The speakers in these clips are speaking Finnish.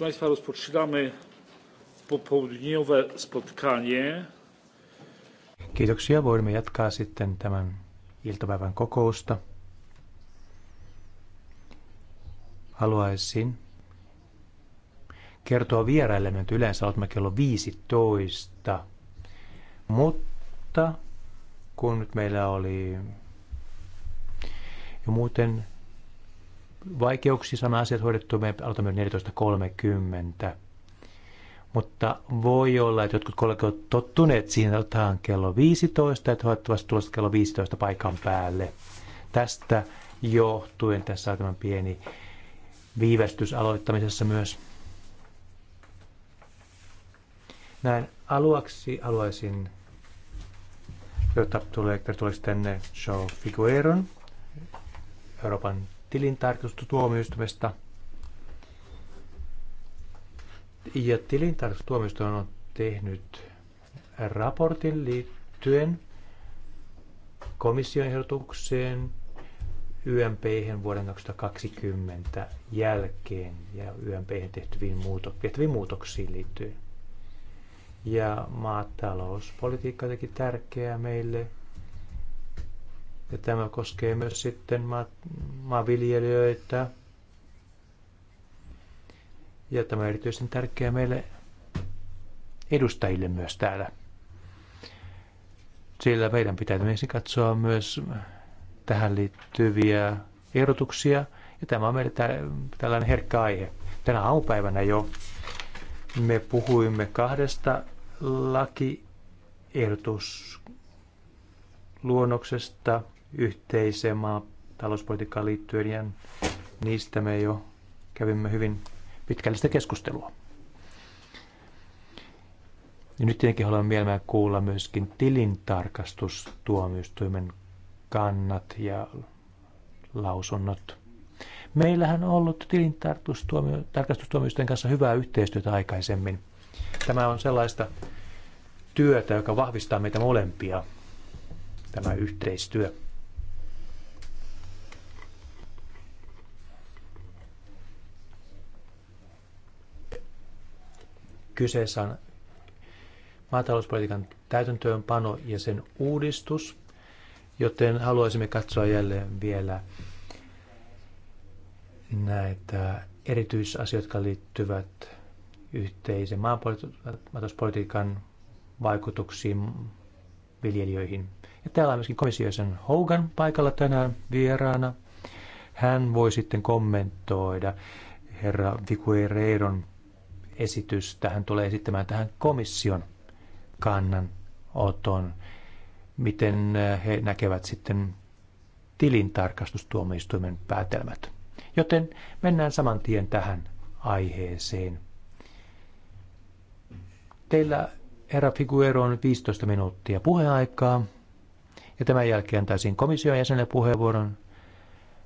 Proszę Państwa, rozpoczynamy popołudniowe spotkanie. Kiitoksia. Voimme jatkaa sitten tämän iltapäivän kokousta. Haluaisin kertoa vieraillemme, että yleensä aloitamme kello 15. Mutta kun nyt meillä oli jo muuten vaikeuksia saamme asiat hoidettua, me aloitamme 14.30. Mutta voi olla, että jotkut kollegat ovat tottuneet siihen, että kello 15, että he ovat tulossa kello 15 paikan päälle. Tästä johtuen tässä on tämä pieni viivästys aloittamisessa myös. Näin aluaksi haluaisin, jotta tulee, tulee tänne Show Figueron, Euroopan tilintarkastustuomioistumista. Ja tilintarkastustuomioistuin on tehnyt raportin liittyen komission ehdotukseen YMP vuoden 2020 jälkeen ja YMP tehtyviin muutok- tehtäviin muutoksiin liittyen. Ja maatalouspolitiikka on tärkeää meille ja tämä koskee myös sitten ma- maanviljelijöitä. Ja tämä on erityisen tärkeää meille edustajille myös täällä. Sillä meidän pitää ensin katsoa myös tähän liittyviä ehdotuksia. Ja tämä on meille tällainen herkkä aihe. Tänä aamupäivänä jo me puhuimme kahdesta lakiehdotusluonnoksesta, yhteiseen talouspolitiikkaan liittyen ja niistä me jo kävimme hyvin pitkällistä keskustelua. Ja nyt tietenkin haluan mielellään kuulla myöskin tilintarkastustuomioistuimen kannat ja lausunnot. Meillähän on ollut tilintarkastustuomioistuimen kanssa hyvää yhteistyötä aikaisemmin. Tämä on sellaista työtä, joka vahvistaa meitä molempia, tämä yhteistyö. Kyseessä on maatalouspolitiikan täytäntöönpano ja sen uudistus, joten haluaisimme katsoa jälleen vielä näitä erityisasioita, jotka liittyvät yhteisen maatalouspolitiikan vaikutuksiin viljelijöihin. Ja täällä on myöskin komissiosen Hogan paikalla tänään vieraana. Hän voi sitten kommentoida herra Vigueiredon Esitys tähän tulee esittämään tähän komission kannanoton, miten eh, he näkevät sitten tilintarkastustuomioistuimen päätelmät. Joten mennään saman tien tähän aiheeseen. Teillä herra Figuero on 15 minuuttia puheaikaa, ja tämän jälkeen antaisin komission jäsenelle puheenvuoron,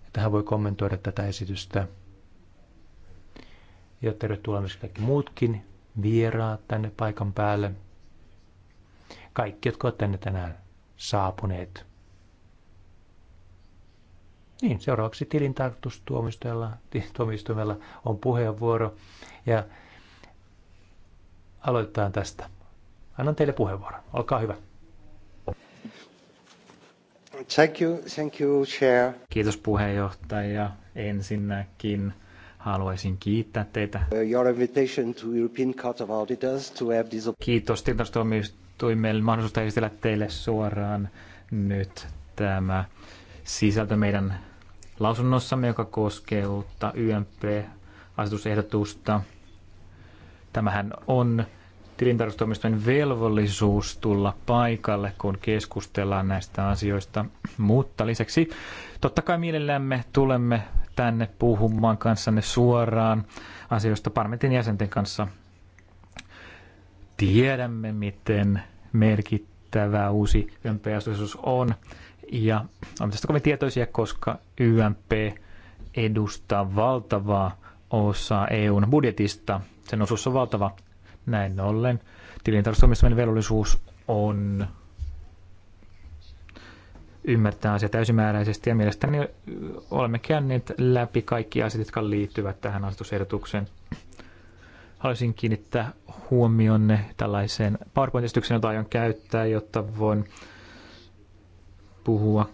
että hän voi kommentoida tätä esitystä – ja tervetuloa myös kaikki muutkin vieraat tänne paikan päälle. Kaikki, jotka ovat tänne tänään saapuneet. Niin, seuraavaksi tilintarkastustuomioistuimella on puheenvuoro ja aloitetaan tästä. Annan teille puheenvuoron. Olkaa hyvä. Thank you, thank you, chair. Kiitos puheenjohtaja ensinnäkin Haluaisin kiittää teitä. Uh, your invitation to European Court of Auditors to have this... Kiitos tilintarkastustuomioistuimelle mahdollisuutta esitellä teille suoraan nyt tämä sisältö meidän lausunnossamme, joka koskee uutta YMP-asetusehdotusta. Tämähän on tilintarkastustoimistojen velvollisuus tulla paikalle, kun keskustellaan näistä asioista. Mutta lisäksi totta kai mielellämme tulemme tänne puhumaan kanssanne suoraan asioista parlamentin jäsenten kanssa. Tiedämme, miten merkittävä uusi ymp on, ja olemme tästä kovin tietoisia, koska YMP edustaa valtavaa osaa EUn budjetista. Sen osuus on valtava. Näin ollen tilintarkastustoimistojen velvollisuus on ymmärtää asia täysimääräisesti ja mielestäni olemme käyneet läpi kaikki asiat, jotka liittyvät tähän asetusehdotukseen. Haluaisin kiinnittää huomionne tällaiseen PowerPoint-esitykseen, jota aion käyttää, jotta voin puhua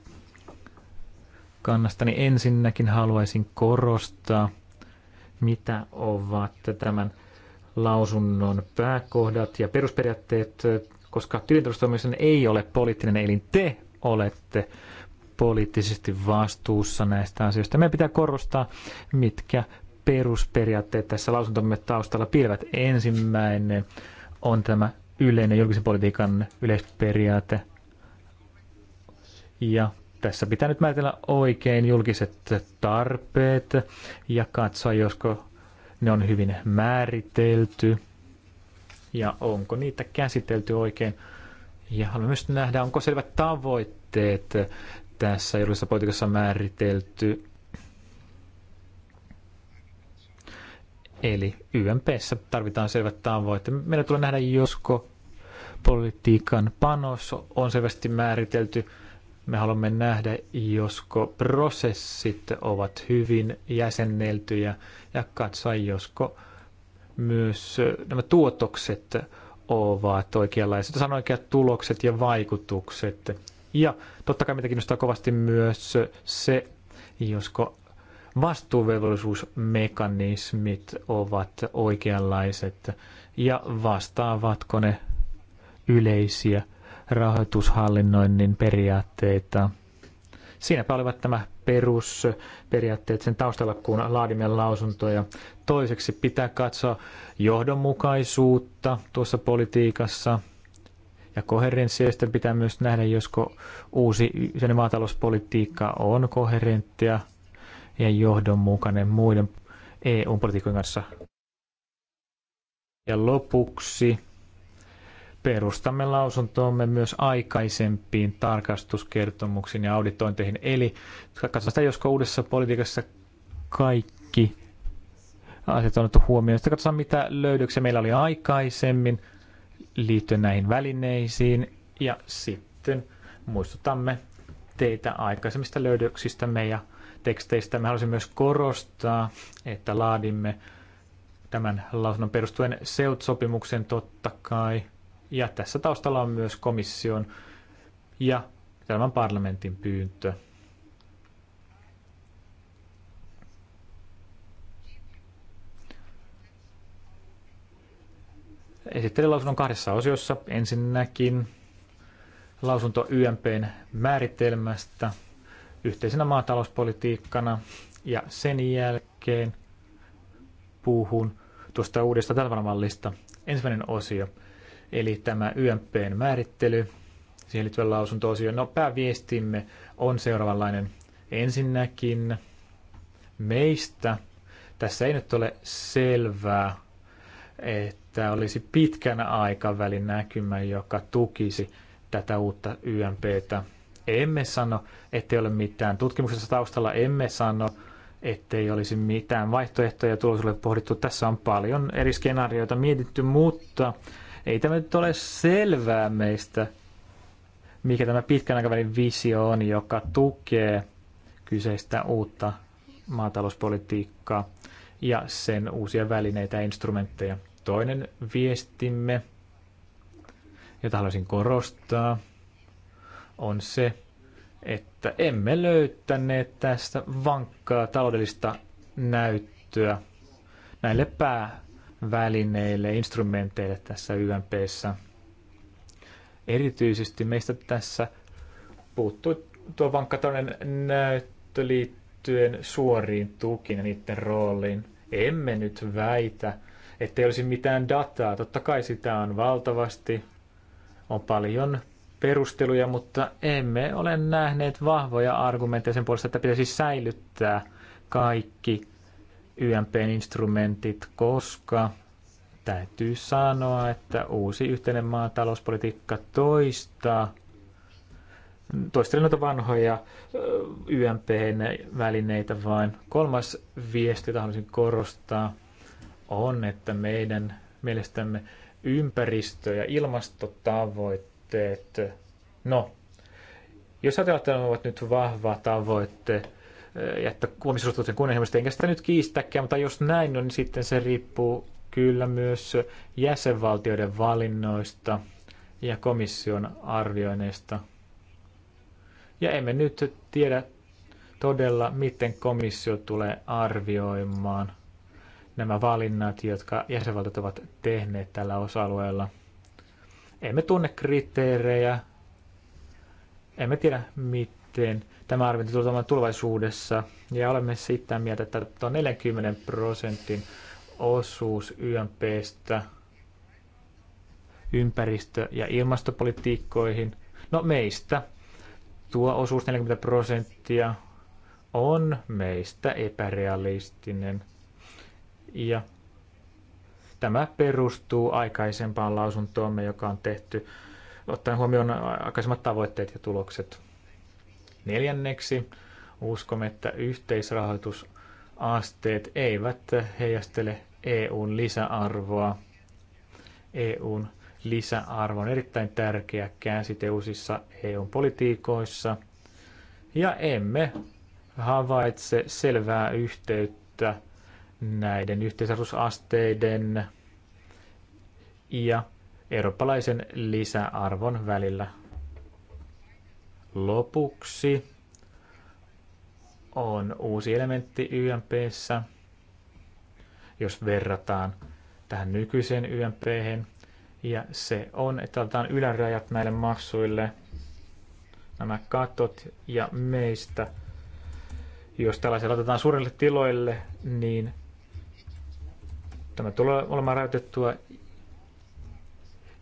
kannastani. Ensinnäkin haluaisin korostaa, mitä ovat tämän lausunnon pääkohdat ja perusperiaatteet, koska tilintarkastustoimiston ei ole poliittinen elin. Te olette poliittisesti vastuussa näistä asioista. Meidän pitää korostaa, mitkä perusperiaatteet tässä lausuntomme taustalla piilevät. Ensimmäinen on tämä yleinen julkisen politiikan yleisperiaate. Ja tässä pitää nyt määritellä oikein julkiset tarpeet ja katsoa, josko ne on hyvin määritelty ja onko niitä käsitelty oikein. Ja haluamme myös nähdä, onko selvät tavoitteet tässä julkisessa politiikassa määritelty. Eli YMPssä tarvitaan selvät tavoitteet. Meidän tulee nähdä, josko politiikan panos on selvästi määritelty. Me haluamme nähdä, josko prosessit ovat hyvin jäsenneltyjä ja katsoa, josko myös nämä tuotokset ovat oikeanlaiset, on oikeat tulokset ja vaikutukset. Ja totta kai mitä kiinnostaa kovasti myös se, josko vastuuvelvollisuusmekanismit ovat oikeanlaiset ja vastaavatko ne yleisiä rahoitushallinnoinnin periaatteita. Siinäpä olivat tämä perusperiaatteet sen taustalla, kun laadimme lausuntoja. Toiseksi pitää katsoa johdonmukaisuutta tuossa politiikassa ja koherenssia. Ja sitten pitää myös nähdä, josko uusi sen maatalouspolitiikka on koherenttia ja johdonmukainen muiden EU-politiikkojen kanssa. Ja lopuksi perustamme lausuntoomme myös aikaisempiin tarkastuskertomuksiin ja auditointeihin. Eli katsotaan sitä, josko uudessa politiikassa kaikki asiat on otettu huomioon. Sitten katsotaan, mitä löydöksiä meillä oli aikaisemmin liittyen näihin välineisiin. Ja sitten muistutamme teitä aikaisemmista löydöksistämme ja teksteistä. Me haluaisin myös korostaa, että laadimme tämän lausunnon perustuen SEUT-sopimuksen totta kai – ja tässä taustalla on myös komission ja tämän parlamentin pyyntö. Esittelen lausunnon kahdessa osiossa. Ensinnäkin lausunto YMPn määritelmästä yhteisenä maatalouspolitiikkana ja sen jälkeen puhun tuosta uudesta talvarmallista. Ensimmäinen osio eli tämä YMPn määrittely, siihen liittyvä lausunto-osio. No pääviestimme on seuraavanlainen. Ensinnäkin meistä tässä ei nyt ole selvää, että olisi pitkän aikavälin näkymä, joka tukisi tätä uutta YMPtä. Emme sano, ettei ole mitään tutkimuksessa taustalla, emme sano, ettei olisi mitään vaihtoehtoja tulosulle pohdittu. Tässä on paljon eri skenaarioita mietitty, mutta ei tämä nyt ole selvää meistä, mikä tämä pitkän aikavälin visio on, joka tukee kyseistä uutta maatalouspolitiikkaa ja sen uusia välineitä ja instrumentteja. Toinen viestimme, jota haluaisin korostaa, on se, että emme löytäneet tästä vankkaa taloudellista näyttöä näille pää välineille, instrumenteille tässä YMPssä. Erityisesti meistä tässä puuttuu tuo vankka näyttö liittyen suoriin tukiin ja niiden rooliin. Emme nyt väitä, ettei olisi mitään dataa. Totta kai sitä on valtavasti, on paljon perusteluja, mutta emme ole nähneet vahvoja argumentteja sen puolesta, että pitäisi säilyttää kaikki YMPn instrumentit, koska täytyy sanoa, että uusi yhteinen maatalouspolitiikka toistaa toistelen noita vanhoja ymp välineitä vain. Kolmas viesti, jota haluaisin korostaa, on, että meidän mielestämme ympäristö- ja ilmastotavoitteet, no, jos ajatellaan, että ne ovat nyt vahva tavoitte, ja että kunnissa kunnianhimoista enkä sitä nyt kiistäkään, mutta jos näin on, niin sitten se riippuu kyllä myös jäsenvaltioiden valinnoista ja komission arvioinneista. Ja emme nyt tiedä todella, miten komissio tulee arvioimaan nämä valinnat, jotka jäsenvaltiot ovat tehneet tällä osa-alueella. Emme tunne kriteerejä, emme tiedä, mitä miten tämä arviointi tulee olemaan tulevaisuudessa. Ja olemme sitä mieltä, että tuo 40 prosentin osuus YMPstä ympäristö- ja ilmastopolitiikkoihin, no meistä, tuo osuus 40 prosenttia on meistä epärealistinen. Ja tämä perustuu aikaisempaan lausuntoomme, joka on tehty ottaen huomioon aikaisemmat tavoitteet ja tulokset. Neljänneksi uskomme, että yhteisrahoitusasteet eivät heijastele EUn lisäarvoa. EUn lisäarvo on erittäin tärkeä käsite uusissa EUn politiikoissa ja emme havaitse selvää yhteyttä näiden yhteisarvoisasteiden ja eurooppalaisen lisäarvon välillä lopuksi on uusi elementti YMPssä, jos verrataan tähän nykyiseen YMP. Ja se on, että otetaan ylärajat näille maksuille, nämä katot ja meistä. Jos tällaisella otetaan suurille tiloille, niin tämä tulee olemaan rajoitettua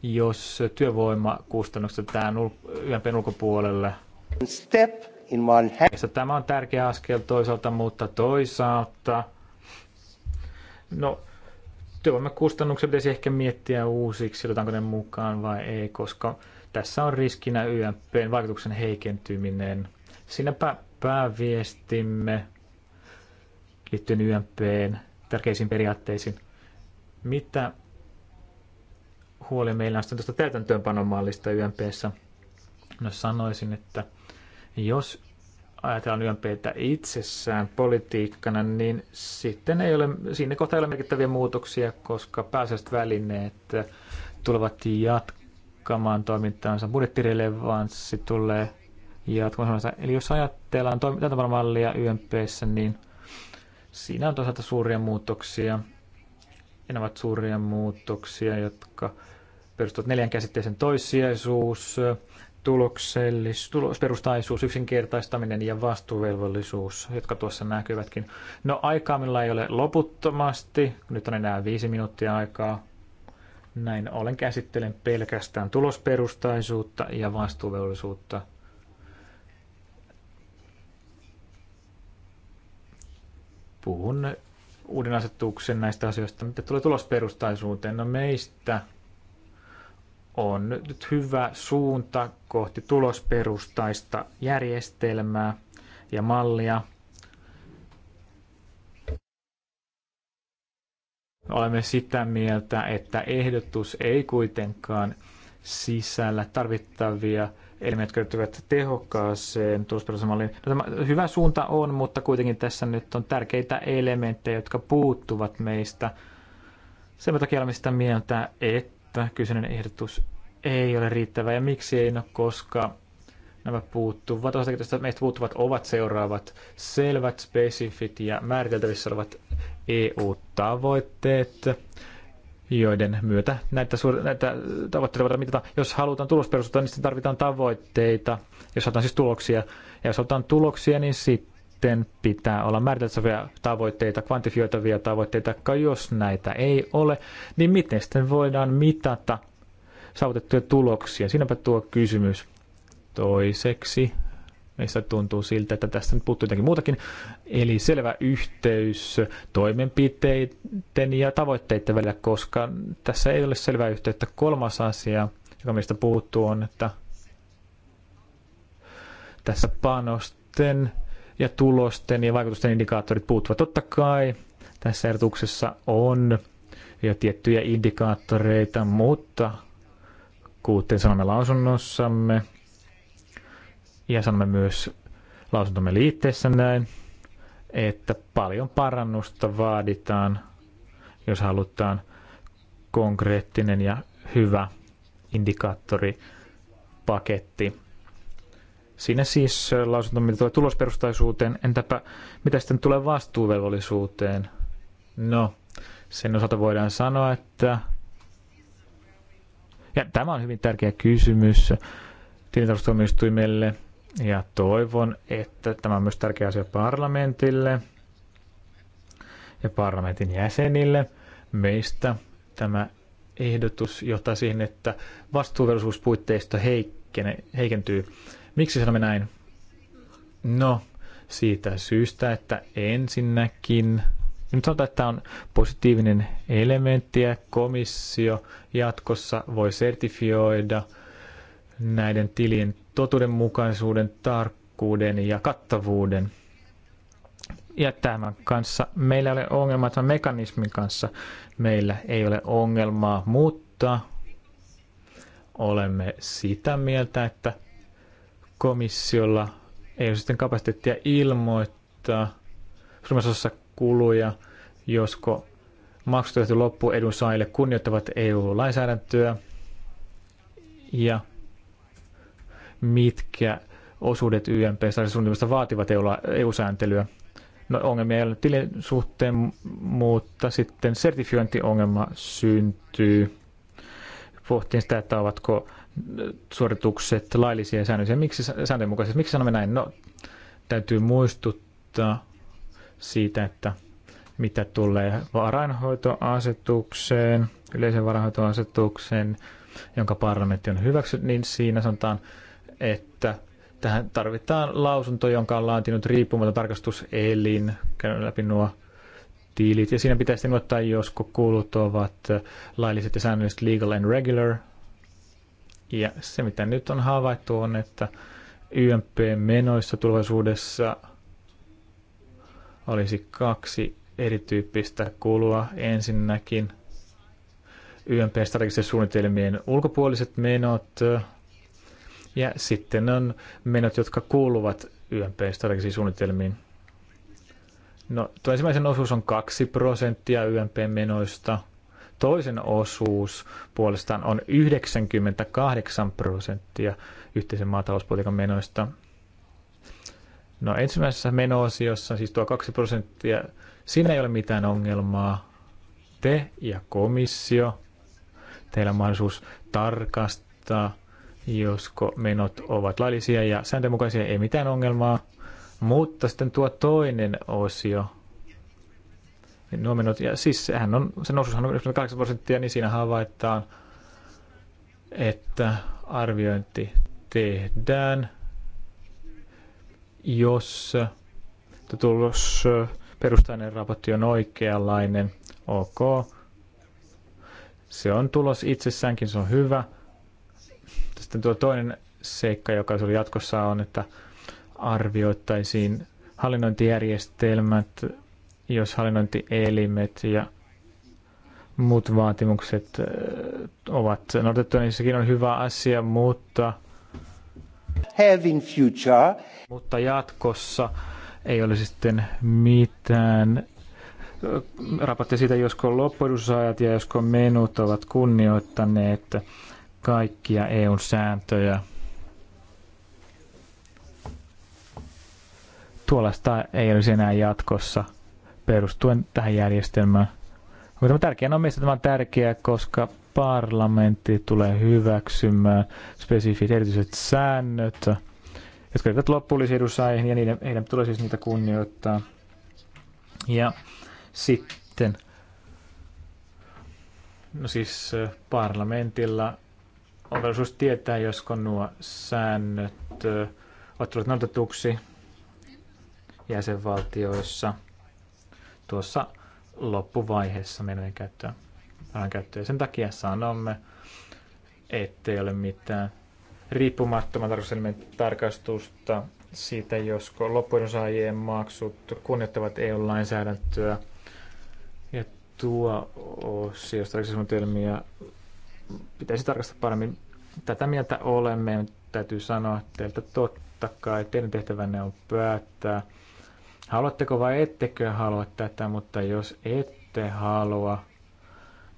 jos työvoimakustannukset tämän YMPn ulkopuolelle. Step in one Tämä on tärkeä askel toisaalta, mutta toisaalta no, työvoimakustannukset, pitäisi ehkä miettiä uusiksi, otetaanko ne mukaan vai ei, koska tässä on riskinä YMPn vaikutuksen heikentyminen. Siinäpä pääviestimme liittyen YMPn tärkeisiin periaatteisiin. Mitä huoli meillä on sitten tuosta täytäntöönpanomallista YMPssä. No sanoisin, että jos ajatellaan YMPtä itsessään politiikkana, niin sitten ei ole, siinä kohtaa ei ole merkittäviä muutoksia, koska pääasialliset välineet tulevat jatkamaan toimintaansa. Budjettirelevanssi tulee jatkumaan. Eli jos ajatellaan täytäntöönpanomallia YMPssä, niin siinä on toisaalta suuria muutoksia. Ja ne ovat suuria muutoksia, jotka perustuvat neljän käsitteisen toissijaisuus, tuloksellis, perustaisuus, yksinkertaistaminen ja vastuuvelvollisuus, jotka tuossa näkyvätkin. No aikaa minulla ei ole loputtomasti, nyt on enää viisi minuuttia aikaa. Näin olen käsittelen pelkästään tulosperustaisuutta ja vastuuvelvollisuutta. Puhun uuden asetuksen näistä asioista, mitä tulee tulosperustaisuuteen. No meistä on nyt hyvä suunta kohti tulosperustaista järjestelmää ja mallia. Olemme sitä mieltä, että ehdotus ei kuitenkaan sisällä tarvittavia elementtejä, jotka liittyvät tehokkaaseen tulosperustamalliin. No, hyvä suunta on, mutta kuitenkin tässä nyt on tärkeitä elementtejä, jotka puuttuvat meistä. Sen takia olemme sitä mieltä, että että kyseinen ehdotus ei ole riittävä. Ja miksi ei? No, koska nämä puuttuvat, osatekijät, meistä puuttuvat ovat seuraavat selvät, spesifit ja määriteltävissä olevat EU-tavoitteet, joiden myötä näitä, suur- näitä tavoitteita voidaan mitata. Jos halutaan tulosperustusta, niin sitten tarvitaan tavoitteita, jos halutaan siis tuloksia. Ja jos halutaan tuloksia, niin sitten sitten pitää olla määriteltäviä tavoitteita, kvantifioitavia tavoitteita, jos näitä ei ole, niin miten sitten voidaan mitata saavutettuja tuloksia? Siinäpä tuo kysymys. Toiseksi, meistä tuntuu siltä, että tästä nyt puuttuu jotenkin muutakin, eli selvä yhteys toimenpiteiden ja tavoitteiden välillä, koska tässä ei ole selvää yhteyttä. Kolmas asia, joka meistä puuttuu, on, että tässä panosten ja tulosten ja vaikutusten indikaattorit puuttuvat. Totta kai tässä ehdotuksessa on jo tiettyjä indikaattoreita, mutta kuten sanomme lausunnossamme ja sanomme myös lausuntomme liitteessä näin, että paljon parannusta vaaditaan, jos halutaan konkreettinen ja hyvä indikaattoripaketti. Siinä siis lausunto, mitä tulee tulosperustaisuuteen. Entäpä mitä sitten tulee vastuuvelvollisuuteen? No, sen osalta voidaan sanoa, että... Ja tämä on hyvin tärkeä kysymys tilintarkastustuomioistuimelle. Ja toivon, että tämä on myös tärkeä asia parlamentille ja parlamentin jäsenille. Meistä tämä ehdotus johtaa siihen, että vastuuvelvollisuuspuitteisto heikkenee, heikentyy. Miksi sanomme näin? No, siitä syystä, että ensinnäkin, nyt sanotaan, että on positiivinen elementti ja komissio jatkossa voi sertifioida näiden tilien totuudenmukaisuuden, tarkkuuden ja kattavuuden. Ja tämän kanssa meillä ei ole ongelmaa tämän mekanismin kanssa. Meillä ei ole ongelmaa, mutta olemme sitä mieltä, että komissiolla ei ole sitten kapasiteettia ilmoittaa Suomessa kuluja, josko maksutehty tehty loppu edunsaajille kunnioittavat EU-lainsäädäntöä ja mitkä osuudet YMP suunnitelmasta vaativat EU-sääntelyä. E no, ongelmia ei ole tilin suhteen, mutta sitten sertifiointiongelma syntyy. Pohtiin sitä, että ovatko suoritukset laillisia säännöllisiä. Miksi sääntöjen mukaisesti? Miksi sanomme näin? No, täytyy muistuttaa siitä, että mitä tulee varainhoitoasetukseen, yleisen varainhoitoasetukseen, jonka parlamentti on hyväksynyt, niin siinä sanotaan, että tähän tarvitaan lausunto, jonka on laatinut riippumaton tarkastuselin, käyn läpi nuo tiilit, ja siinä pitäisi ottaa, josko kulut ovat lailliset ja säännölliset legal and regular, ja se, mitä nyt on havaittu, on, että YMP-menoissa tulevaisuudessa olisi kaksi erityyppistä kulua. Ensinnäkin YMP-strategisten suunnitelmien ulkopuoliset menot, ja sitten on menot, jotka kuuluvat YMP-strategisiin suunnitelmiin. No, tuo ensimmäisen osuus on 2 prosenttia YMP-menoista, Toisen osuus puolestaan on 98 prosenttia yhteisen maatalouspolitiikan menoista. No ensimmäisessä menoosiossa, siis tuo 2 prosenttia, siinä ei ole mitään ongelmaa. Te ja komissio, teillä on mahdollisuus tarkastaa, josko menot ovat laillisia ja sääntömukaisia, ei mitään ongelmaa. Mutta sitten tuo toinen osio, niin nuo menot, ja siis sehän on, se nousushan on 98 prosenttia, niin siinä havaitaan, että arviointi tehdään, jos tulos perustainen raportti on oikeanlainen, ok. Se on tulos itsessäänkin, se on hyvä. Sitten tuo toinen seikka, joka oli jatkossa on, että arvioittaisiin hallinnointijärjestelmät jos hallinnointielimet ja muut vaatimukset äh, ovat noudatettu, niin sekin on hyvä asia, mutta future. Mutta jatkossa ei ole sitten mitään äh, raportti siitä, josko loppuudusajat ja josko menut ovat kunnioittaneet kaikkia EUn sääntöjä. Tuollaista ei olisi enää jatkossa perustuen tähän järjestelmään. Mutta tärkeää on mielestäni tämä on tärkeää, koska parlamentti tulee hyväksymään spesifit erityiset säännöt, jotka eivät loppullisiin edunsaajien ja niiden, heidän tulee siis niitä kunnioittaa. Ja sitten, no siis parlamentilla on velvollisuus tietää, josko nuo säännöt ovat tulleet noudatetuksi jäsenvaltioissa – tuossa loppuvaiheessa meidän käyttöön. Rahan käyttöön. Sen takia sanomme, ettei ole mitään riippumattoman tarkastuselimen tarkastusta siitä, josko saajien maksut kunnioittavat EU-lainsäädäntöä. Ja tuo osio tarkastussuunnitelmia pitäisi tarkastaa paremmin. Tätä mieltä olemme. Täytyy sanoa teiltä totta kai. Teidän tehtävänne on päättää, Haluatteko vai ettekö halua tätä, mutta jos ette halua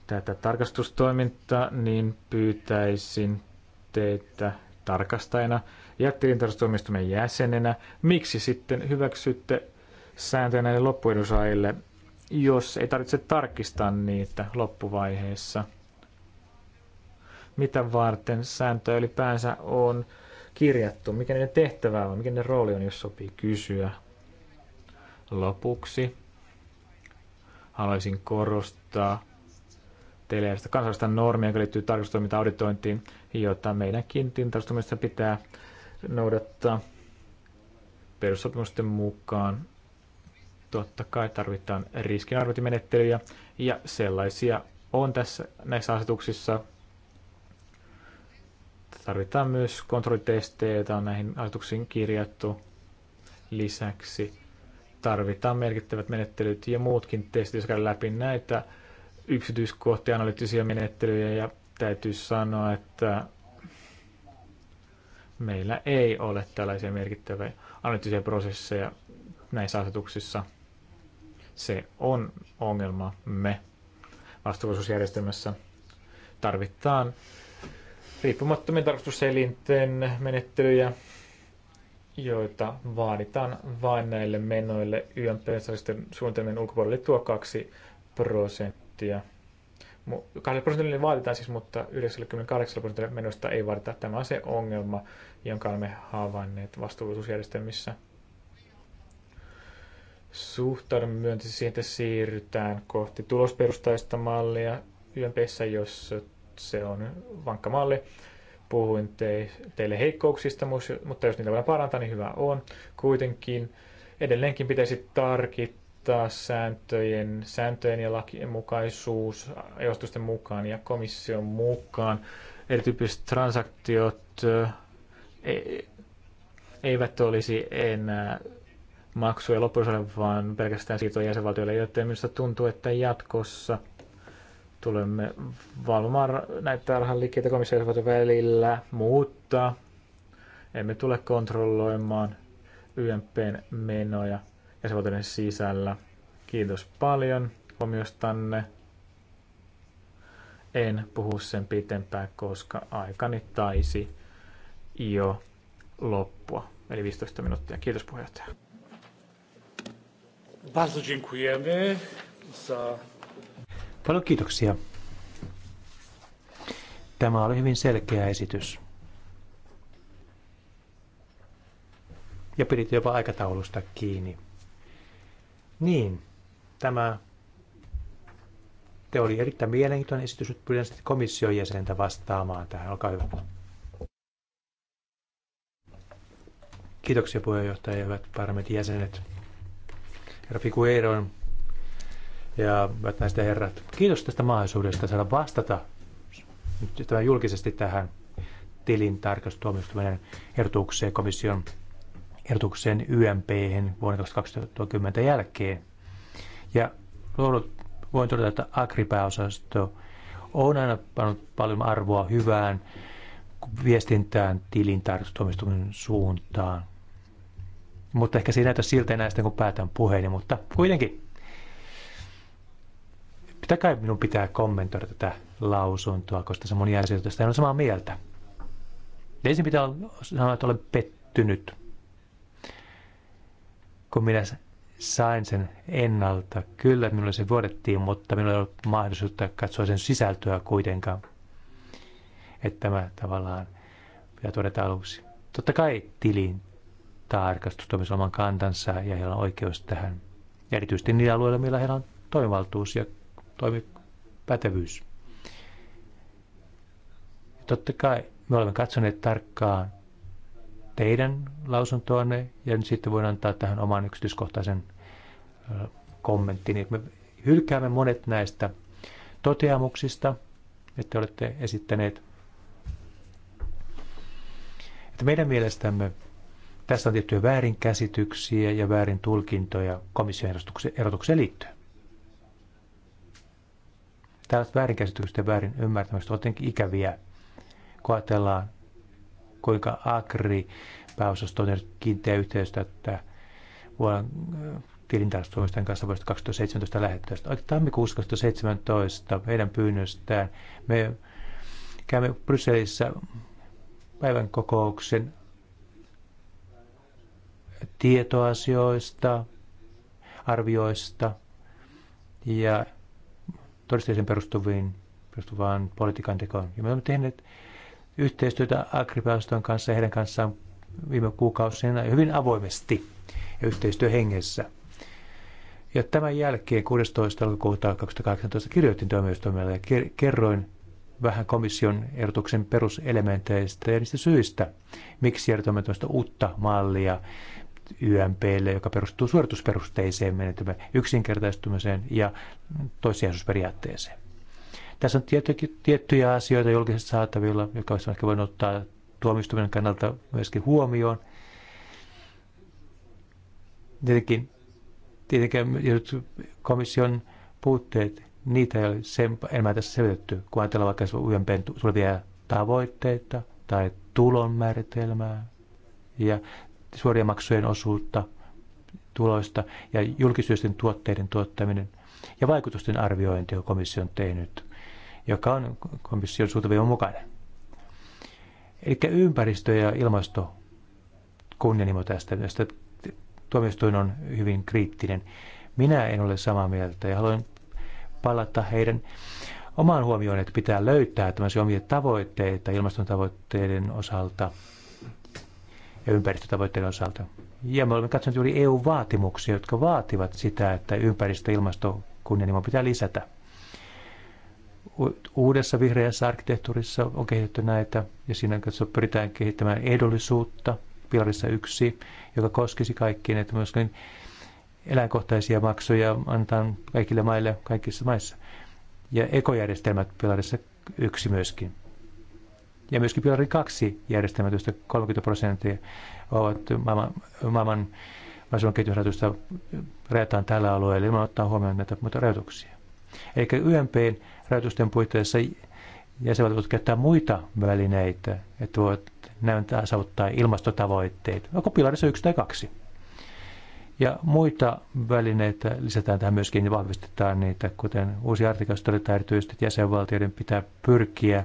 tätä tarkastustoimintaa, niin pyytäisin teitä tarkastajana ja tilintarkastustoimistomme jäsenenä, miksi sitten hyväksytte sääntöjä näille loppuedusajille, jos ei tarvitse tarkistaa niitä loppuvaiheessa. Mitä varten sääntöä ylipäänsä on kirjattu, mikä niiden tehtävä on, mikä niiden rooli on, jos sopii kysyä. Lopuksi haluaisin korostaa teille sitä kansallista normia, joka liittyy tarkastustoiminta auditointiin, jota meidänkin tarkastustoiminnassa pitää noudattaa perussopimusten mukaan. Totta kai tarvitaan riskinarviointimenettelyjä ja sellaisia on tässä näissä asetuksissa. Tarvitaan myös kontrollitestejä, joita on näihin asetuksiin kirjattu. Lisäksi tarvitaan merkittävät menettelyt ja muutkin testit, jos käydään läpi näitä yksityiskohtia, analyyttisiä menettelyjä ja täytyy sanoa, että meillä ei ole tällaisia merkittäviä analyyttisiä prosesseja näissä asetuksissa. Se on ongelma me vastuullisuusjärjestelmässä. Tarvitaan riippumattomien tarkastuselinten menettelyjä joita vaaditaan vain näille menoille ymp suunnitelmien ulkopuolelle tuo 2 prosenttia. 2 prosentille vaaditaan siis, mutta 98 prosentille menoista ei vaadita. Tämä on se ongelma, jonka olemme havainneet vastuullisuusjärjestelmissä. Suhtaudun myöntäisiin siihen, että siirrytään kohti tulosperustaista mallia YMPssä, jos se on vankka malli. Puhuin teille heikkouksista, mutta jos niitä voidaan parantaa, niin hyvä on. Kuitenkin edelleenkin pitäisi tarkittaa sääntöjen, sääntöjen ja lakien mukaisuus ajoitusten mukaan ja komission mukaan. Erityyppiset transaktiot eh, e, eivät olisi enää maksuja loppuosalle, vaan pelkästään siirtoja jäsenvaltioille, joten minusta tuntuu, että jatkossa – tulemme valvomaan näitä rahanliikkeitä komissaarivaltion välillä, mutta emme tule kontrolloimaan YMPn menoja jäsenvaltioiden sisällä. Kiitos paljon huomiostanne. En puhu sen pitempään, koska aikani taisi jo loppua, eli 15 minuuttia. Kiitos puheenjohtaja. Bardzo dziękujemy za Paljon kiitoksia. Tämä oli hyvin selkeä esitys. Ja pidit jopa aikataulusta kiinni. Niin, tämä te oli erittäin mielenkiintoinen esitys. Nyt pyydän sitten komission jäsentä vastaamaan tähän. Olkaa hyvä. Kiitoksia puheenjohtaja ja hyvät parlamentin jäsenet. Herra Figueiron ja hyvät naiset ja herrat, kiitos tästä mahdollisuudesta saada vastata nyt tämän julkisesti tähän tilintarkastustuomioistuimen ehdotukseen, komission ehdotukseen YMP vuonna 2020 jälkeen. Ja voin todeta, että Agripääosasto on aina pannut paljon arvoa hyvään viestintään tilintarkastustuomioistuimen suuntaan. Mutta ehkä se ei näytä siltä enää sitten, kun päätän puheeni, mutta kuitenkin Totta kai minun pitää kommentoida tätä lausuntoa, koska se moni asioita tästä on samaa mieltä. Ensin pitää sanoa, että olen pettynyt, kun minä sain sen ennalta. Kyllä minulle se vuodettiin, mutta minulla ei ollut mahdollisuutta katsoa sen sisältöä kuitenkaan. Että tämä tavallaan pitää todeta aluksi. Totta kai tilin tarkastus toimisi oman kantansa ja heillä on oikeus tähän. Erityisesti niillä alueilla, millä heillä on toimivaltuus ja toimipätevyys. Ja totta kai me olemme katsoneet tarkkaan teidän lausuntoanne ja nyt sitten voin antaa tähän oman yksityiskohtaisen kommentin. Me hylkäämme monet näistä toteamuksista, että olette esittäneet. Että meidän mielestämme tässä on tiettyjä väärinkäsityksiä ja väärin tulkintoja komission erotukseen liittyen. Tällaiset väärinkäsitykset ja väärin ymmärtämistä ovat jotenkin ikäviä, kun ajatellaan, kuinka Agri pääosassa on tehnyt kiinteä yhteistyötä vuoden äh, tilintarkastuomisten kanssa vuodesta 2017 lähettöistä. Tammikuussa 2017 meidän pyynnöstään me käymme Brysselissä päivän kokouksen tietoasioista, arvioista ja todisteeseen perustuviin, perustuvaan politiikan tekoon. Ja me olemme tehneet yhteistyötä Agripäästön kanssa ja heidän kanssaan viime kuukausina hyvin avoimesti ja yhteistyöhengessä. Ja tämän jälkeen 16. elokuuta 2018 kirjoitin tuomioistuimelle ja kerroin vähän komission ehdotuksen peruselementeistä ja niistä syistä, miksi järjestelmä uutta mallia YMPlle, joka perustuu suoritusperusteiseen menetelmään, yksinkertaistumiseen ja toissijaisuusperiaatteeseen. Tässä on tiettyjä asioita julkisesti saatavilla, jotka olisi ehkä voinut ottaa tuomistuminen kannalta myöskin huomioon. Tietenkin, tietenkin komission puutteet, niitä ei ole sen enemmän tässä selvitetty, kun ajatellaan vaikka UMPn tulevia tavoitteita tai tulon määritelmää ja suoria maksujen osuutta tuloista ja julkisyysten tuotteiden tuottaminen ja vaikutusten arviointi, on komissio on tehnyt, joka on komission suuntaviivan mukainen. Eli ympäristö- ja ilmasto kunnianimo tästä, tästä tuomioistuin on hyvin kriittinen. Minä en ole samaa mieltä ja haluan palata heidän omaan huomioon, että pitää löytää tämmöisiä omia tavoitteita ilmaston tavoitteiden osalta – ja ympäristötavoitteiden osalta. Ja me olemme katsoneet juuri EU-vaatimuksia, jotka vaativat sitä, että ympäristö- ja ilmastokunnianhimo pitää lisätä. Uudessa vihreässä arkkitehtuurissa on kehitetty näitä, ja siinä pyritään kehittämään edullisuutta, pilarissa yksi, joka koskisi kaikkiin, että myöskin eläinkohtaisia maksuja antaa kaikille maille kaikissa maissa. Ja ekojärjestelmät pilarissa yksi myöskin ja myöskin pilari 2 joista 30 prosenttia ovat maailman, maailman maailman kehitysrahoitusta rajataan tällä alueella ilman ottaa huomioon näitä muita rajoituksia. Eli YMPn rajoitusten puitteissa jäsenvaltiot voivat käyttää muita välineitä, että voivat näyttää saavuttaa ilmastotavoitteet. Onko pilarissa yksi tai kaksi? Ja muita välineitä lisätään tähän myöskin ja vahvistetaan niitä, kuten uusi artikas todetaan erityisesti, että jäsenvaltioiden pitää pyrkiä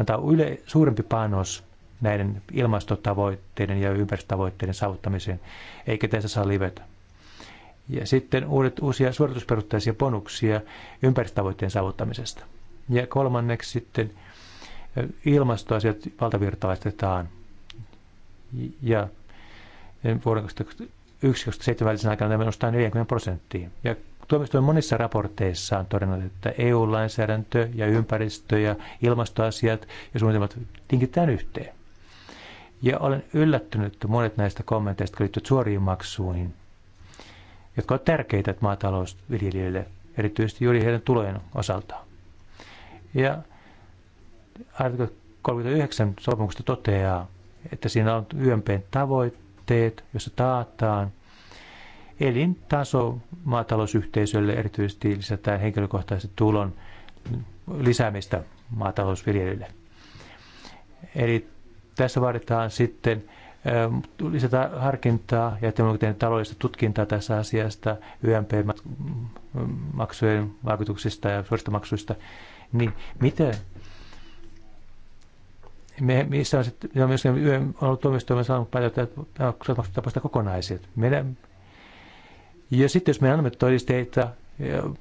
antaa yle, suurempi panos näiden ilmastotavoitteiden ja ympäristötavoitteiden saavuttamiseen, eikä tässä saa livetä. Ja sitten uudet, uusia suoritusperusteisia bonuksia ympäristötavoitteen saavuttamisesta. Ja kolmanneksi sitten ilmastoasiat valtavirtaistetaan ja vuoden yksiköstä välisen aikana tämä 40 prosenttia. Ja tuomioistuin monissa raporteissa on todennut, että EU-lainsäädäntö ja ympäristö ja ilmastoasiat ja suunnitelmat tinkitään yhteen. Ja olen yllättynyt, että monet näistä kommenteista, liittyvät suoriin maksuihin, jotka ovat tärkeitä maatalousviljelijöille, erityisesti juuri heidän tulojen osalta. Ja artikla 39 sopimuksesta toteaa, että siinä on YMPn tavoite, puitteet, jossa taataan elintaso maatalousyhteisölle, erityisesti lisätään henkilökohtaisen tulon lisäämistä maatalousviljelijöille. Eli tässä vaaditaan sitten lisätä harkintaa ja taloudellista tutkintaa tässä asiasta, YMP-maksujen vaikutuksista ja suorista maksuista, niin miten me, missä on sitten, on myös on ollut tuomioistuimen saanut päätöstä, että tapausta kokonaiset. Meidän, ja sitten jos me annamme todisteita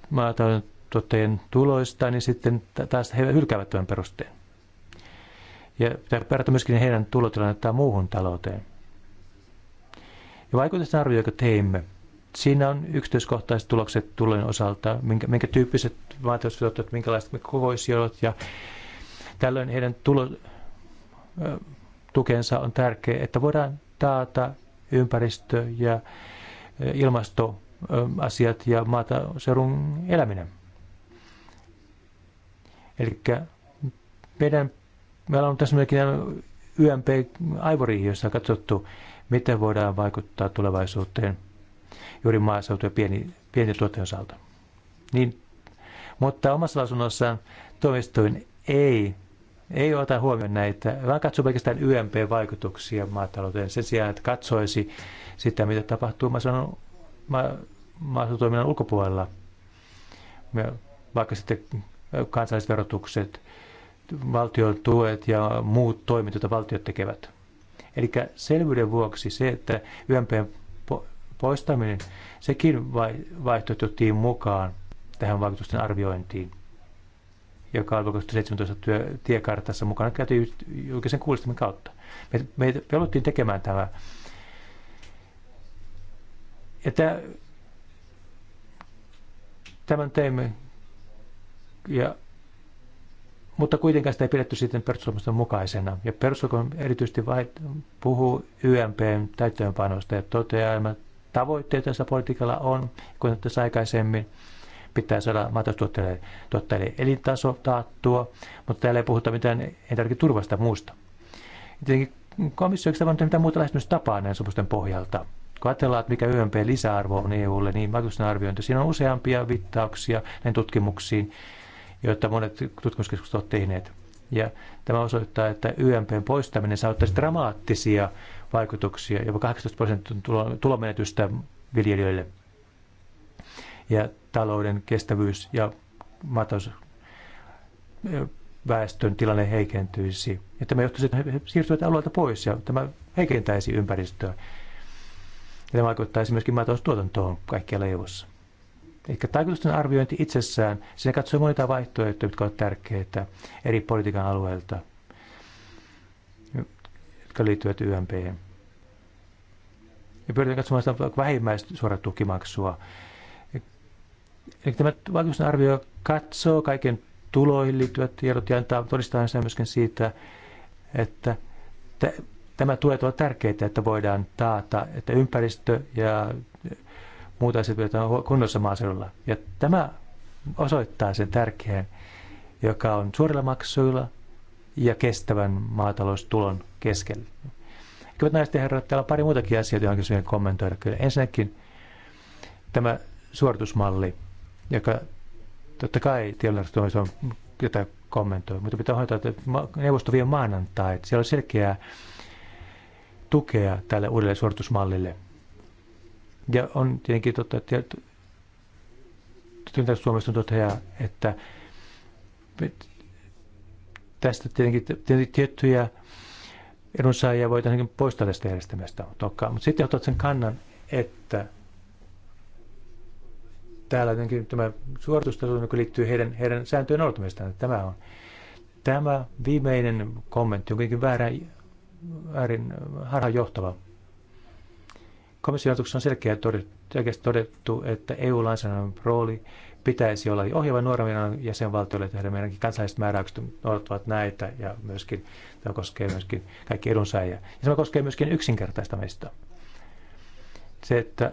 maatalouden tuloista, niin sitten taas he hylkäävät tämän perusteen. Ja pitää myöskin heidän tulotilannettaan muuhun talouteen. Ja vaikutusten arvio, joka teimme, siinä on yksityiskohtaiset tulokset tulojen osalta, minkä, minkä tyyppiset maataloustuottajat, minkälaiset kokoisiolot ja tällöin heidän tulo, tukensa on tärkeä, että voidaan taata ympäristö- ja ilmastoasiat ja maataseudun eläminen. Eli meidän, meillä on tässä myöskin YMP Aivori, jossa on katsottu, miten voidaan vaikuttaa tulevaisuuteen juuri maaseutu- ja pieni, pienten tuotteen osalta. Niin, mutta omassa lausunnossaan toimistoin ei ei ota huomioon näitä, vaan katsoo pelkästään YMP-vaikutuksia maatalouteen sen sijaan, että katsoisi sitä, mitä tapahtuu maaseutoiminnan ulkopuolella. Vaikka sitten kansalliset verotukset, valtion tuet ja muut toimet, joita valtiot tekevät. Eli selvyyden vuoksi se, että ymp poistaminen, sekin vaihtoehtoittiin mukaan tähän vaikutusten arviointiin joka on 2017 työ, tiekartassa mukana käyty julkisen kuulistamisen kautta. Me, me aloittiin tekemään tämä. Ja tämä, tämän teimme, ja, mutta kuitenkaan sitä ei pidetty sitten perustuslamusten mukaisena. Ja perustuslamu erityisesti vai, puhuu YMPn täyttöönpanosta ja toteaa, että tavoitteet tässä politiikalla on, kuten tässä aikaisemmin, pitää saada maataloustuottajille elintaso taattua, mutta täällä ei puhuta mitään elintarviketurvasta muusta. Tietenkin komissio ei ole mitään muuta tapaa näiden sopusten pohjalta. Kun ajatellaan, että mikä YMP lisäarvo on EUlle, niin vaikutusten arviointi, siinä on useampia viittauksia näihin tutkimuksiin, joita monet tutkimuskeskukset ovat tehneet. Ja tämä osoittaa, että YMPn poistaminen saattaisi dramaattisia vaikutuksia, jopa 18 prosentin tulomenetystä viljelijöille – ja talouden kestävyys ja matos väestön tilanne heikentyisi. Ja tämä johtaisi, että he siirtyvät alueelta pois ja tämä heikentäisi ympäristöä. Ja tämä vaikuttaisi myöskin maataloustuotantoon kaikkialla EU-ssa. Eli taikutusten arviointi itsessään, siinä katsoo monita vaihtoehtoja, jotka ovat tärkeitä eri politiikan alueilta, jotka liittyvät YMP. Ja pyritään katsomaan sitä vähimmäistä suoraa tukimaksua Eli tämä vaikutusten arvio katsoo kaiken tuloihin liittyvät tiedot ja antaa todistaa sen myöskin siitä, että tämä tulee ovat tärkeitä, että voidaan taata, että ympäristö ja muuta asiat pidetään kunnossa maaseudulla. Ja tämä osoittaa sen tärkeän, joka on suorilla maksuilla ja kestävän maataloustulon keskellä. Hyvät naiset ja herrat, täällä on pari muutakin asiaa, joihin kysyn kommentoida. Kyllä ensinnäkin tämä suoritusmalli joka totta kai tiedonarvoitus on jotain kommentoi, mutta pitää hoitaa, että neuvosto vie maanantai, että siellä on selkeää tukea tälle uudelle suoritusmallille. Ja on tietenkin totta, että Suomessa on totta, että tästä tietenkin, tietenkin tiettyjä edunsaajia voitaisiin poistaa tästä järjestelmästä. Mutta sitten otat sen kannan, että täällä jotenkin tämä suoritustaso joka liittyy heidän, heidän sääntöjen noudattamistaan. Tämä on tämä viimeinen kommentti on kuitenkin väärän, väärin harhaanjohtava. Komission on selkeä todettu, todettu, että EU-lainsäädännön rooli pitäisi olla ohjaava nuoremmin jäsenvaltioille tehdä meidänkin kansalliset määräykset noudattavat näitä ja myöskin tämä koskee myöskin kaikki edunsaajia. Ja se koskee myöskin yksinkertaistamista. Se, että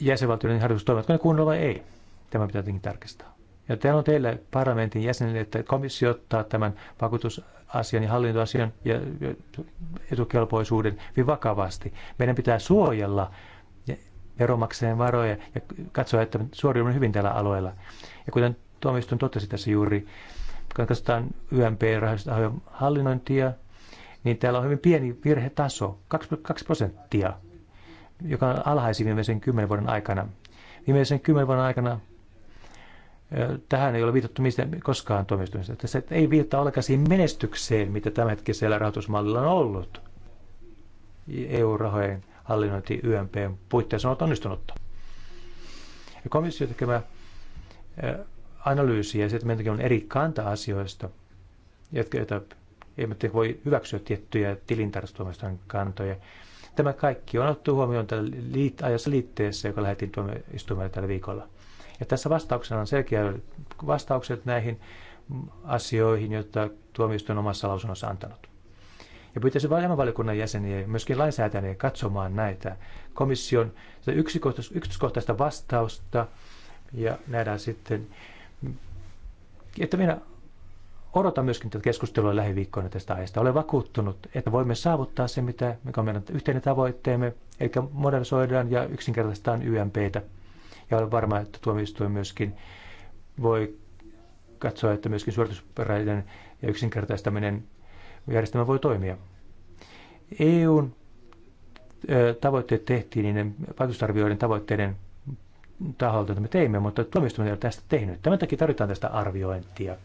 jäsenvaltioiden harjoitus, toimivatko ne kunnolla vai ei. Tämä pitää tietenkin tarkistaa. Ja täällä on teille parlamentin jäsenille, että komissio ottaa tämän vakuutusasian ja hallintoasian ja etukelpoisuuden hyvin vakavasti. Meidän pitää suojella veronmaksajien varoja ja katsoa, että suoriudumme hyvin tällä alueella. Ja kuten tuomioistuin totesi tässä juuri, kun katsotaan ymp hallinnointia, niin täällä on hyvin pieni virhetaso, 2 prosenttia – joka on alhaisin viimeisen kymmenen vuoden aikana. Viimeisen kymmenen vuoden aikana tähän ei ole viitattu mistä koskaan toimistumista. Tässä ei viittaa ollenkaan siihen menestykseen, mitä hetkisellä rahoitusmallilla on ollut. EU-rahojen hallinnointi YMPn puitteissa on onnistunutta. Ja komissio tekemä analyysi ja se, että on eri kanta-asioista, jotka, joita emme voi hyväksyä tiettyjä tilintarkastustoimiston kantoja. Tämä kaikki on otettu huomioon tällä liit- ajassa liitteessä, joka lähetin tuomioistuimelle tällä viikolla. Ja tässä vastauksena on selkeä vastaukset näihin asioihin, joita tuomioistuin omassa lausunnossa antanut. Ja pyytäisin valiokunnan jäseniä ja myöskin lainsäätäjiä katsomaan näitä komission yksityiskohtaista vastausta ja nähdään sitten, että meidän odotan myöskin tätä keskustelua lähiviikkoina tästä aiheesta. Olen vakuuttunut, että voimme saavuttaa se, mitä, mikä on meidän yhteinen tavoitteemme, eli modernisoidaan ja yksinkertaistaan YMPtä. Ja olen varma, että tuomioistuin myöskin voi katsoa, että myöskin suoritusperäinen ja yksinkertaistaminen järjestelmä voi toimia. EUn tavoitteet tehtiin niiden vaikutusarvioiden tavoitteiden taholta, että me teimme, mutta tuomioistuin ei ole tästä tehnyt. Tämän takia tarvitaan tästä arviointia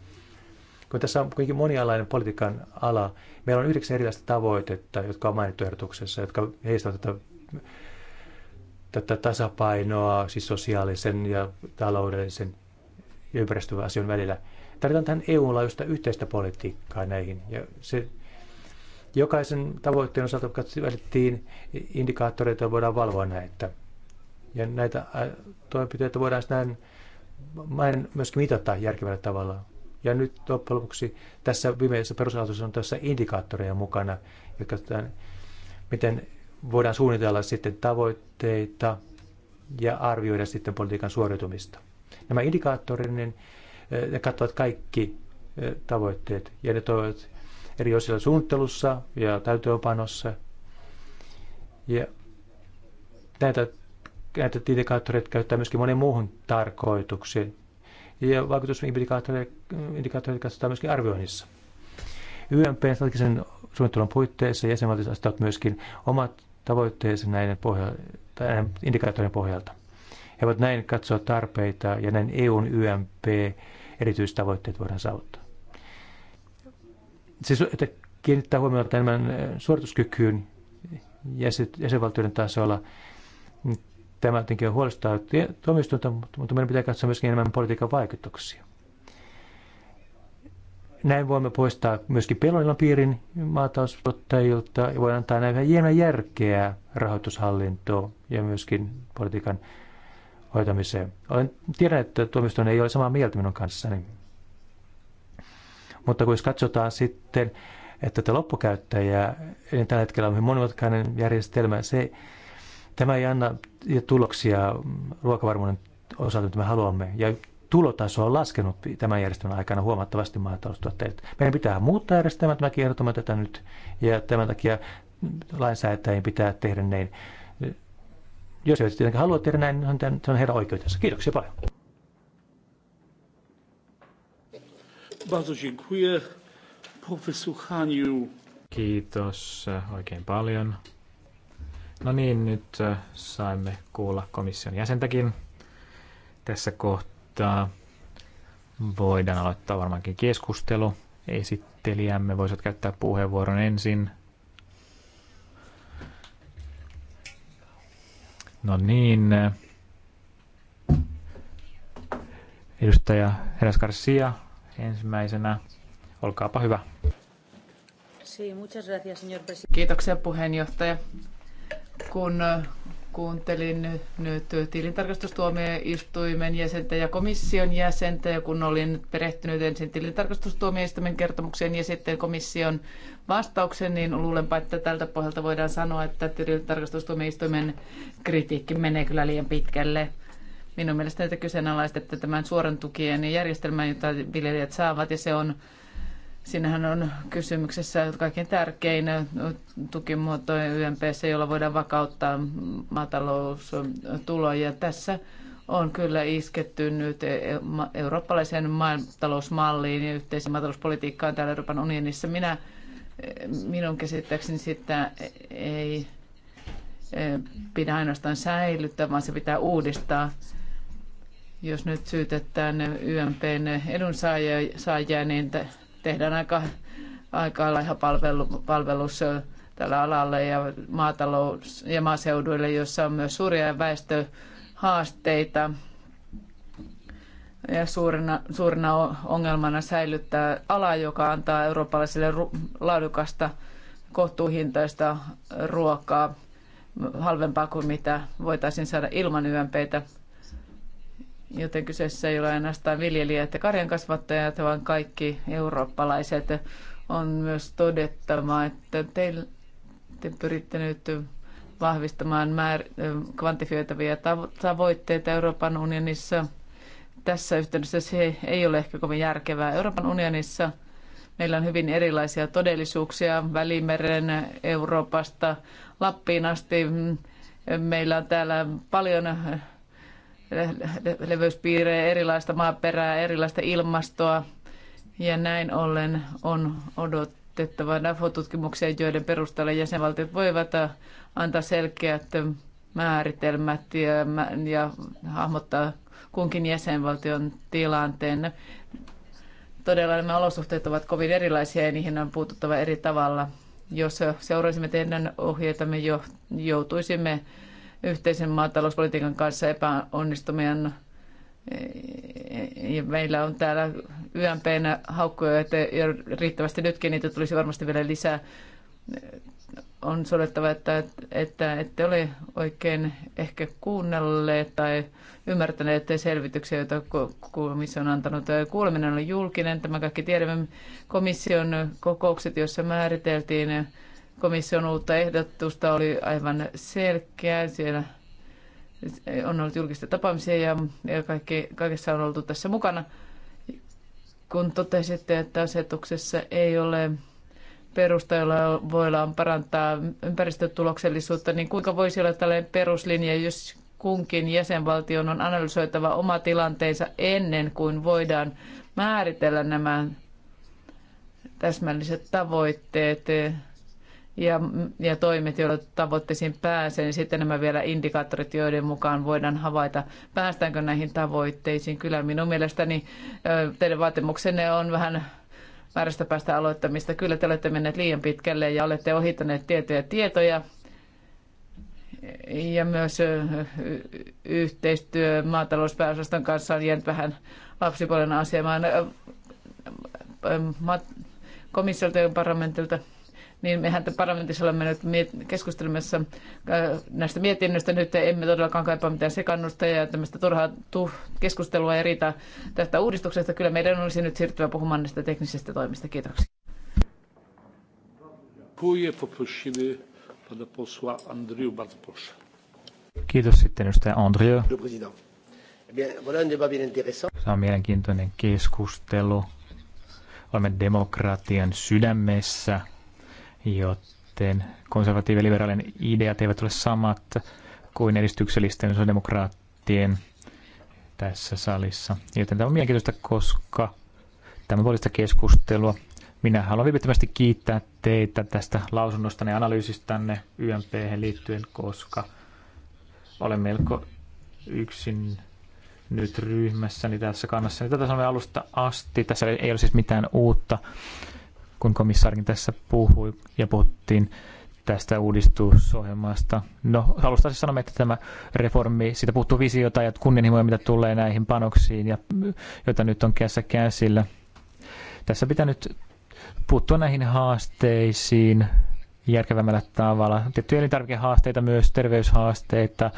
kun tässä on kuitenkin monialainen politiikan ala, meillä on yhdeksän erilaista tavoitetta, jotka on mainittu ehdotuksessa, jotka heistävät tätä, tätä tasapainoa, siis sosiaalisen ja taloudellisen ja asian välillä. Tarvitaan tähän EU-laajuista yhteistä politiikkaa näihin. Ja se, jokaisen tavoitteen osalta katsottiin indikaattoreita, voidaan valvoa näitä. Ja näitä toimenpiteitä voidaan näin, myöskin mitata järkevällä tavalla ja nyt loppujen lopuksi tässä viimeisessä perusajatuksessa on tässä indikaattoreja mukana, jotka katsotaan, miten voidaan suunnitella sitten tavoitteita ja arvioida sitten politiikan suoriutumista. Nämä indikaattorit niin, ne katsovat kaikki tavoitteet ja ne toivat eri osilla suunnittelussa ja täytöopanossa. Ja näitä, näitä indikaattoreita käyttää myöskin monen muuhun tarkoitukseen, ja vaikutusindikaattoreita katsotaan myöskin arvioinnissa. YMP strategisen suunnittelun puitteissa jäsenvaltiot asettavat myöskin omat tavoitteensa näiden, pohjalta, näiden indikaattorien pohjalta. He voivat näin katsoa tarpeita ja näin EUn YMP erityistavoitteet voidaan saavuttaa. Siis, että kiinnittää huomiota enemmän eh, suorituskykyyn jäsenvaltioiden tasolla Tämä tietenkin on huolestuttaa tuomioistuinta, mutta meidän pitää katsoa myöskin enemmän politiikan vaikutuksia. Näin voimme poistaa myöskin pelonilan piirin maataloustuottajilta ja voidaan antaa näin vähän hieman järkeä rahoitushallintoon ja myöskin politiikan hoitamiseen. Olen, tiedän, että tuomioistuin ei ole samaa mieltä minun kanssani. Mutta kun jos katsotaan sitten, että tätä loppukäyttäjää, niin tällä hetkellä on hyvin monimutkainen järjestelmä, se Tämä ei anna tuloksia ruokavarmuuden osalta, mitä me haluamme. Ja tulotaso on laskenut tämän järjestelmän aikana huomattavasti maataloustuotteet. Meidän pitää muuttaa järjestelmät, me kiertomme tätä nyt, ja tämän takia lainsäätäjien pitää tehdä näin. Jos ei tietenkään halua tehdä näin, niin se on heidän oikeutensa. Kiitoksia paljon. Kiitos oikein paljon No niin, nyt äh, saimme kuulla komission jäsentäkin tässä kohtaa. Voidaan aloittaa varmaankin keskustelu. Esittelijämme voisit käyttää puheenvuoron ensin. No niin. Äh, edustaja Heras Garcia ensimmäisenä. Olkaapa hyvä. Kiitoksia puheenjohtaja kun äh, kuuntelin nyt tilintarkastustuomioistuimen jäsentä ja komission jäsentä ja kun olin perehtynyt ensin tilintarkastustuomioistuimen kertomukseen ja sitten komission vastauksen, niin luulenpa, että tältä pohjalta voidaan sanoa, että tilintarkastustuomioistuimen kritiikki menee kyllä liian pitkälle. Minun mielestäni että kyseenalaistette tämän suoran tukien järjestelmän, jota viljelijät saavat ja se on Siinähän on kysymyksessä kaikkein tärkein tukimuoto YMPC, jolla voidaan vakauttaa maataloustuloja. Tässä on kyllä isketty nyt e-, eurooppalaiseen maatalousmalliin ja yhteiseen maatalouspolitiikkaan täällä Euroopan unionissa. Minä, minun käsittääkseni sitä ei e, pidä ainoastaan säilyttää, vaan se pitää uudistaa. Jos nyt syytetään YMPn edunsaajia, niin tehdään aika, aika laiha palvelu, palvelus tällä alalla ja maatalous- ja maaseuduille, jossa on myös suuria väestöhaasteita. Ja suurena, suurena ongelmana säilyttää ala, joka antaa eurooppalaisille laadukasta kohtuuhintaista ruokaa halvempaa kuin mitä voitaisiin saada ilman YMPtä joten kyseessä ei ole ainoastaan viljelijät ja karjankasvattajat, vaan kaikki eurooppalaiset. On myös todettava, että te, te pyritte nyt vahvistamaan määr, kvantifioitavia tavoitteita Euroopan unionissa. Tässä yhteydessä se ei ole ehkä kovin järkevää. Euroopan unionissa meillä on hyvin erilaisia todellisuuksia Välimeren Euroopasta Lappiin asti. Meillä on täällä paljon leveyspiirejä, erilaista maaperää, erilaista ilmastoa. Ja näin ollen on odotettava NAFO-tutkimuksia, joiden perusteella jäsenvaltiot voivat äh, antaa selkeät äh, määritelmät ja, ja hahmottaa kunkin jäsenvaltion tilanteen. Todella nämä olosuhteet ovat kovin erilaisia ja niihin on puututtava eri tavalla. Jos seuraisimme teidän ohjeitamme, jo, joutuisimme yhteisen maatalouspolitiikan kanssa epäonnistuminen. Eh, ja meillä on täällä YMPnä haukkuja, että riittävästi nytkin niitä tulisi varmasti vielä lisää. On sodettava, että, että ette ole oikein ehkä kuunnelleet tai ymmärtäneet selvityksiä, joita komissio on antanut. Kuuleminen oli julkinen, tämä kaikki tiedämme komission kokoukset, joissa määriteltiin komission uutta ehdotusta oli aivan selkeä. Siellä on ollut julkista tapaamisia ja, ja kaikki, kaikessa on oltu tässä mukana. Kun totesitte, että asetuksessa ei ole perusta, jolla voidaan parantaa ympäristötuloksellisuutta, niin kuinka voisi olla tällainen peruslinja, jos kunkin jäsenvaltion on analysoitava oma tilanteensa ennen kuin voidaan määritellä nämä täsmälliset tavoitteet ja, ja toimet, joilla tavoitteisiin pääsee, niin sitten nämä vielä indikaattorit, joiden mukaan voidaan havaita, päästäänkö näihin tavoitteisiin. Kyllä minun mielestäni teidän vaatimuksenne on vähän määrästä päästä aloittamista. Kyllä te olette menneet liian pitkälle ja olette ohittaneet tietoja tietoja ja myös yhteistyö maatalouspääosaston kanssa on jäänyt vähän lapsipuolen asemaan komissiolta ja parlamentilta niin mehän parlamentissa olemme nyt keskustelemassa äh, näistä mietinnöistä. Nyt emme todellakaan kaipaa mitään sekannusta ja tämmöistä turhaa keskustelua ja riitä tästä uudistuksesta. Kyllä meidän olisi nyt siirtyä puhumaan näistä teknisistä toimista. Kiitoksia. Kiitos sitten edustaja Andrieu. Tämä eh on mielenkiintoinen keskustelu. Olemme demokratian sydämessä joten konservatiiviliberaalien ideat eivät ole samat kuin edistyksellisten sosiaalidemokraattien tässä salissa. Joten tämä on mielenkiintoista, koska tämä voi keskustelua. Minä haluan vilpittömästi kiittää teitä tästä lausunnosta ja analyysistanne YMP liittyen, koska olen melko yksin nyt ryhmässäni tässä kannassa. Tätä sanoin alusta asti. Tässä ei ole siis mitään uutta kun komissaarikin tässä puhui ja puhuttiin tästä uudistusohjelmasta. No, alusta siis sanomme, että tämä reformi, siitä puuttuu visiota ja kunnianhimoja, mitä tulee näihin panoksiin, ja, joita nyt on kässä käsillä. Tässä pitää nyt puuttua näihin haasteisiin järkevämmällä tavalla. Tiettyjä elintarvikehaasteita, myös terveyshaasteita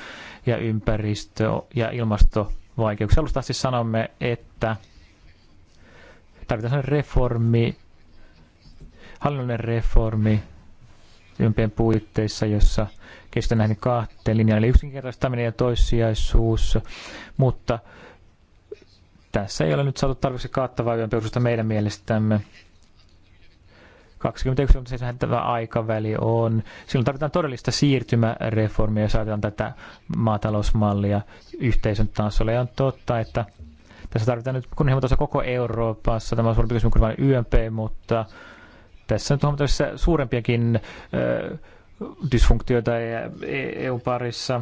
ja ympäristö- ja ilmastovaikeuksia. Alusta siis sanomme, että tarvitaan reformi, hallinnollinen reformi ympien puitteissa, jossa kestää näihin kahteen linjaan, eli yksinkertaistaminen ja toissijaisuus, mutta tässä ei ole nyt saatu tarpeeksi kattavaa yön perusta meidän mielestämme. 21 on tämä aikaväli on. Silloin tarvitaan todellista siirtymäreformia, jos ajatellaan tätä maatalousmallia yhteisön tasolla. Ja on totta, että tässä tarvitaan nyt kunnianhimoa koko Euroopassa. Tämä on suurempi kysymys kuin vain YMP, mutta tässä nyt on tässä suurempiakin dysfunktioita EU-parissa. E-,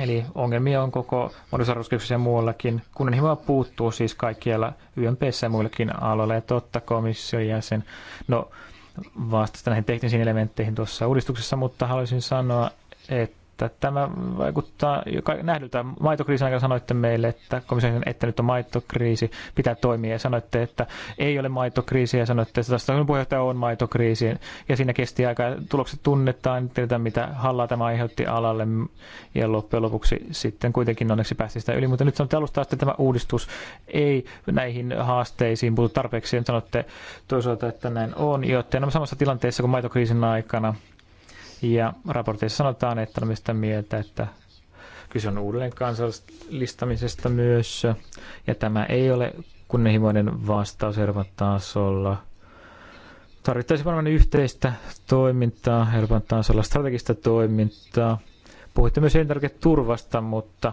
e Eli ongelmia on koko monusarvoiskeksessä ja muuallakin. Kunnianhimoa puuttuu siis kaikkialla YMP ja muillakin aloilla. Ja totta komission jäsen, no vastasta näihin teknisiin elementteihin tuossa uudistuksessa, mutta haluaisin sanoa, että että tämä vaikuttaa, joka nähdytään maitokriisin aikana sanoitte meille, että komission että nyt on maitokriisi, pitää toimia ja sanoitte, että ei ole maitokriisiä ja sanoitte, että tästä puheenjohtaja on maitokriisi ja siinä kesti aika, tulokset tunnetaan, tiedetään mitä hallaa tämä aiheutti alalle ja loppujen lopuksi sitten kuitenkin onneksi päästiin sitä yli, mutta nyt sanotte alusta asti, että tämä uudistus ei näihin haasteisiin puutu tarpeeksi ja sanotte toisaalta, että näin on, joten on samassa tilanteessa kuin maitokriisin aikana ja raportissa sanotaan, että olemme sitä mieltä, että kyse on uudelleen kansallistamisesta myös. Ja tämä ei ole kunnianhimoinen vastaus Euroopan tasolla. Tarvittaisiin varmaan yhteistä toimintaa, Euroopan tasolla strategista toimintaa. Puhuitte myös elintarviketurvasta, mutta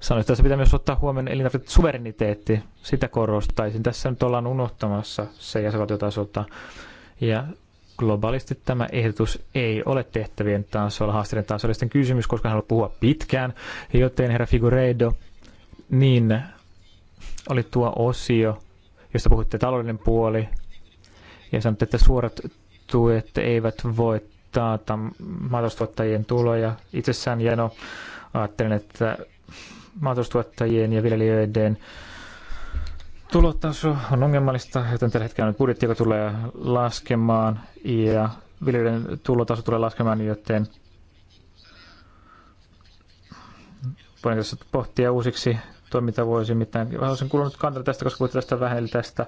sanoit, että tässä pitää myös ottaa huomioon suvereniteetti Sitä korostaisin. Tässä nyt ollaan unohtamassa se jäsenvaltiotasolta. Ja globaalisti tämä ehdotus ei ole tehtävien tasolla, haasteiden tasollisten kysymys, koska hän haluaa puhua pitkään, joten herra Figureido, niin oli tuo osio, josta puhutte taloudellinen puoli, ja sanotte, että suorat tuet eivät voi taata maataloustuottajien tuloja itsessään, jeno, no, ajattelen, että maataloustuottajien ja viljelijöiden äh, tulotaso on ongelmallista, joten tällä hetkellä budjetti, joka tulee laskemaan ja viljelijöiden tulotaso tulee laskemaan, joten voin tässä pohtia uusiksi toimintavuosi, mitään. Olisin kuulunut kantaa tästä, koska puhuit tästä vähän, eli tästä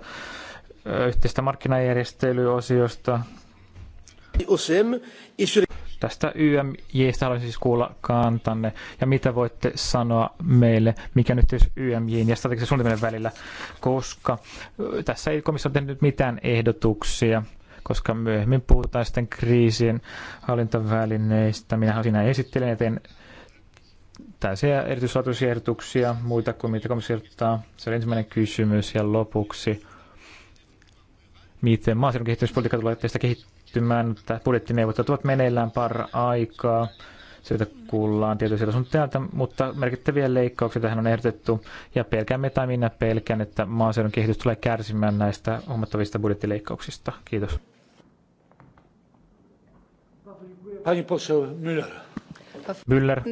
yhteistä markkinajärjestelyosiosta. Tästä YMJstä haluaisin siis kuulla kantanne ja mitä voitte sanoa meille, mikä nyt olisi siis YMJin ja strategisen suunnitelman välillä, koska tässä ei komissio ole tehnyt mitään ehdotuksia koska myöhemmin puhutaan sitten kriisien hallintavälineistä. Minä siinä esittelen ja teen täysiä erityislaatuisia ehdotuksia, muita kuin mitä komissio ottaa. Se oli ensimmäinen kysymys ja lopuksi miten maaseudun kehittämispolitiikka tulee teistä Tämä Budjettineuvottelut ovat meneillään parra aikaa. Sieltä kuullaan tietysti sun täältä, mutta merkittäviä leikkauksia tähän on ehdotettu. Ja pelkäämme tai minä pelkään, että maaseudun kehitys tulee kärsimään näistä huomattavista budjettileikkauksista. Kiitos. Müller. Müller.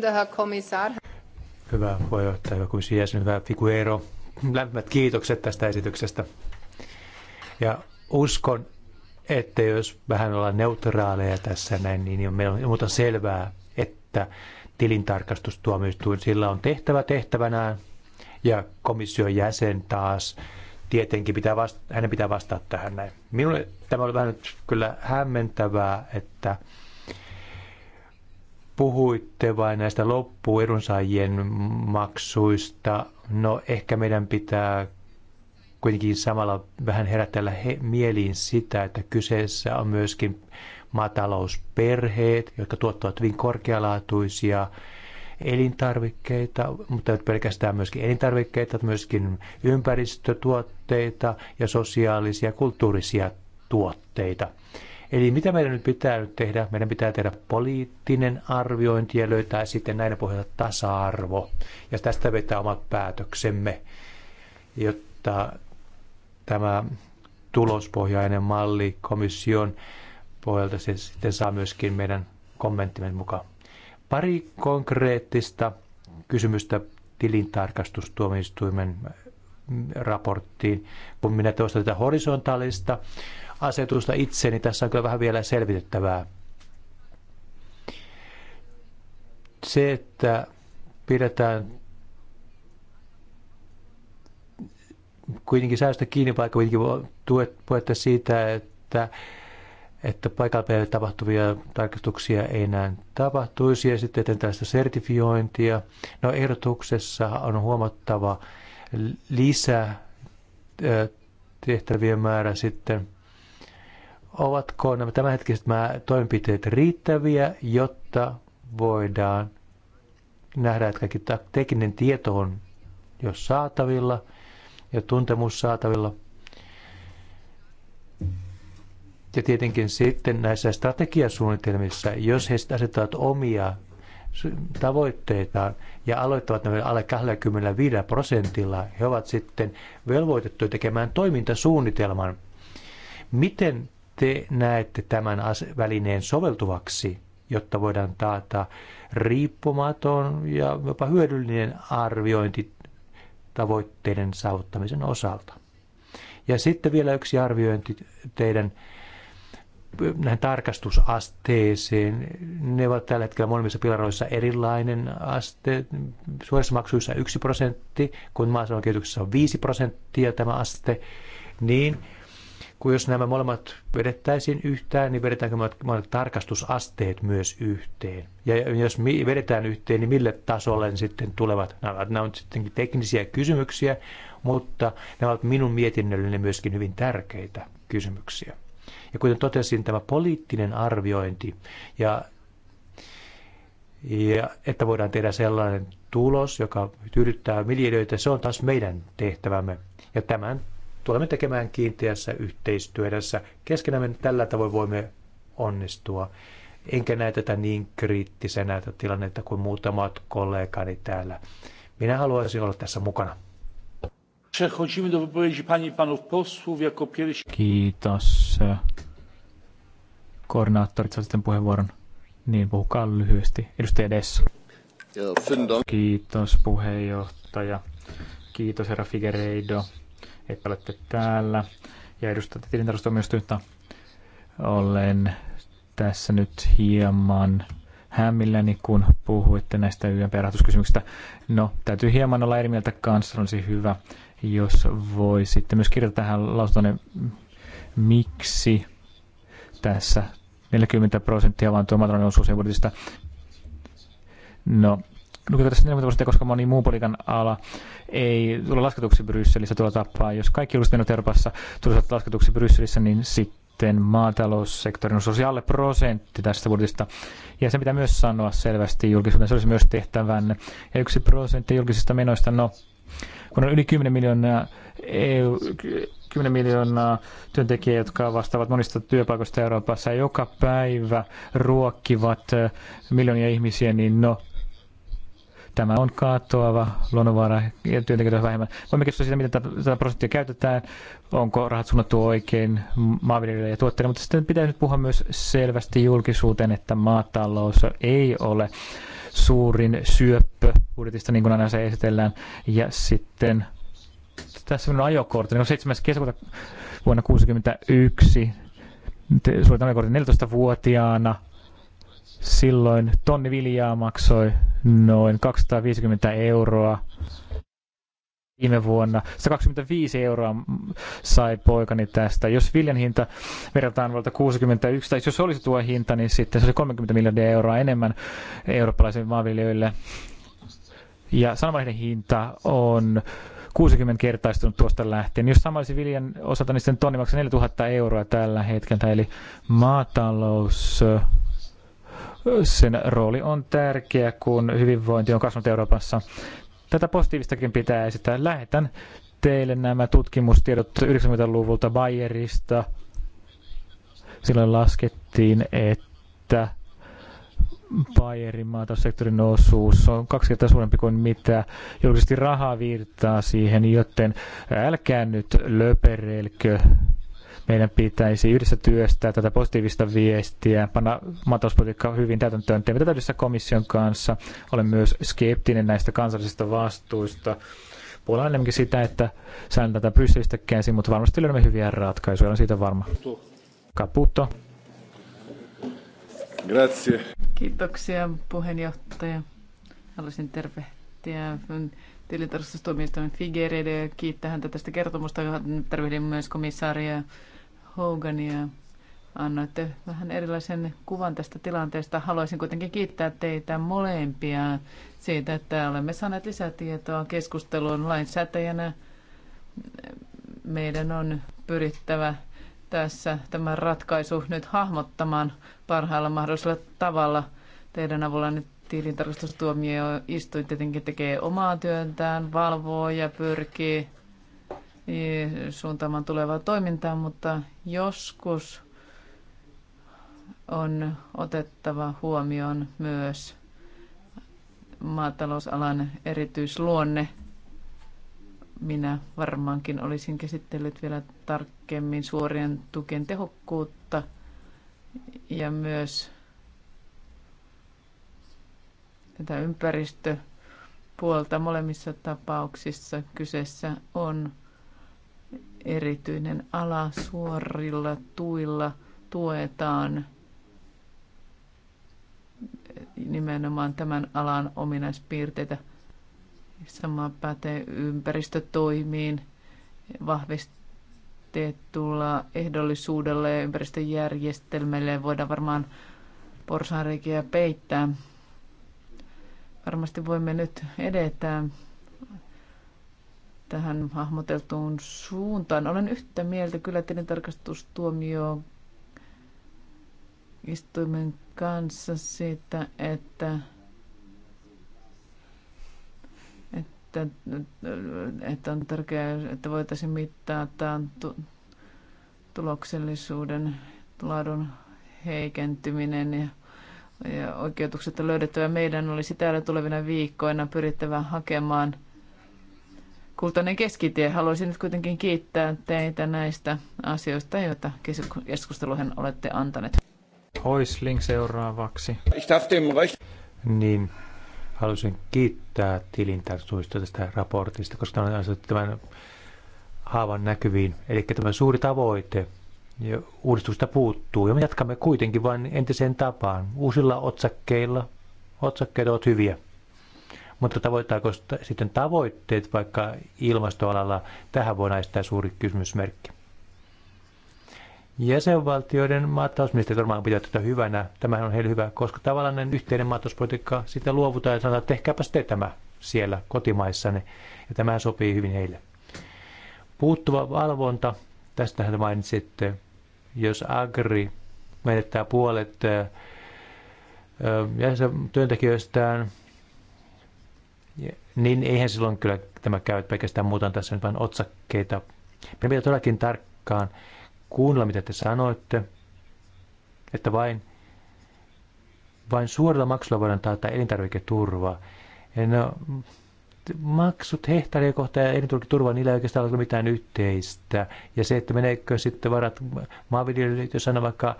Hyvä puheenjohtaja, hyvä kuin sijäsen, hyvä Figuero. Lämpimät kiitokset tästä esityksestä. Ja uskon, että jos vähän ollaan neutraaleja tässä näin, niin on meillä on muuta selvää, että tilintarkastustuomioistuin sillä on tehtävä tehtävänään ja komission jäsen taas tietenkin pitää vasta- hänen pitää vastata tähän näin. Minulle tämä oli vähän kyllä hämmentävää, että puhuitte vain näistä loppuedunsaajien maksuista. No ehkä meidän pitää kuitenkin samalla vähän herätellä he, mieliin sitä, että kyseessä on myöskin maatalousperheet, jotka tuottavat hyvin korkealaatuisia elintarvikkeita, mutta ei pelkästään myöskin elintarvikkeita, myöskin ympäristötuotteita ja sosiaalisia ja kulttuurisia tuotteita. Eli mitä meidän nyt pitää nyt tehdä? Meidän pitää tehdä poliittinen arviointi ja löytää sitten näiden pohjalta tasa-arvo. Ja tästä vetää omat päätöksemme, jotta tämä tulospohjainen malli komission pohjalta, se sitten saa myöskin meidän kommenttimme mukaan. Pari konkreettista kysymystä tilintarkastustuomioistuimen mm, raporttiin. Kun minä tuosta tätä horisontaalista asetusta itse, niin tässä on kyllä vähän vielä selvitettävää. Se, että pidetään kuitenkin säästä kiinni, vaikka kuitenkin puhetta siitä, että, että paikalla tapahtuvia tarkastuksia ei enää tapahtuisi ja sitten tällaista sertifiointia. No ehdotuksessa on huomattava lisä tehtävien määrä sitten. Ovatko nämä tämänhetkiset toimenpiteet riittäviä, jotta voidaan nähdä, että kaikki tekninen tieto on jo saatavilla – ja tuntemus saatavilla. Ja tietenkin sitten näissä strategiasuunnitelmissa, jos he asettavat omia tavoitteitaan ja aloittavat ne alle 25 prosentilla, he ovat sitten velvoitettu tekemään toimintasuunnitelman. Miten te näette tämän välineen soveltuvaksi, jotta voidaan taata riippumaton ja jopa hyödyllinen arviointi tavoitteiden saavuttamisen osalta. Ja sitten vielä yksi arviointi teidän näihin tarkastusasteeseen. Ne ovat tällä hetkellä molemmissa pilaroissa erilainen aste. Suorissa maksuissa 1 prosentti, kun maatalouden on 5 prosenttia tämä aste, niin kun jos nämä molemmat vedettäisiin yhteen, niin vedetäänkö molemmat tarkastusasteet myös yhteen? Ja jos vedetään yhteen, niin mille tasolle ne sitten tulevat? Nämä ovat sittenkin teknisiä kysymyksiä, mutta nämä ovat minun mietinnölleni myöskin hyvin tärkeitä kysymyksiä. Ja kuten totesin, tämä poliittinen arviointi ja, ja että voidaan tehdä sellainen tulos, joka tyydyttää viljelijöitä, se on taas meidän tehtävämme. Ja tämän tulemme tekemään kiinteässä yhteistyössä. Keskenämme tällä tavoin voimme onnistua. Enkä näe tätä niin kriittisenä tätä tilannetta kuin muutamat kollegani täällä. Minä haluaisin olla tässä mukana. Kiitos. Koordinaattorit saa sitten puheenvuoron. Niin, puhukaa lyhyesti. Edustaja Dessu. Kiitos puheenjohtaja. Kiitos herra Figueiredo että olette täällä ja edustatte tilintarkastustuomioistuinta. Olen tässä nyt hieman hämmilläni, kun puhuitte näistä YMP-rahoituskysymyksistä. No, täytyy hieman olla eri mieltä kanssa, olisi hyvä, jos voi sitten myös kirjata tähän lausuntoon, miksi tässä 40 prosenttia vaan tuo osuus budjetista. No, nukutaan tässä 40 prosenttia, koska moni muun politiikan ala ei tule lasketuksi Brysselissä tuolla tapaa. Jos kaikki julkiset menot Euroopassa tulisivat lasketuksi Brysselissä, niin sitten maataloussektorin osuus alle prosentti tästä budjetista. Ja se pitää myös sanoa selvästi julkisuuteen, se olisi myös tehtävänne. Ja yksi prosentti julkisista menoista, no kun on yli 10 miljoonaa, EU, 10 miljoonaa työntekijää, jotka vastaavat monista työpaikoista Euroopassa ja joka päivä ruokkivat eh, miljoonia ihmisiä, niin no, Tämä on kaatoava luonnonvara ja työntekijöitä on vähemmän. Voimme keskustella siitä, miten tätä prosenttia käytetään, onko rahat suunnattu oikein maanviljelijöille ja tuotteille, mutta sitten pitää nyt puhua myös selvästi julkisuuteen, että maatalous ei ole suurin syöppö budjetista, niin kuin aina se esitellään. Ja sitten tässä on ajokortti, niin on 7. kesäkuuta vuonna 1961 suoritan ajokortin 14-vuotiaana Silloin tonni viljaa maksoi noin 250 euroa viime vuonna. 125 euroa sai poikani tästä. Jos viljan hinta verrataan vuodelta 61, tai jos olisi tuo hinta, niin sitten se olisi 30 miljardia euroa enemmän eurooppalaisille maanviljelijöille. Ja samanlainen hinta on 60 kertaistunut tuosta lähtien. Jos olisi viljan osalta, niin sitten tonni maksaa 4000 euroa tällä hetkellä. Eli maatalous sen rooli on tärkeä, kun hyvinvointi on kasvanut Euroopassa. Tätä positiivistakin pitää esittää. Lähetän teille nämä tutkimustiedot 90-luvulta Bayerista. Silloin laskettiin, että Bayerin maataloussektorin osuus on kaksi kertaa suurempi kuin mitä julkisesti rahaa virtaa siihen, joten älkää nyt löperelkö. Meidän pitäisi yhdessä työstää tätä positiivista viestiä, panna maatalouspolitiikka hyvin täytäntöön. Teemme tätä yhdessä komission kanssa. Olen myös skeptinen näistä kansallisista vastuista. Puolella enemmänkin sitä, että säännön tätä Brysselistä käsin, mutta varmasti löydämme hyviä ratkaisuja. Olen siitä varma. Caputo. Grazie. Kiitoksia puheenjohtaja. Haluaisin tervehtiä tilintarkastustuomioistuimen Figueredo ja kiittää häntä tästä kertomusta. Tervehdin myös komissaaria Hogania. Annoitte vähän erilaisen kuvan tästä tilanteesta. Haluaisin kuitenkin kiittää teitä molempia siitä, että olemme saaneet lisätietoa keskusteluun lainsäätäjänä. Meidän on pyrittävä tässä tämä ratkaisu nyt hahmottamaan parhaalla mahdollisella tavalla. Teidän avulla nyt tilintarkastustuomioistuin tietenkin tekee omaa työntään, valvoo ja pyrkii suuntaamaan tulevaa toimintaa, mutta joskus on otettava huomioon myös maatalousalan erityisluonne. Minä varmaankin olisin käsitellyt vielä tarkemmin suorien tukien tehokkuutta ja myös tätä ympäristöpuolta molemmissa tapauksissa kyseessä on erityinen ala suorilla tuilla tuetaan nimenomaan tämän alan ominaispiirteitä. Sama pätee ympäristötoimiin vahvistetulla ehdollisuudella ja ympäristöjärjestelmälle voidaan varmaan porsaanreikiä peittää. Varmasti voimme nyt edetä tähän hahmoteltuun suuntaan. Olen yhtä mieltä kyllä tilintarkastustuomio istuimen kanssa siitä, että, että, että on tärkeää, että voitaisiin mittaa mitata tuloksellisuuden laadun heikentyminen ja ja oikeutukset on löydettävä. Meidän olisi täällä tulevina viikkoina pyrittävä hakemaan – kultainen keskitie. Haluaisin nyt kuitenkin kiittää teitä näistä asioista, joita keskusteluhen olette antaneet. Hoisling seuraavaksi. Niin, haluaisin kiittää tilintarkastusta tästä raportista, koska on asettu tämän haavan näkyviin. Eli tämä suuri tavoite ja uudistusta puuttuu, ja me jatkamme kuitenkin vain entiseen tapaan. Uusilla otsakkeilla. Otsakkeet ovat hyviä. Mutta tavoittaako sitten tavoitteet vaikka ilmastoalalla? Tähän voi näistää suuri kysymysmerkki. Jäsenvaltioiden maatalousministerit varmaan pitää tätä hyvänä. Tämähän on heille hyvä, koska tavallaan yhteinen maatalouspolitiikka, sitä luovutaan ja sanotaan, että tehkääpä sitten tämä siellä kotimaissanne. Ja tämä sopii hyvin heille. Puuttuva valvonta, tästähän mainitsitte, jos agri menettää puolet jäsen työntekijöistään, niin eihän silloin kyllä tämä käy pelkästään muutan tässä nyt vain otsakkeita. Meidän pitää todellakin tarkkaan kuunnella, mitä te sanoitte, että vain, vain suorilla maksulla voidaan taata elintarviketurvaa. No, maksut hehtaaria kohtaan ja elintarviketurvaa, niillä ei oikeastaan ole mitään yhteistä. Ja se, että meneekö sitten varat maanviljelijöille, jos sanoo vaikka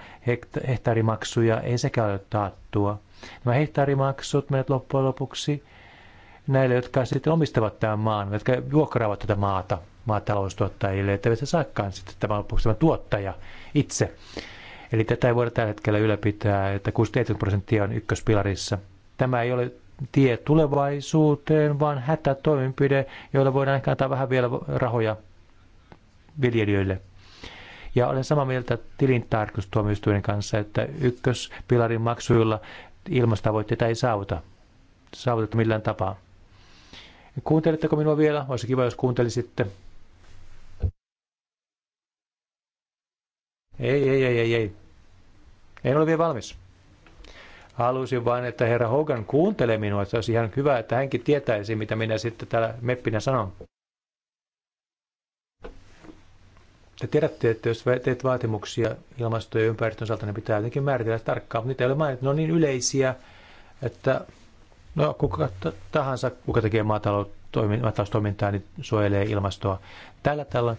hehtaarimaksuja, ei sekään ole taattua. Nämä hehtaarimaksut menet loppujen lopuksi – näille, jotka sitten omistavat tämän maan, jotka vuokraavat tätä maata maataloustuottajille, että se saakkaan sitten tämä lopuksi tämä tuottaja itse. Eli tätä ei voida tällä hetkellä ylläpitää, että 60 prosenttia on ykköspilarissa. Tämä ei ole tie tulevaisuuteen, vaan hätätoimenpide, joilla voidaan ehkä antaa vähän vielä rahoja viljelijöille. Ja olen samaa mieltä tilintarkastustuomioistuimen kanssa, että ykköspilarin maksuilla ilmastavoitteita ei saavuta, saavuteta millään tapaa. Kuunteletteko minua vielä? Olisi kiva, jos kuuntelisitte. Ei, ei, ei, ei, ei. En ole vielä valmis. Halusin vain, että herra Hogan kuuntelee minua. Se olisi ihan hyvä, että hänkin tietäisi, mitä minä sitten täällä meppinä sanon. Te tiedätte, että jos teet vaatimuksia ilmasto- ja ympäristön osalta, ne niin pitää jotenkin määritellä tarkkaan, mutta niitä ei ole mainittu. Ne on niin yleisiä, että No kuka tahansa, kuka tekee maataloustoimintaa, niin suojelee ilmastoa. Tällä tällä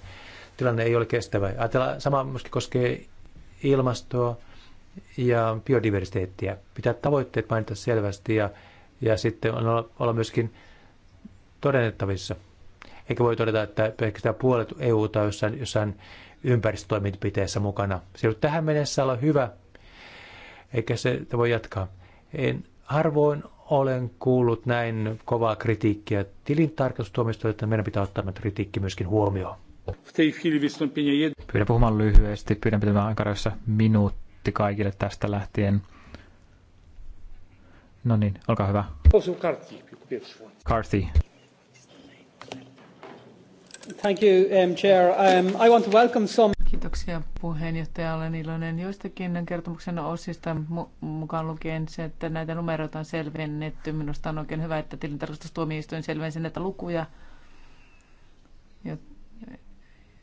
tilanne ei ole kestävä. Ajatellaan, sama myöskin koskee ilmastoa ja biodiversiteettiä. Pitää tavoitteet mainita selvästi ja, ja sitten on olla, olla myöskin todennettavissa. Eikä voi todeta, että pelkästään puolet EU tai jossain, jossain ympäristötoimenpiteessä mukana. Se ei tähän mennessä olla hyvä, eikä se voi jatkaa. En, harvoin olen kuullut näin kovaa kritiikkiä tilintarkastustuomioistuilta, että meidän pitää ottaa tämä kritiikki myöskin huomioon. Pyydän puhumaan lyhyesti, pyydän pitämään aikaa minuutti kaikille tästä lähtien. No niin, olkaa hyvä. Carthy. Thank you, um, Chair. Um, I want to welcome some... Kiitoksia puheenjohtaja. Olen iloinen joistakin kertomuksen osista mukaan lukien se, että näitä numeroita on selvennetty. Minusta on oikein hyvä, että tilintarkastustuomioistuin selvensi näitä lukuja,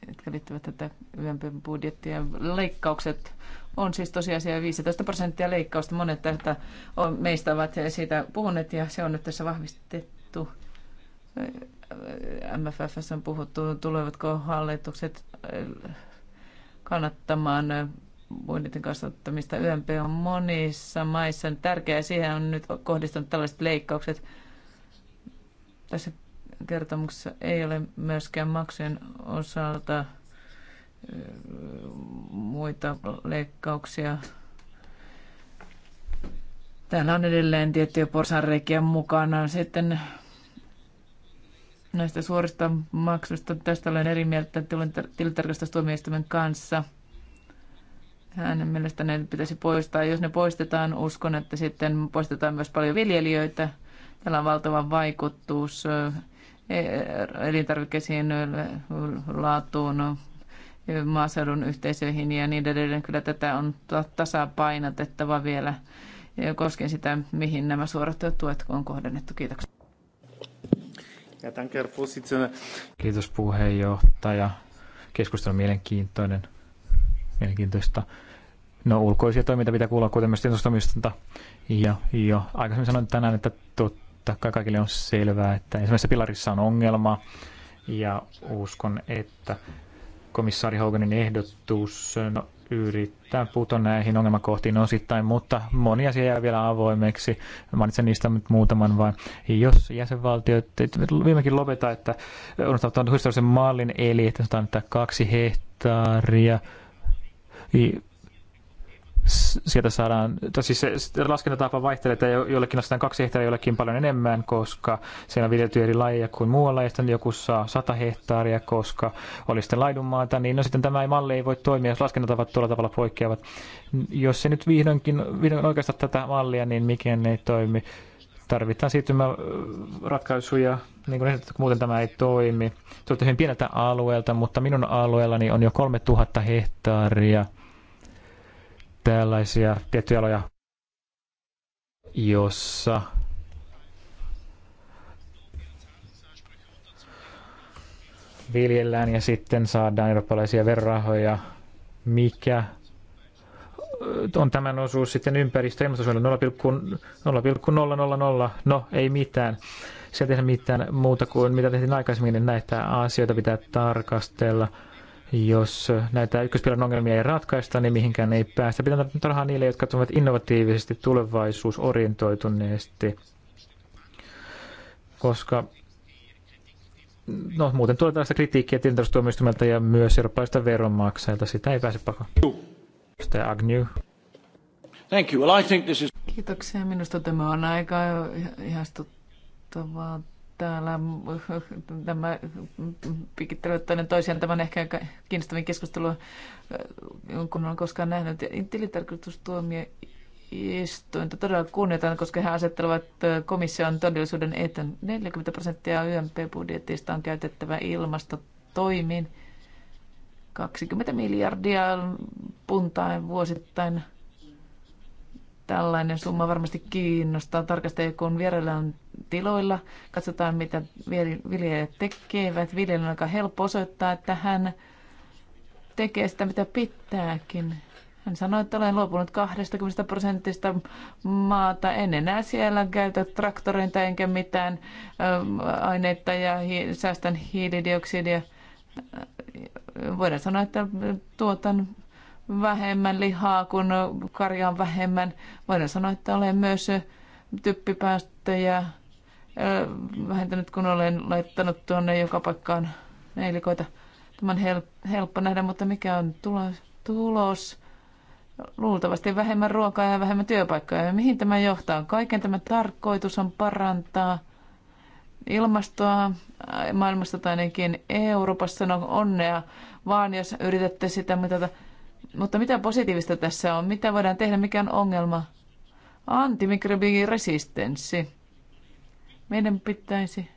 jotka liittyvät tätä YMPn budjettia. Leikkaukset on siis tosiasia 15 prosenttia leikkausta. Monet tästä on, meistä ovat siitä puhuneet ja se on nyt tässä vahvistettu. MFFssä on puhuttu, tulevatko hallitukset kannattamaan budjetin kasvattamista. YMP on monissa maissa tärkeää siihen on nyt kohdistunut tällaiset leikkaukset. Tässä kertomuksessa ei ole myöskään maksujen osalta muita leikkauksia. Täällä on edelleen tiettyjä porsanreikiä mukana. Sitten näistä suorista maksuista. Tästä olen eri mieltä tilintarkastustuomioistuimen kanssa. Hänen mielestä ne pitäisi poistaa. Jos ne poistetaan, uskon, että sitten poistetaan myös paljon viljelijöitä. Tällä on valtava vaikutus eh, elintarvikkeisiin, laatuun, maaseudun yhteisöihin ja niin edelleen. Kyllä tätä on tasapainotettava vielä koskien sitä, mihin nämä suorat tuet on kohdennettu. Kiitoksia. Ja danke, Kiitos puheenjohtaja. Keskustelu on mielenkiintoinen. Mielenkiintoista. No ulkoisia toimintaa pitää kuulla kuten myös tietoistamista. Ja jo aikaisemmin sanoin tänään, että totta kai kaikille on selvää, että ensimmäisessä pilarissa on ongelma. Ja uskon, että komissaari Hoganin ehdotus, no yrittää puuttua näihin ongelmakohtiin no osittain, mutta moni asia jää vielä avoimeksi. Mainitsen niistä nyt muutaman vain. Jos jäsenvaltiot viimekin lopeta, että on ottanut historiallisen mallin, eli että sanotaan, että kaksi hehtaaria sieltä saadaan, tai siis se, laskentatapa vaihtelee, että jollekin lasketaan kaksi hehtaaria, jollekin paljon enemmän, koska siellä on viljelty eri lajeja kuin muualla, ja sitten joku saa sata hehtaaria, koska oli sitten laidunmaata, niin no sitten tämä malli ei voi toimia, jos laskentatavat tuolla tavalla poikkeavat. Jos se nyt vihdoinkin, vihdoin oikeastaan tätä mallia, niin mikään ei toimi. Tarvitaan siirtymäratkaisuja, niin kuin esitetty, muuten tämä ei toimi. Te olette hyvin pieneltä alueelta, mutta minun alueellani on jo 3000 hehtaaria – tällaisia tiettyjä aloja, jossa viljellään ja sitten saadaan eurooppalaisia verrahoja, mikä on tämän osuus sitten ympäristö- ja 0,000, no ei mitään. Se ei tehdä mitään muuta kuin mitä tehtiin aikaisemmin, niin näitä asioita pitää tarkastella – jos näitä ykköspilan ongelmia ei ratkaista, niin mihinkään ei päästä. Pitää tarhaa niille, jotka toimivat innovatiivisesti, tulevaisuusorientoituneesti, koska no, muuten tulee tällaista kritiikkiä tilintarvistuomioistumelta ja myös eurooppalaisista veronmaksajilta. Sitä ei pääse pakoon. Agnew. Thank you. Well, I think this is... Kiitoksia. Minusta tämä on aika ihastuttavaa täällä tämä pikittelevät toinen toisiaan. Tämä on ehkä aika kiinnostavin keskustelu, kun olen koskaan nähnyt. Tilintarkastustuomioistuinta todella kunnioitan, koska he asettelevat komission todellisuuden eteen. 40 prosenttia YMP-budjetista on käytettävä ilmastotoimiin. 20 miljardia puntaan vuosittain – Tällainen summa varmasti kiinnostaa tarkastajia, kun vierellä on tiloilla. Katsotaan, mitä viljelijät tekevät. Viljelijä on aika helppo osoittaa, että hän tekee sitä, mitä pitääkin. Hän sanoi, että olen luopunut 20 prosentista maata. En enää siellä käytä traktoreita enkä mitään ähm, aineita ja säästän hiilidioksidia. Äh, voidaan sanoa, että tuotan vähemmän lihaa, kuin karja on vähemmän. Voidaan sanoa, että olen myös typpipäästöjä vähentänyt, kun olen laittanut tuonne joka paikkaan neilikoita. Tämä on hel- helppo nähdä, mutta mikä on tulos? tulos? Luultavasti vähemmän ruokaa ja vähemmän työpaikkoja. Ja mihin tämä johtaa? Kaiken tämä tarkoitus on parantaa ilmastoa maailmasta tai ainakin Euroopassa. No onnea vaan, jos yritätte sitä mitata. Mutta mitä positiivista tässä on? Mitä voidaan tehdä? Mikä on ongelma? Antimikrobiresistenssi. Meidän pitäisi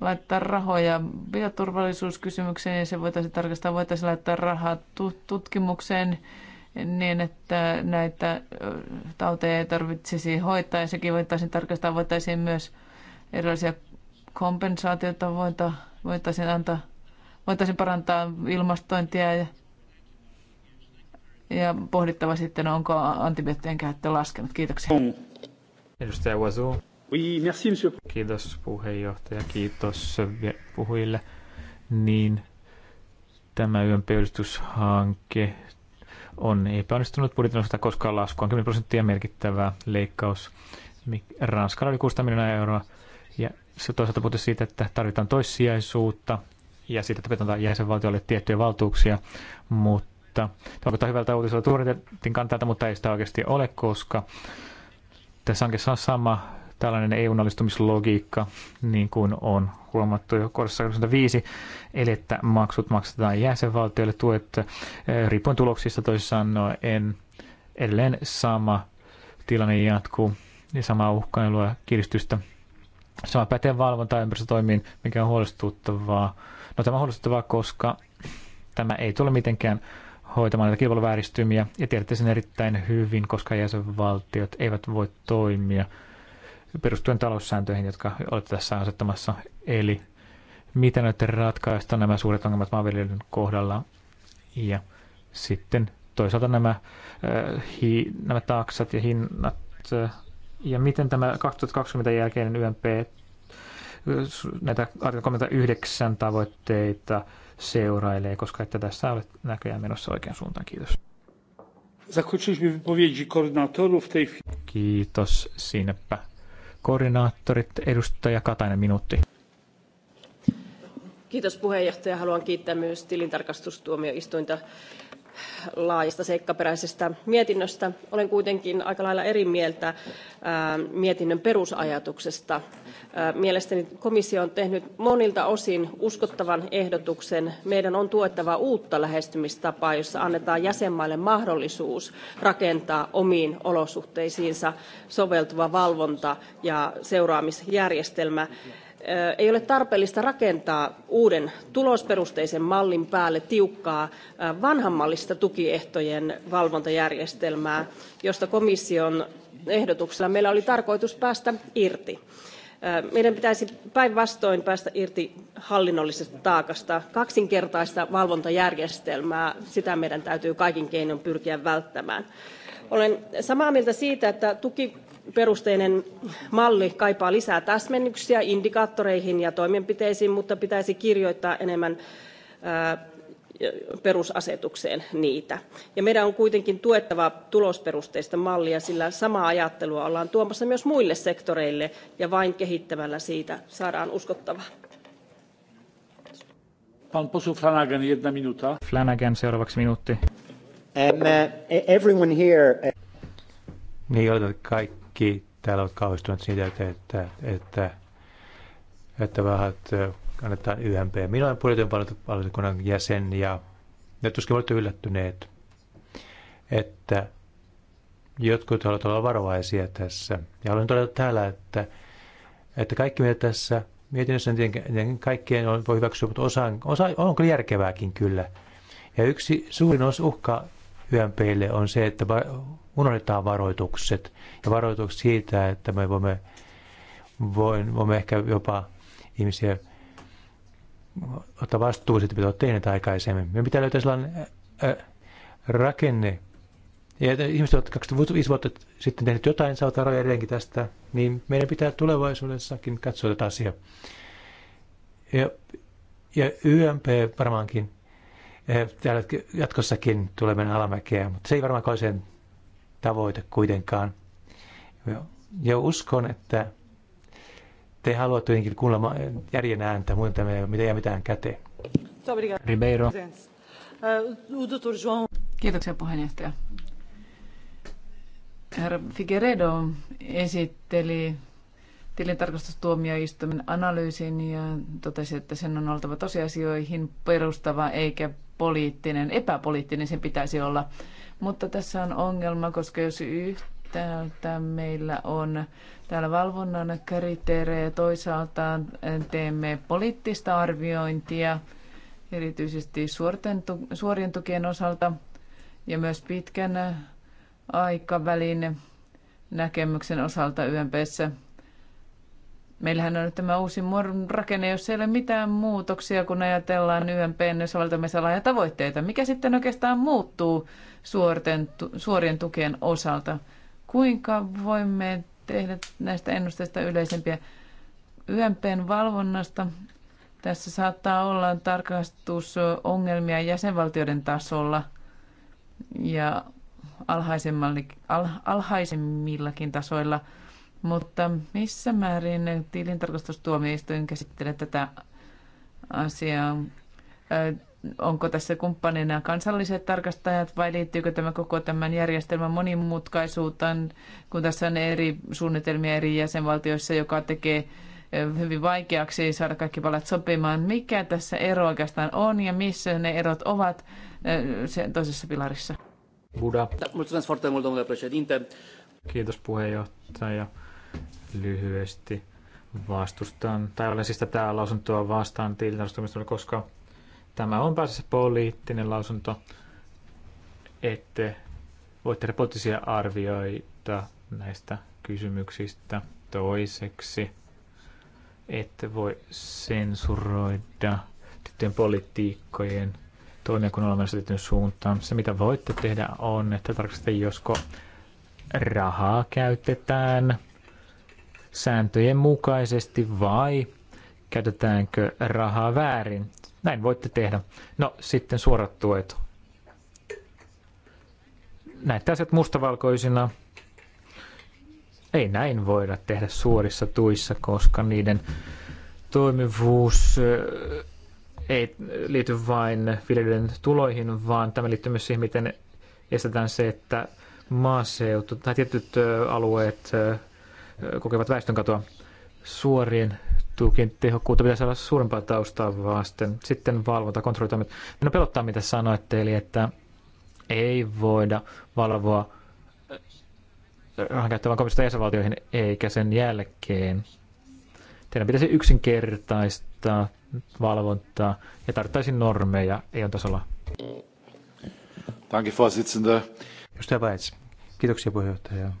laittaa rahoja bioturvallisuuskysymykseen ja se voitaisiin tarkastaa. Voitaisiin laittaa rahaa tutkimukseen niin, että näitä tauteja ei tarvitsisi hoitaa. Ja sekin voitaisiin tarkastaa. Voitaisiin myös erilaisia kompensaatioita voitaisiin antaa. Voitaisiin parantaa ilmastointia ja ja pohdittava sitten, onko antibioottien käyttö laskenut. Kiitoksia. Mm. Edustaja Wazu. Oui, merci, monsieur. Kiitos puheenjohtaja, kiitos puhujille. Niin, tämä yön pöydistyshanke on epäonnistunut budjetin osalta, koska lasku on 10 prosenttia merkittävä leikkaus. Ranskalla oli 600 miljoonaa euroa ja se toisaalta puhuttiin siitä, että tarvitaan toissijaisuutta ja siitä, että pitää jäsenvaltiolle tiettyjä valtuuksia, mutta mutta tarkoittaa hyvältä uutiselta Tuoretin kantaa, mutta ei sitä oikeasti ole, koska tässä hankkeessa on sama tällainen EU-nallistumislogiikka, niin kuin on huomattu jo kohdassa 25, eli että maksut maksetaan jäsenvaltioille, tuet eh, riippuen tuloksista toisin sanoen edelleen sama tilanne jatkuu ja sama uhkailua ja kiristystä. Sama pätee valvonta ympäristötoimiin, mikä on huolestuttavaa. No tämä on huolestuttavaa, koska tämä ei tule mitenkään hoitamaan näitä kilpailuvääristymiä, ja tiedätte sen erittäin hyvin, koska jäsenvaltiot eivät voi toimia perustuen taloussääntöihin, jotka olette tässä asettamassa. Eli miten näitä ratkaista nämä suuret ongelmat maanviljelijöiden kohdalla, ja sitten toisaalta nämä, äh, hi, nämä taksat ja hinnat, äh, ja miten tämä 2020 jälkeinen YMP äh, näitä 39 tavoitteita seurailee, koska että tässä olet näköjään menossa oikean suuntaan. Kiitos. Zakończyliśmy wypowiedzi koordynatorów tej Kiitos sinäpä. Koordinaattorit, edustaja Katainen, minuutti. Kiitos puheenjohtaja. Haluan kiittää myös tilintarkastustuomioistuinta laajasta seikkaperäisestä mietinnöstä. Olen kuitenkin aika lailla eri mieltä mietinnön perusajatuksesta. Mielestäni komissio on tehnyt monilta osin uskottavan ehdotuksen. Meidän on tuettava uutta lähestymistapaa, jossa annetaan jäsenmaille mahdollisuus rakentaa omiin olosuhteisiinsa soveltuva valvonta ja seuraamisjärjestelmä ei ole tarpeellista rakentaa uuden tulosperusteisen mallin päälle tiukkaa vanhanmallista tukiehtojen valvontajärjestelmää, josta komission ehdotuksella meillä oli tarkoitus päästä irti. Meidän pitäisi päinvastoin päästä irti hallinnollisesta taakasta. Kaksinkertaista valvontajärjestelmää, sitä meidän täytyy kaikin keinoin pyrkiä välttämään. Olen samaa mieltä siitä, että tuki perusteinen malli kaipaa lisää täsmennyksiä indikaattoreihin ja toimenpiteisiin, mutta pitäisi kirjoittaa enemmän perusasetukseen niitä. Ja meidän on kuitenkin tuettava tulosperusteista mallia, sillä samaa ajattelua ollaan tuomassa myös muille sektoreille ja vain kehittämällä siitä saadaan uskottavaa. Pan posu Flanagan, jedna minuta. Flanagan, seuraavaksi minuutti. Um, uh, everyone here... Uh, niin, kaikki kaikki täällä ovat kauhistuneet siitä, että, että, että, että vähät annetaan YMP. Minä olen budjetinvaliokunnan jäsen ja ne tuskin olette yllättyneet, että jotkut haluavat olla varovaisia tässä. Ja haluan todeta täällä, että, että kaikki mitä tässä mietinnössä, niin kaikkien on, voi hyväksyä, mutta osa, osa on kyllä järkevääkin kyllä. Ja yksi suurin osa uhka YMPille on se, että unohdetaan varoitukset ja varoitukset siitä, että me voimme, voimme ehkä jopa ihmisiä ottaa vastuu siitä, mitä olet tehnyt aikaisemmin. Me pitää löytää sellainen rakenne. Ja ihmiset, ovat 25 vuotta sitten tehneet jotain, saavat varoja edelleenkin tästä, niin meidän pitää tulevaisuudessakin katsoa tätä asiaa. Ja, ja YMP varmaankin Eh, täällä jatkossakin tulemme alamäkeä, mutta se ei varmaan ole sen tavoite kuitenkaan. Ja uskon, että te haluatte jotenkin kuulla järjen ääntä, muuten me ei ole mitään käteen. Ribeiro. Eh, Kiitoksia puheenjohtaja. Herra Figueredo esitteli tilintarkastustuomioistuimen analyysin ja totesi, että sen on oltava tosiasioihin perustava eikä poliittinen, epäpoliittinen sen pitäisi olla. Mutta tässä on ongelma, koska jos yhtäältä meillä on täällä valvonnan kriteerejä ja toisaalta teemme poliittista arviointia, erityisesti suorien tukien osalta ja myös pitkän aikavälin näkemyksen osalta YMPssä – Meillähän on nyt tämä uusi rakenne, jos ei ole mitään muutoksia, kun ajatellaan YMPn soveltamisalaa ja tavoitteita. Mikä sitten oikeastaan muuttuu suorten, suorien tukien osalta? Kuinka voimme tehdä näistä ennusteista yleisempiä YMPn valvonnasta? Tässä saattaa olla tarkastusongelmia jäsenvaltioiden tasolla ja alhaisemmillakin tasoilla – mutta missä määrin tilintarkastustuomioistuin käsittelee tätä asiaa? Onko tässä kumppanina kansalliset tarkastajat vai liittyykö tämä koko tämän järjestelmän monimutkaisuuteen, kun tässä on eri suunnitelmia eri jäsenvaltioissa, joka tekee hyvin vaikeaksi saada kaikki palat sopimaan. Mikä tässä ero oikeastaan on ja missä ne erot ovat sen toisessa pilarissa? Buda. Kiitos puheenjohtaja lyhyesti vastustan, tai olen siis tätä lausuntoa vastaan tilintarkastustoimistolle, koska tämä on pääasiassa poliittinen lausunto, ette voi tehdä poliittisia arvioita näistä kysymyksistä toiseksi. Ette voi sensuroida tyttöjen politiikkojen toimia, kun olemme tietyn suuntaan. Se, mitä voitte tehdä, on, että tarkastatte, josko rahaa käytetään – sääntöjen mukaisesti vai käytetäänkö rahaa väärin. Näin voitte tehdä. No sitten suorat tuet. Näitä asiat mustavalkoisina. Ei näin voida tehdä suorissa tuissa, koska niiden toimivuus eh, ei liity vain viljelijöiden tuloihin, vaan tämä liittyy myös siihen, miten estetään se, että maaseutu tai tietyt eh, alueet eh, kokevat väestönkatoa. Suorien tukien tehokkuutta pitäisi olla suurempaa taustaa vasten. Sitten valvonta, kontrollitoimet. No pelottaa, mitä sanoitte, eli että ei voida valvoa rahan käyttävän komistosta jäsenvaltioihin eikä sen jälkeen. Teidän pitäisi yksinkertaistaa valvontaa ja tarvittaisiin normeja EU-tasolla. Danke, Vorsitzender. Edustaja Kiitoksia puheenjohtaja.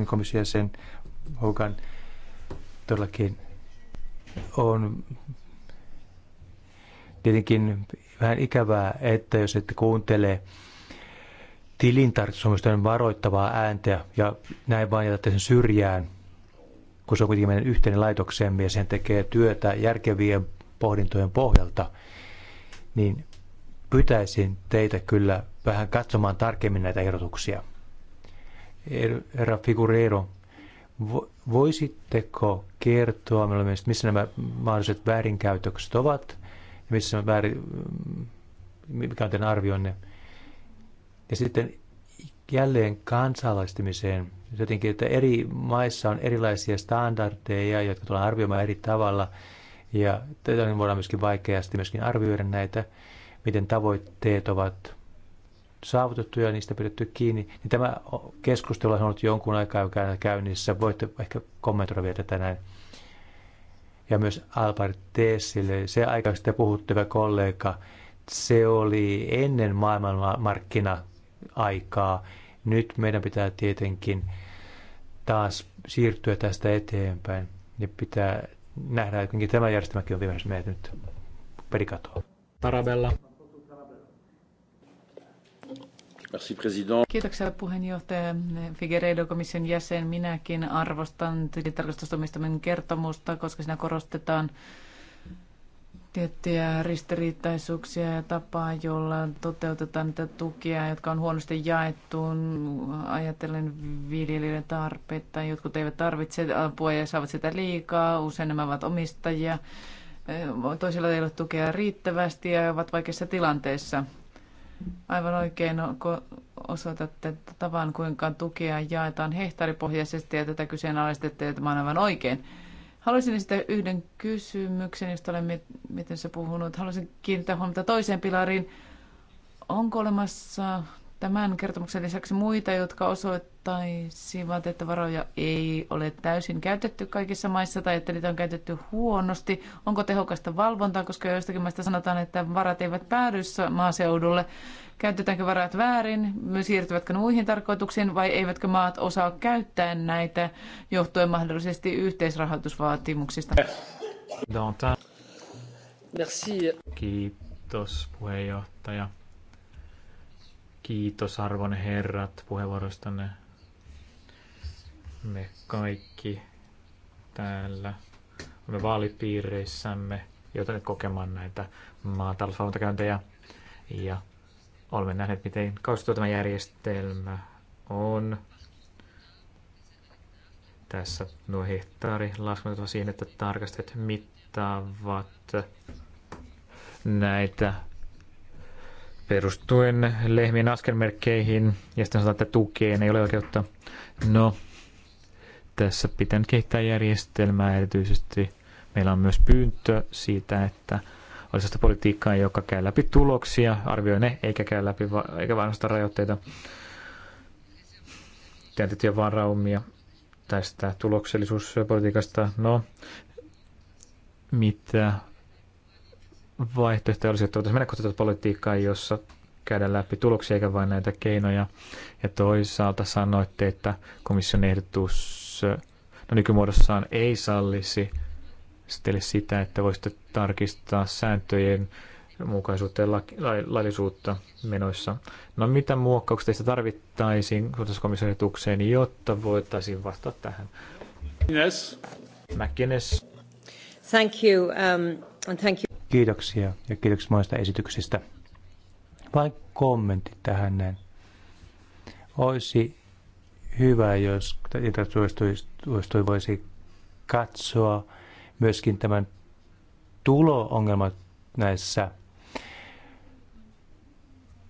Niin komission jäsen Hogan todellakin on tietenkin vähän ikävää, että jos ette kuuntele tilintarkastusomistajan varoittavaa ääntä ja näin vain jätätte sen syrjään, kun se on kuitenkin meidän yhteinen laitoksemme ja sen tekee työtä järkevien pohdintojen pohjalta, niin pyytäisin teitä kyllä vähän katsomaan tarkemmin näitä ehdotuksia. Er- herra Figureiro, voisitteko kertoa meille myös, missä nämä mahdolliset väärinkäytökset ovat ja missä nämä väärin, mm, mikä on teidän arvionne? Ja sitten jälleen kansalaistumiseen. Jotenkin, että eri maissa on erilaisia standardeja, jotka tullaan arvioimaan eri tavalla. Ja tätä voidaan myöskin vaikeasti myöskin arvioida näitä, miten tavoitteet ovat saavutettu ja niistä pidetty kiinni, niin tämä keskustelu on ollut jonkun aikaa käynnissä. Voitte ehkä kommentoida vielä tätä näin. Ja myös Albert Tessille, se aika, kun puhutte, hyvä kollega, se oli ennen maailmanmarkkina-aikaa. Nyt meidän pitää tietenkin taas siirtyä tästä eteenpäin ja pitää nähdä, että tämä järjestelmäkin on viimeisessä mennyt perikatoa. Tarabella. Kiitoksia puheenjohtaja Figueiredo, komission jäsen. Minäkin arvostan tilintarkastustoimistamme kertomusta, koska siinä korostetaan tiettyjä ristiriitaisuuksia ja tapaa, jolla toteutetaan niitä tukia, jotka on huonosti jaettu. Ajatellen viljelijöiden tarpeita. Jotkut eivät tarvitse apua ja saavat sitä liikaa. Usein nämä ovat omistajia. Toisilla ei ole tukea riittävästi ja ovat vaikeissa tilanteissa aivan oikein no, osoitatte tavan, kuinka tukea jaetaan hehtaaripohjaisesti ja tätä kyseenalaistette, että tämä on aivan oikein. Haluaisin sitä yhden kysymyksen, josta olen miten se puhunut. Haluaisin kiinnittää huomiota toiseen pilariin. Onko olemassa tämän kertomuksen lisäksi muita, jotka osoittaisivat, että varoja ei ole täysin käytetty kaikissa maissa tai että niitä on käytetty huonosti. Onko tehokasta valvontaa, koska joistakin maista sanotaan, että varat eivät päädy maaseudulle. Käytetäänkö varat väärin, siirtyvätkö muihin tarkoituksiin vai eivätkö maat osaa käyttää näitä johtuen mahdollisesti yhteisrahoitusvaatimuksista? Merci. Kiitos puheenjohtaja Kiitos arvon herrat puheenvuorostanne. Me kaikki täällä me vaalipiireissämme joutuneet kokemaan näitä maatalousvalvontakäyntejä ja olemme nähneet, miten kausitua tämä järjestelmä on. Tässä nuo hehtaari ovat siihen, että tarkastet mittaavat näitä perustuen lehmien askelmerkkeihin ja sitten sanotaan, että tukeen ei ole oikeutta. No, tässä pitää kehittää järjestelmää erityisesti. Meillä on myös pyyntö siitä, että olisi sitä politiikkaa, joka käy läpi tuloksia, arvioi ne, eikä käy läpi, eikä vain rajoitteita, tiettyjä varaumia tästä tuloksellisuuspolitiikasta. No, mitä vaihtoehtoja olisi, että voitaisiin mennä kohti politiikkaa, jossa käydään läpi tuloksia eikä vain näitä keinoja. Ja toisaalta sanoitte, että komission ehdotus no nykymuodossaan ei sallisi sitten sitä, että voisitte tarkistaa sääntöjen mukaisuutta ja la- la- laillisuutta menoissa. No mitä muokkauksia teistä tarvittaisiin komission ehdotukseen, jotta voitaisiin vastata tähän? Yes. McInnes. Thank you, um, and thank you. Kiitoksia ja kiitoksia monista esityksistä. Vain kommentti tähän näin. Olisi hyvä, jos suostui voisi katsoa myöskin tämän tulo-ongelmat näissä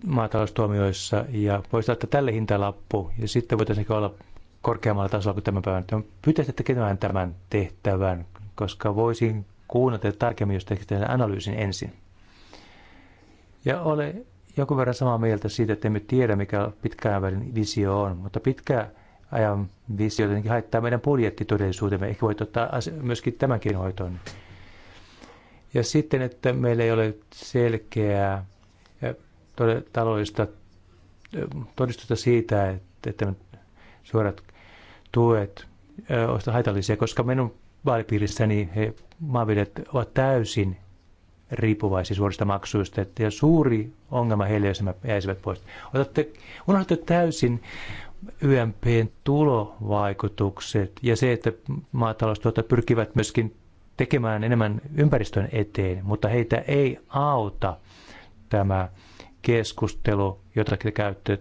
maataloustuomioissa ja voisi laittaa tälle hintalappu ja sitten voitaisiin olla korkeammalla tasolla kuin tämän päivän. Pyytäisin tekemään tämän tehtävän, koska voisin kuunnella tarkemmin, jos tehdään analyysin ensin. Ja ole joku verran samaa mieltä siitä, että emme tiedä, mikä pitkään välin visio on, mutta pitkä ajan visio jotenkin haittaa meidän budjettitodellisuutemme. Ehkä voit ottaa myöskin tämänkin hoitoon. Ja sitten, että meillä ei ole selkeää taloudellista todistusta siitä, että, että suorat tuet ovat haitallisia, koska minun vaalipiirissä niin he, maanviljelijät ovat täysin riippuvaisia suorista maksuista. Ja suuri ongelma heille, jos he jäisivät pois. Otatte, unohdatte täysin YMPn tulovaikutukset ja se, että maataloustuottajat pyrkivät myöskin tekemään enemmän ympäristön eteen, mutta heitä ei auta tämä keskustelu, jota te käytte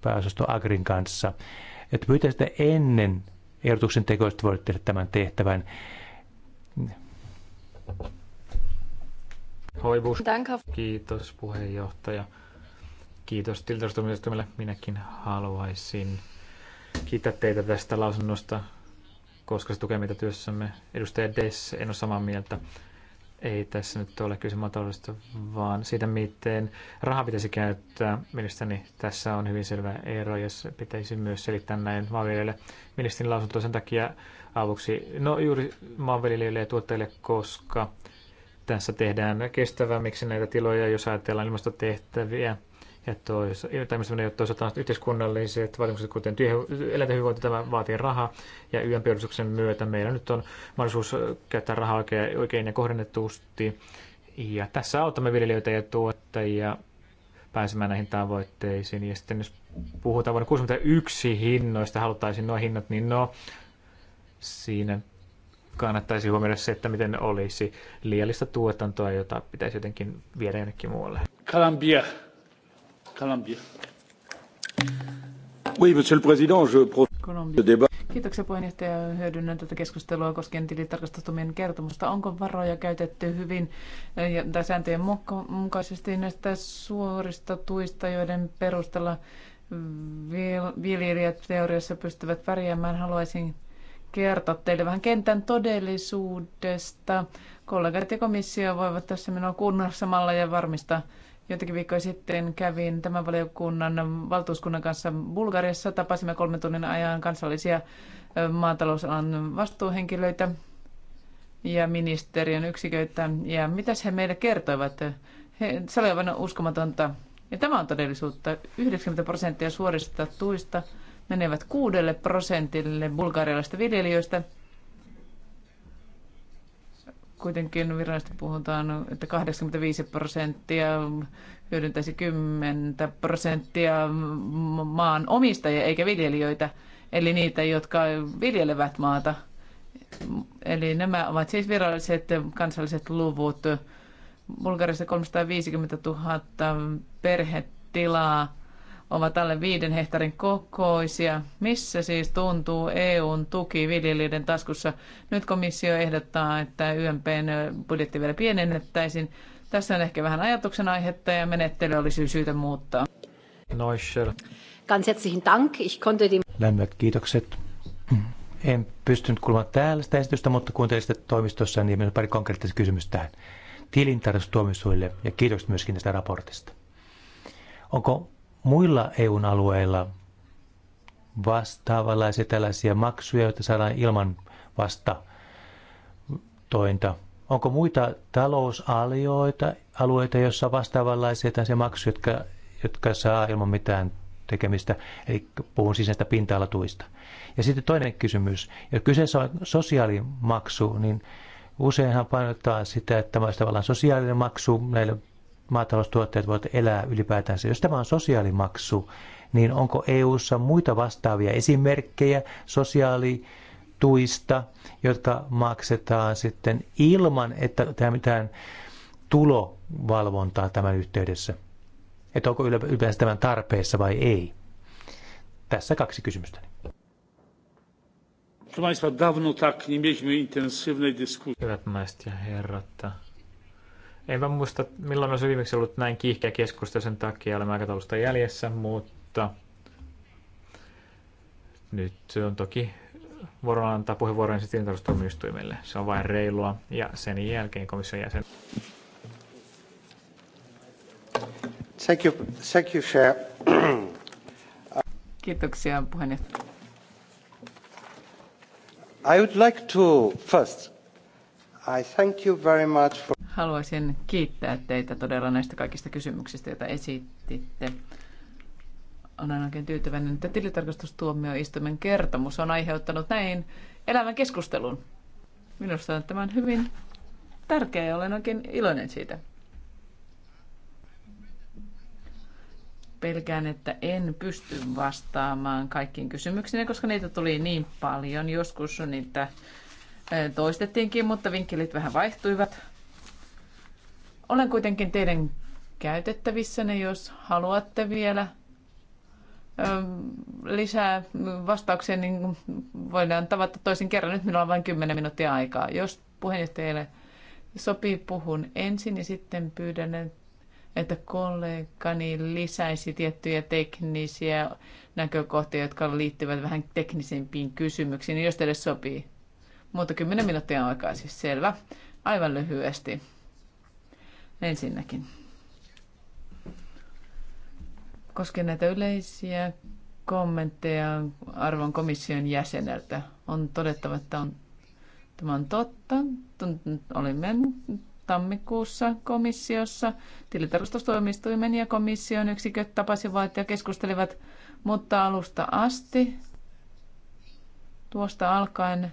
pääosasto Agrin kanssa. Että pyytäisitte ennen ehdotuksen tekoista voivat tehdä tämän tehtävän. Hoibus. Kiitos puheenjohtaja. Kiitos tiltaustumisestumille. Minäkin haluaisin kiittää teitä tästä lausunnosta, koska se tukee meitä työssämme. Edustaja Dess, en ole samaa mieltä ei tässä nyt ole kyse maataloudesta, vaan siitä, miten raha pitäisi käyttää. Mielestäni tässä on hyvin selvä ero, jos pitäisi myös selittää näin maanviljelijöille. ministerin lausunto sen takia avuksi, no juuri maanviljelijöille ja tuottajille, koska tässä tehdään kestävämmiksi näitä tiloja, jos ajatellaan ilmastotehtäviä – ja, toisa, ja tämmöinen, että toisaalta yhteiskunnalliset vaatimukset, kuten työ, eläinten hyvinvointi, tämä vaatii rahaa. Ja perustuksen myötä meillä nyt on mahdollisuus käyttää rahaa oikein, oikein ja kohdennetusti. Ja tässä autamme viljelijöitä ja tuottajia pääsemään näihin tavoitteisiin. Ja sitten jos puhutaan vuonna 61 hinnoista, haluttaisiin nuo hinnat, niin no, siinä kannattaisi huomioida se, että miten olisi liiallista tuotantoa, jota pitäisi jotenkin viedä jonnekin muualle. Kalambia. Kiitoksia puheenjohtaja. Hyödynnän tätä keskustelua koskien tilitarkastustomien kertomusta. Onko varoja käytetty hyvin eh, tai sääntöjen mukaisesti näistä suorista tuista, joiden perusteella viljelijät teoriassa pystyvät pärjäämään? Haluaisin kertoa teille vähän kentän todellisuudesta. Kollegat ja komissio voivat tässä minua kuunnella samalla ja varmistaa Jotenkin viikkoja sitten kävin tämän valiokunnan valtuuskunnan kanssa Bulgariassa. Tapasimme kolmen tunnin ajan kansallisia maatalousalan vastuuhenkilöitä ja ministeriön yksiköitä. Ja mitäs he meille kertoivat? He, se oli aivan uskomatonta. Ja tämä on todellisuutta. 90 prosenttia suorista tuista menevät kuudelle prosentille bulgarialaisista viljelijöistä – Kuitenkin virallisesti puhutaan, että 85 prosenttia hyödyntäisi 10 prosenttia maan omistajia eikä viljelijöitä, eli niitä, jotka viljelevät maata. Eli nämä ovat siis viralliset kansalliset luvut. Bulgarissa 350 000 perhetilaa ovat alle viiden hehtaarin kokoisia. Missä siis tuntuu EUn tuki viljelijöiden taskussa? Nyt komissio ehdottaa, että YMPn budjetti vielä pienennettäisiin. Tässä on ehkä vähän ajatuksen aihetta ja menettely olisi syytä muuttaa. Neuscher. Ganz herzlichen Dank. Ich konnte die... Lämmöt kiitokset. En pystynyt kuulemaan täällä sitä esitystä, mutta kuuntelin sitä toimistossa, niin minulla on pari konkreettista kysymystä tähän tilintarkastustuomioistuille ja kiitokset myöskin tästä raportista. Onko Muilla EUn alueilla vastaavanlaisia tällaisia maksuja, joita saadaan ilman vasta tointa. Onko muita talousalioita alueita, joissa on vastaavanlaisia tällaisia maksuja, jotka, jotka saa ilman mitään tekemistä, eli puhun siis näistä pinta-alatuista. Ja sitten toinen kysymys, jos kyseessä on sosiaalimaksu, niin useinhan painottaa sitä, että tämä olisi tavallaan sosiaalinen maksu näille Maataloustuotteet voivat elää ylipäätään. Jos tämä on sosiaalimaksu, niin onko EU:ssa muita vastaavia esimerkkejä sosiaalituista, jotka maksetaan sitten ilman, että tämä mitään tulovalvontaa tämän yhteydessä? Että onko ylipäänsä tämän tarpeessa vai ei? Tässä kaksi kysymystä. Hyvät naiset ja herrat, mä muista, milloin olisi viimeksi ollut näin kiihkeä keskusta sen takia olen aikataulusta jäljessä, mutta nyt se on toki vuoron antaa puheenvuoron ensin tilintarkastustuomioistuimelle. Se on vain reilua ja sen jälkeen komission jäsen. Thank you, thank you, Chair. Kiitoksia puheenjohtaja. I would like to first I thank you very much for Haluaisin kiittää teitä todella näistä kaikista kysymyksistä, joita esititte. Olen oikein tyytyväinen, että tilitarkastustuomioistuimen kertomus on aiheuttanut näin elämän keskustelun. Minusta on tämän hyvin tärkeä ja olen oikein iloinen siitä. Pelkään, että en pysty vastaamaan kaikkiin kysymyksiin, koska niitä tuli niin paljon. Joskus niitä eh, toistettiinkin, mutta vinkkelit vähän vaihtuivat olen kuitenkin teidän käytettävissäne, jos haluatte vielä ähm, lisää vastauksia, niin voidaan tavata toisen kerran. Nyt minulla on vain 10 minuuttia aikaa. Jos puheenjohtajalle sopii, puhun ensin ja sitten pyydän, että kollegani lisäisi tiettyjä teknisiä näkökohtia, jotka liittyvät vähän teknisempiin kysymyksiin, jos teille sopii. Mutta 10 minuuttia on aikaa siis selvä. Aivan lyhyesti ensinnäkin. Koskien näitä yleisiä kommentteja arvon komission jäseneltä, on todettava, että on, tämä on totta. Olimme tammikuussa komissiossa. Tilitarkastustoimistoimen ja komission yksiköt tapasivat ja keskustelivat, mutta alusta asti tuosta alkaen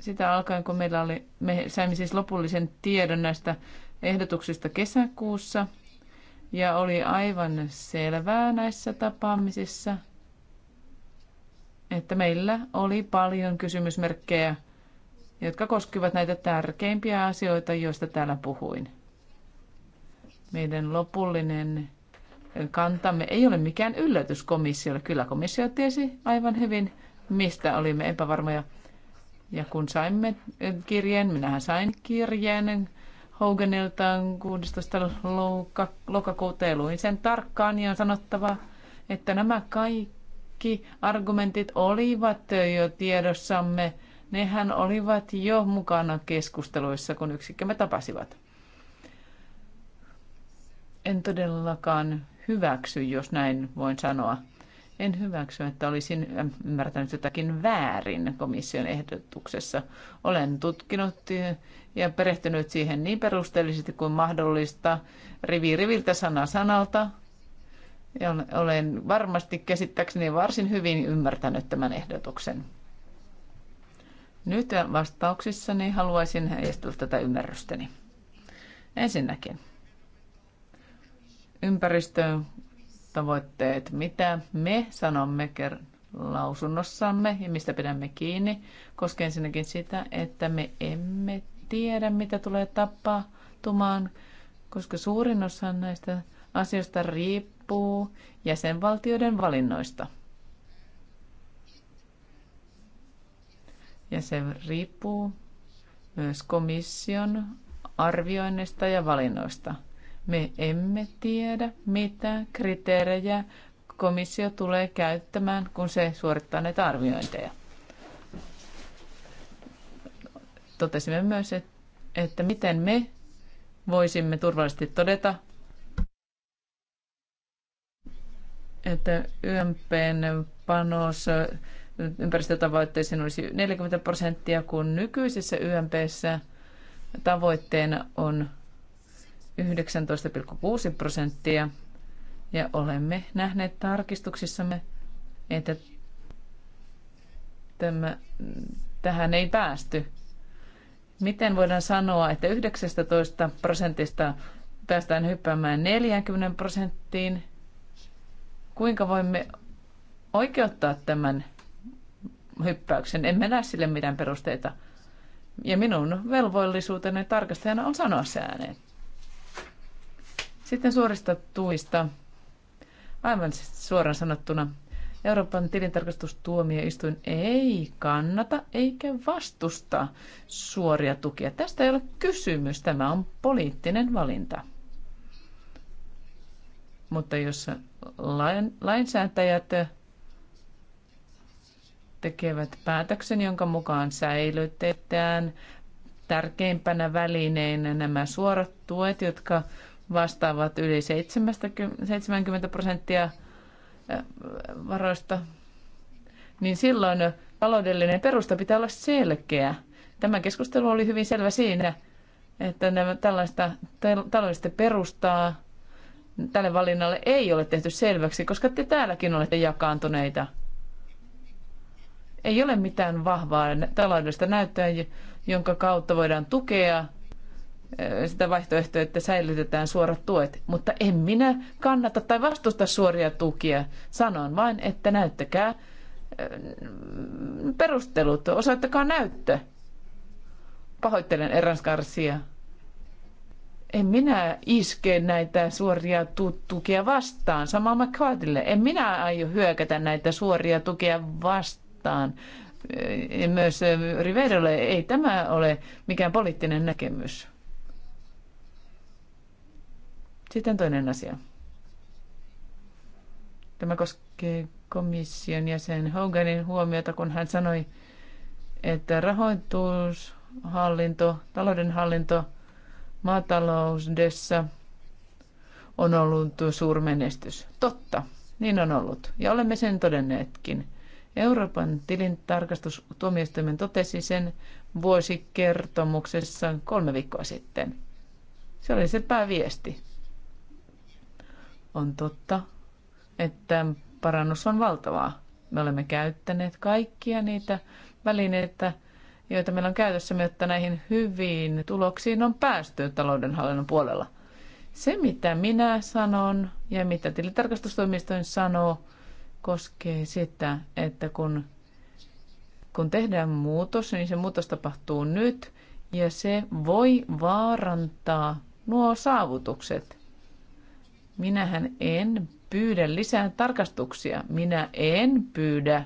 sitä alkaen, kun meillä oli, me saimme siis lopullisen tiedon näistä ehdotuksista kesäkuussa. Ja oli aivan selvää näissä tapaamisissa, että meillä oli paljon kysymysmerkkejä, jotka koskivat näitä tärkeimpiä asioita, joista täällä puhuin. Meidän lopullinen kantamme ei ole mikään yllätys komissiolle. Kyllä komissio tiesi aivan hyvin, mistä olimme epävarmoja. Ja kun saimme kirjeen, minähän sain kirjeen Hoganilta 16. lokakuuta ja luin sen tarkkaan ja on sanottava, että nämä kaikki argumentit olivat jo tiedossamme. Nehän olivat jo mukana keskusteluissa, kun yksikkömme tapasivat. En todellakaan hyväksy, jos näin voin sanoa en hyväksy, että olisin äh, ymmärtänyt jotakin väärin komission ehdotuksessa. Olen tutkinut äh, ja perehtynyt siihen niin perusteellisesti kuin mahdollista, rivi riviltä sana sanalta. Ja olen varmasti käsittääkseni varsin hyvin ymmärtänyt tämän ehdotuksen. Nyt vastauksissani haluaisin heijastella tätä ymmärrystäni. Ensinnäkin, ympäristö- tavoitteet, mitä me sanomme lausunnossamme ja mistä pidämme kiinni, koskee ensinnäkin sitä, että me emme tiedä, mitä tulee tapahtumaan, koska suurin osa näistä asioista riippuu jäsenvaltioiden valinnoista. Ja se riippuu myös komission arvioinnista ja valinnoista. Me emme tiedä, mitä kriteerejä komissio tulee käyttämään, kun se suorittaa näitä arviointeja. Totesimme myös, että miten me voisimme turvallisesti todeta, että YMPn panos ympäristötavoitteisiin olisi 40 prosenttia, kun nykyisessä YMPssä tavoitteena on 19,6 prosenttia. Ja olemme nähneet tarkistuksissamme, että tämä, tähän ei päästy. Miten voidaan sanoa, että 19 prosentista päästään hyppäämään 40 prosenttiin? Kuinka voimme oikeuttaa tämän hyppäyksen? Emme näe sille mitään perusteita. Ja minun velvollisuuteni tarkastajana on sanoa se ääneen. Sitten suorista tuista. Aivan siis suoraan sanottuna, Euroopan tilintarkastustuomioistuin ei kannata eikä vastusta suoria tukia. Tästä ei ole kysymys, tämä on poliittinen valinta. Mutta jos lain, lainsäätäjät tekevät päätöksen, jonka mukaan säilytetään tärkeimpänä välineinä nämä suorat tuet, jotka vastaavat yli 70 prosenttia varoista, niin silloin taloudellinen perusta pitää olla selkeä. Tämä keskustelu oli hyvin selvä siinä, että nämä tällaista taloudellista perustaa tälle valinnalle ei ole tehty selväksi, koska te täälläkin olette jakaantuneita. Ei ole mitään vahvaa taloudellista näyttöä, jonka kautta voidaan tukea sitä vaihtoehtoa, että säilytetään suorat tuet. Mutta en minä kannata tai vastusta suoria tukia. Sanon vain, että näyttäkää perustelut, osoittakaa näyttö. Pahoittelen Erans Garcia. En minä iske näitä suoria tukia vastaan, sama McCartille. En minä aio hyökätä näitä suoria tukia vastaan. Myös Riverolle ei tämä ole mikään poliittinen näkemys. Sitten toinen asia. Tämä koskee komission jäsen Hoganin huomiota, kun hän sanoi, että rahoitushallinto, taloudenhallinto maataloudessa on ollut suurmenestys. Totta, niin on ollut. Ja olemme sen todenneetkin. Euroopan tilintarkastustuomioistuimen totesi sen vuosikertomuksessa kolme viikkoa sitten. Se oli se pääviesti. On totta, että parannus on valtavaa. Me olemme käyttäneet kaikkia niitä välineitä, joita meillä on käytössämme, jotta näihin hyviin tuloksiin on päästy taloudenhallinnon puolella. Se, mitä minä sanon ja mitä tilintarkastustoimistoin sanoo, koskee sitä, että kun, kun tehdään muutos, niin se muutos tapahtuu nyt ja se voi vaarantaa nuo saavutukset. Minähän en pyydä lisää tarkastuksia. Minä en pyydä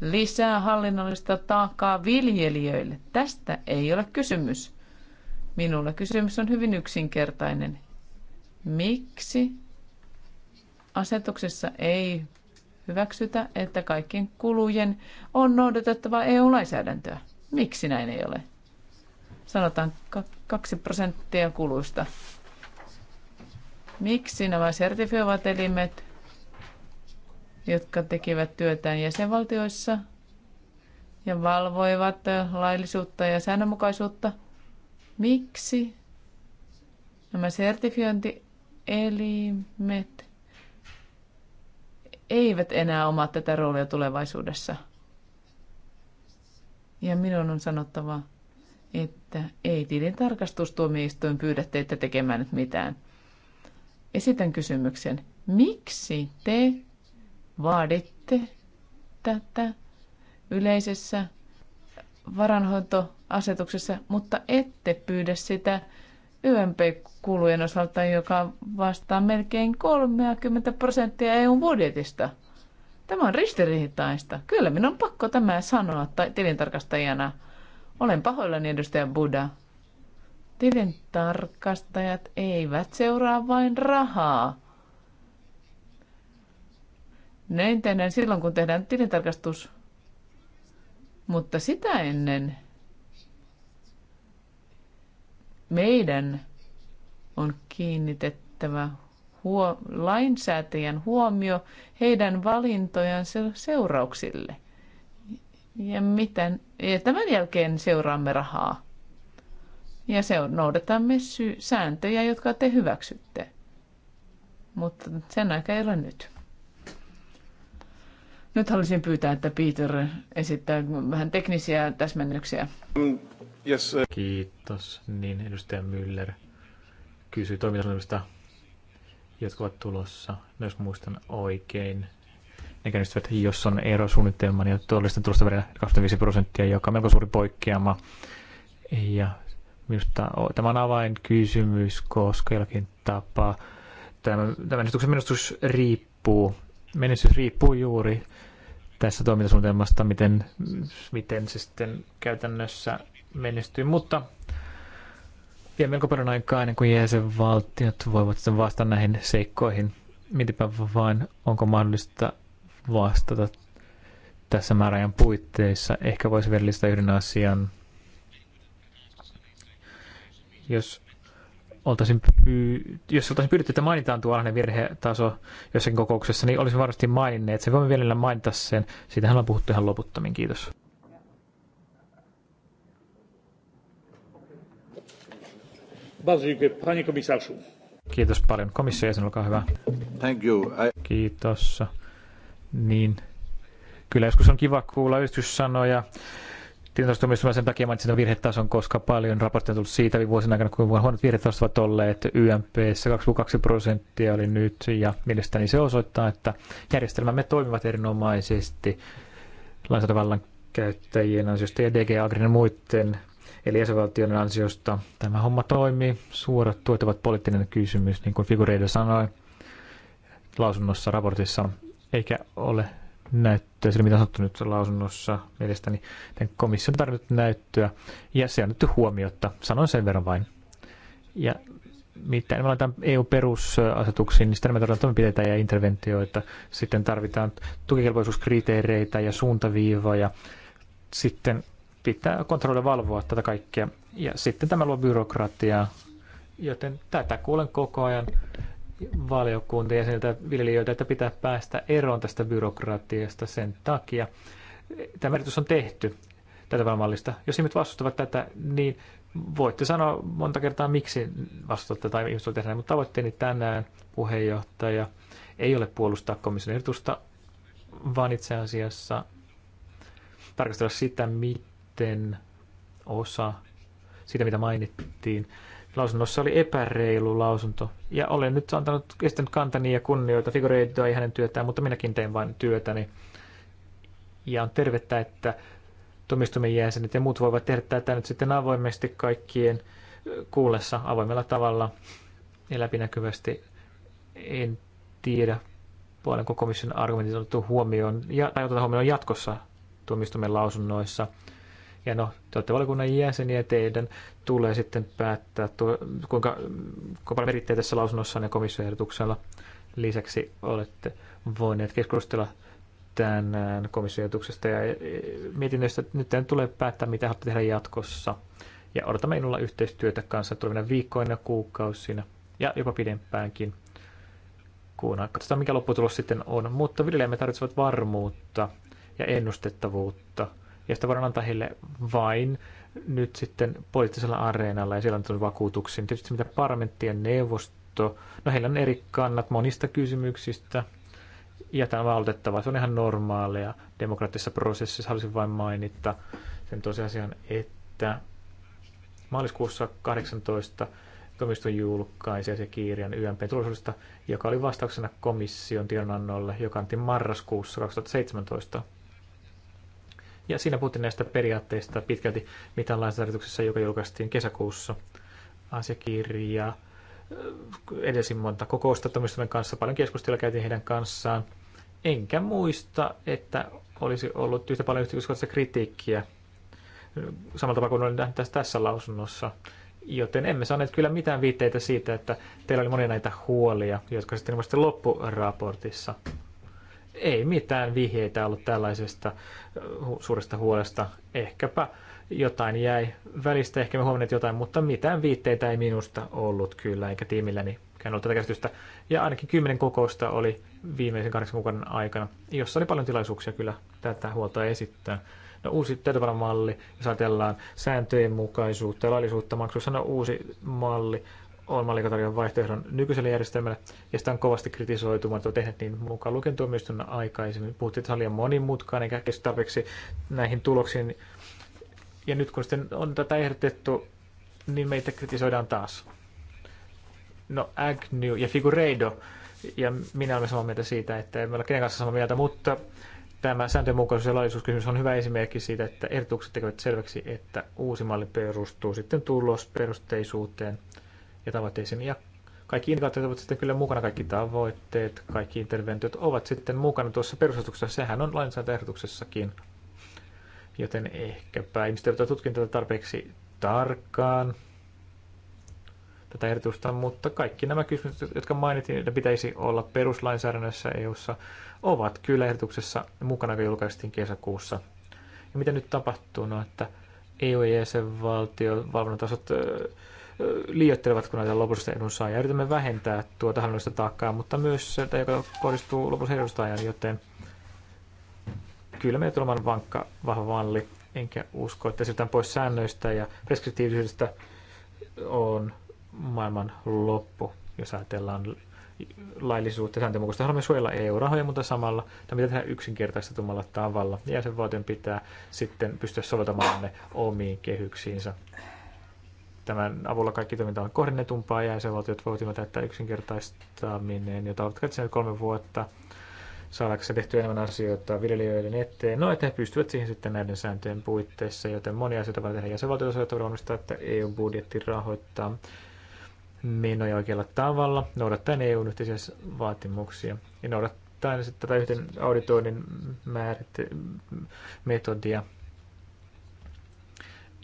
lisää hallinnollista taakkaa viljelijöille. Tästä ei ole kysymys. Minulla kysymys on hyvin yksinkertainen. Miksi asetuksessa ei hyväksytä, että kaikkien kulujen on noudatettava EU-lainsäädäntöä? Miksi näin ei ole? Sanotaan 2 prosenttia kuluista Miksi nämä sertifioivat elimet, jotka tekivät työtään jäsenvaltioissa ja valvoivat laillisuutta ja säännönmukaisuutta, miksi nämä sertifiointielimet eivät enää omaa tätä roolia tulevaisuudessa? Ja minun on sanottava, että ei tilintarkastustuomioistuin pyydä teitä tekemään nyt mitään. Esitän kysymyksen. Miksi te vaaditte tätä yleisessä varanhoitoasetuksessa, mutta ette pyydä sitä YMP-kulujen osalta, joka vastaa melkein 30 prosenttia eu budjetista. Tämä on ristiriitaista. Kyllä minun on pakko tämä sanoa tai tilintarkastajana. Olen pahoillani edustaja Buddha, Tilin tarkastajat eivät seuraa vain rahaa. Näin tehdään silloin, kun tehdään tilintarkastus. Mutta sitä ennen meidän on kiinnitettävä huo- lainsäätäjän huomio heidän valintojansa seurauksille. Ja, miten, ja tämän jälkeen seuraamme rahaa. Ja se on, noudatamme sy- sääntöjä, jotka te hyväksytte. Mutta sen aika ei ole nyt. Nyt haluaisin pyytää, että Peter esittää vähän teknisiä täsmennyksiä. Mm, yes. Kiitos. Niin, edustaja Müller kysyi toimintasuunnitelmista, jotka ovat tulossa, no, jos muistan oikein. Ne käynnistyvät, jos on ero suunnitelman ja todellisten tulosta välillä 25 prosenttia, joka on melko suuri poikkeama. Ja Minusta tämä on avainkysymys, koska jollakin tapaa tämä menestyksen esityksen menestys riippuu, menestys riippuu juuri tässä toimintasuunnitelmasta, miten, miten se sitten käytännössä menestyy, mutta vielä melko paljon aikaa ennen kuin jäsenvaltiot voivat sitten vastata näihin seikkoihin. Mietipä vain, onko mahdollista vastata tässä määräajan puitteissa. Ehkä voisi vielä lisätä yhden asian, jos oltaisiin, pyy- jos oltaisiin pyydetty, että mainitaan tuollainen virhetaso jossakin kokouksessa, niin olisin varmasti maininneet. Se voimme vielä mainita sen. Siitähän on puhuttu ihan loputtomin. Kiitos. Kiitos paljon. Komissio jäsen, olkaa hyvä. Thank you. I... Kiitos. Niin. Kyllä joskus on kiva kuulla yhdistyssanoja tilintarkastustuomioistuimella sen takia mainitsin virhetason, koska paljon raportteja on tullut siitä vuosien aikana, kun huonot virhetasot ovat olleet YMP, 2,2 prosenttia oli nyt, ja mielestäni se osoittaa, että järjestelmämme toimivat erinomaisesti lainsäädäntövallan käyttäjien ansiosta ja DG Agrinen muiden eli jäsenvaltioiden ansiosta. Tämä homma toimii. Suorat tuet ovat poliittinen kysymys, niin kuin Figureida sanoi lausunnossa raportissa, eikä ole näyttöä sillä, mitä on sanottu nyt lausunnossa mielestäni. komissio on tarvinnut näyttöä ja se on nyt huomiota. Sanon sen verran vain. Ja mitä enemmän laitetaan EU-perusasetuksiin, niin sitä enemmän tarvitaan toimenpiteitä ja interventioita. Sitten tarvitaan tukikelpoisuuskriteereitä ja suuntaviivoja. Sitten pitää kontrolloida valvoa tätä kaikkea. Ja sitten tämä luo byrokratiaa, joten tätä kuulen koko ajan valiokunta ja sieltä viljelijöiltä, että pitää päästä eroon tästä byrokratiasta sen takia. Tämä yritys on tehty tätä mallista. Jos ihmiset vastustavat tätä, niin voitte sanoa monta kertaa, miksi vastustatte tai ihmiset ovat tehneet, mutta tavoitteeni tänään puheenjohtaja ei ole puolustaa komission ehdotusta, vaan itse asiassa tarkastella sitä, miten osa siitä, mitä mainittiin, lausunnossa oli epäreilu lausunto. Ja olen nyt antanut kestänyt kantani ja kunnioita figureidua ja hänen työtään, mutta minäkin teen vain työtäni. Ja on tervettä, että tuomistumen jäsenet ja muut voivat tehdä tätä nyt sitten avoimesti kaikkien kuullessa avoimella tavalla ja läpinäkyvästi. En tiedä, paljonko komission argumentit on otettu huomioon ja, tai otetaan huomioon jatkossa toimistomme lausunnoissa – ja no, te olette valiokunnan jäseniä, teidän tulee sitten päättää, tuo, kuinka, kuinka paljon merittää tässä lausunnossa ja komissioehdotuksella. Lisäksi olette voineet keskustella tämän komissioehdotuksesta ja e, että nyt tulee päättää, mitä haluatte tehdä jatkossa. Ja odotamme innolla yhteistyötä kanssa tulevina viikkoina, kuukausina ja jopa pidempäänkin. Kuuna. Katsotaan, mikä lopputulos sitten on. Mutta viljelijämme tarvitsevat varmuutta ja ennustettavuutta – ja sitä voidaan antaa heille vain nyt sitten poliittisella areenalla ja siellä on tullut vakuutuksiin. Tietysti mitä parlamentti ja neuvosto, no heillä on eri kannat monista kysymyksistä ja tämä on valitettavaa. Se on ihan normaalia demokraattisessa prosessissa. Haluaisin vain mainita sen tosiasian, että maaliskuussa 18 komissio julkaisi kirjan ymp tulosuudesta, joka oli vastauksena komission tiedonannolle, joka antiin marraskuussa 2017 ja siinä puhuttiin näistä periaatteista pitkälti, mitä lainsäädäntöksessä, joka julkaistiin kesäkuussa, asiakirja, äh, Edesin monta kokousta tuomioistuimen kanssa, paljon keskustelua käytiin heidän kanssaan. Enkä muista, että olisi ollut yhtä paljon yhteiskunnallista kritiikkiä samalla tavalla kuin olin nähnyt tässä, tässä lausunnossa. Joten emme saaneet kyllä mitään viitteitä siitä, että teillä oli monia näitä huolia, jotka sitten loppuraportissa ei mitään vihjeitä ollut tällaisesta äh, suuresta huolesta. Ehkäpä jotain jäi välistä, ehkä me huomanneet jotain, mutta mitään viitteitä ei minusta ollut kyllä, eikä tiimilläni ollut tätä käsitystä. Ja ainakin kymmenen kokousta oli viimeisen kahdeksan kuukauden aikana, jossa oli paljon tilaisuuksia kyllä tätä huolta esittää. No uusi tietovaramalli, malli, jos ajatellaan sääntöjen mukaisuutta ja laillisuutta maksussa, no uusi malli on tarjoaa vaihtoehdon nykyiselle järjestelmälle, ja sitä on kovasti kritisoitu, mutta tehnyt niin mukaan lukien tuomioistuin aikaisemmin. Puhuttiin, että se on liian monimutkainen, eikä kestä tarpeeksi näihin tuloksiin. Ja nyt kun sitten on tätä ehdotettu, niin meitä kritisoidaan taas. No, Agnew ja Figureido, ja minä olen samaa mieltä siitä, että emme ole kenen kanssa samaa mieltä, mutta tämä sääntöjenmukaisuus- ja laillisuuskysymys on hyvä esimerkki siitä, että ehdotukset tekevät selväksi, että uusi malli perustuu sitten tulosperusteisuuteen – ja tavoitteisiin. Ja kaikki indikaattorit ovat sitten kyllä mukana, kaikki tavoitteet, kaikki interventiot ovat sitten mukana tuossa perusasetuksessa. Sehän on lainsäädäntöehdotuksessakin. Joten ehkäpä ihmiset eivät tutkin tätä tarpeeksi tarkkaan tätä ehdotusta, mutta kaikki nämä kysymykset, jotka mainitin, että pitäisi olla peruslainsäädännössä EU:ssa, ovat kyllä ehdotuksessa mukana, joka julkaistiin kesäkuussa. Ja mitä nyt tapahtuu, no, että EU- ja jäsenvaltio, valvonnan tasot liioittelevat, kun näitä lopullista ja Yritämme vähentää tuota hallinnollista taakkaa, mutta myös sieltä, joka kohdistuu lopulliseen edunsaajan, joten kyllä meillä tulee olemaan vankka, vahva malli. Enkä usko, että siirrytään pois säännöistä ja preskriptiivisyydestä on maailman loppu, jos ajatellaan laillisuutta ja sääntömukaista. Haluamme suojella EU-rahoja, mutta samalla tämä pitää tehdä yksinkertaistetummalla tavalla. Jäsenvaltion pitää sitten pystyä soveltamaan ne omiin kehyksiinsä. Tämän avulla kaikki toiminta on kohdennetumpaa ja jäsenvaltiot voivat täyttää yksinkertaistaminen, jota ovat katsoneet kolme vuotta saadakseen tehtyä enemmän asioita viljelijöiden eteen. No, että he pystyvät siihen sitten näiden sääntöjen puitteissa, joten monia asioita voi tehdä jäsenvaltioissa, jotta varmistaa, että EU-budjetti rahoittaa menoja oikealla tavalla, noudattaen EUn yhteisiä vaatimuksia ja noudattaen sitten tätä yhden auditoinnin määrit, metodia,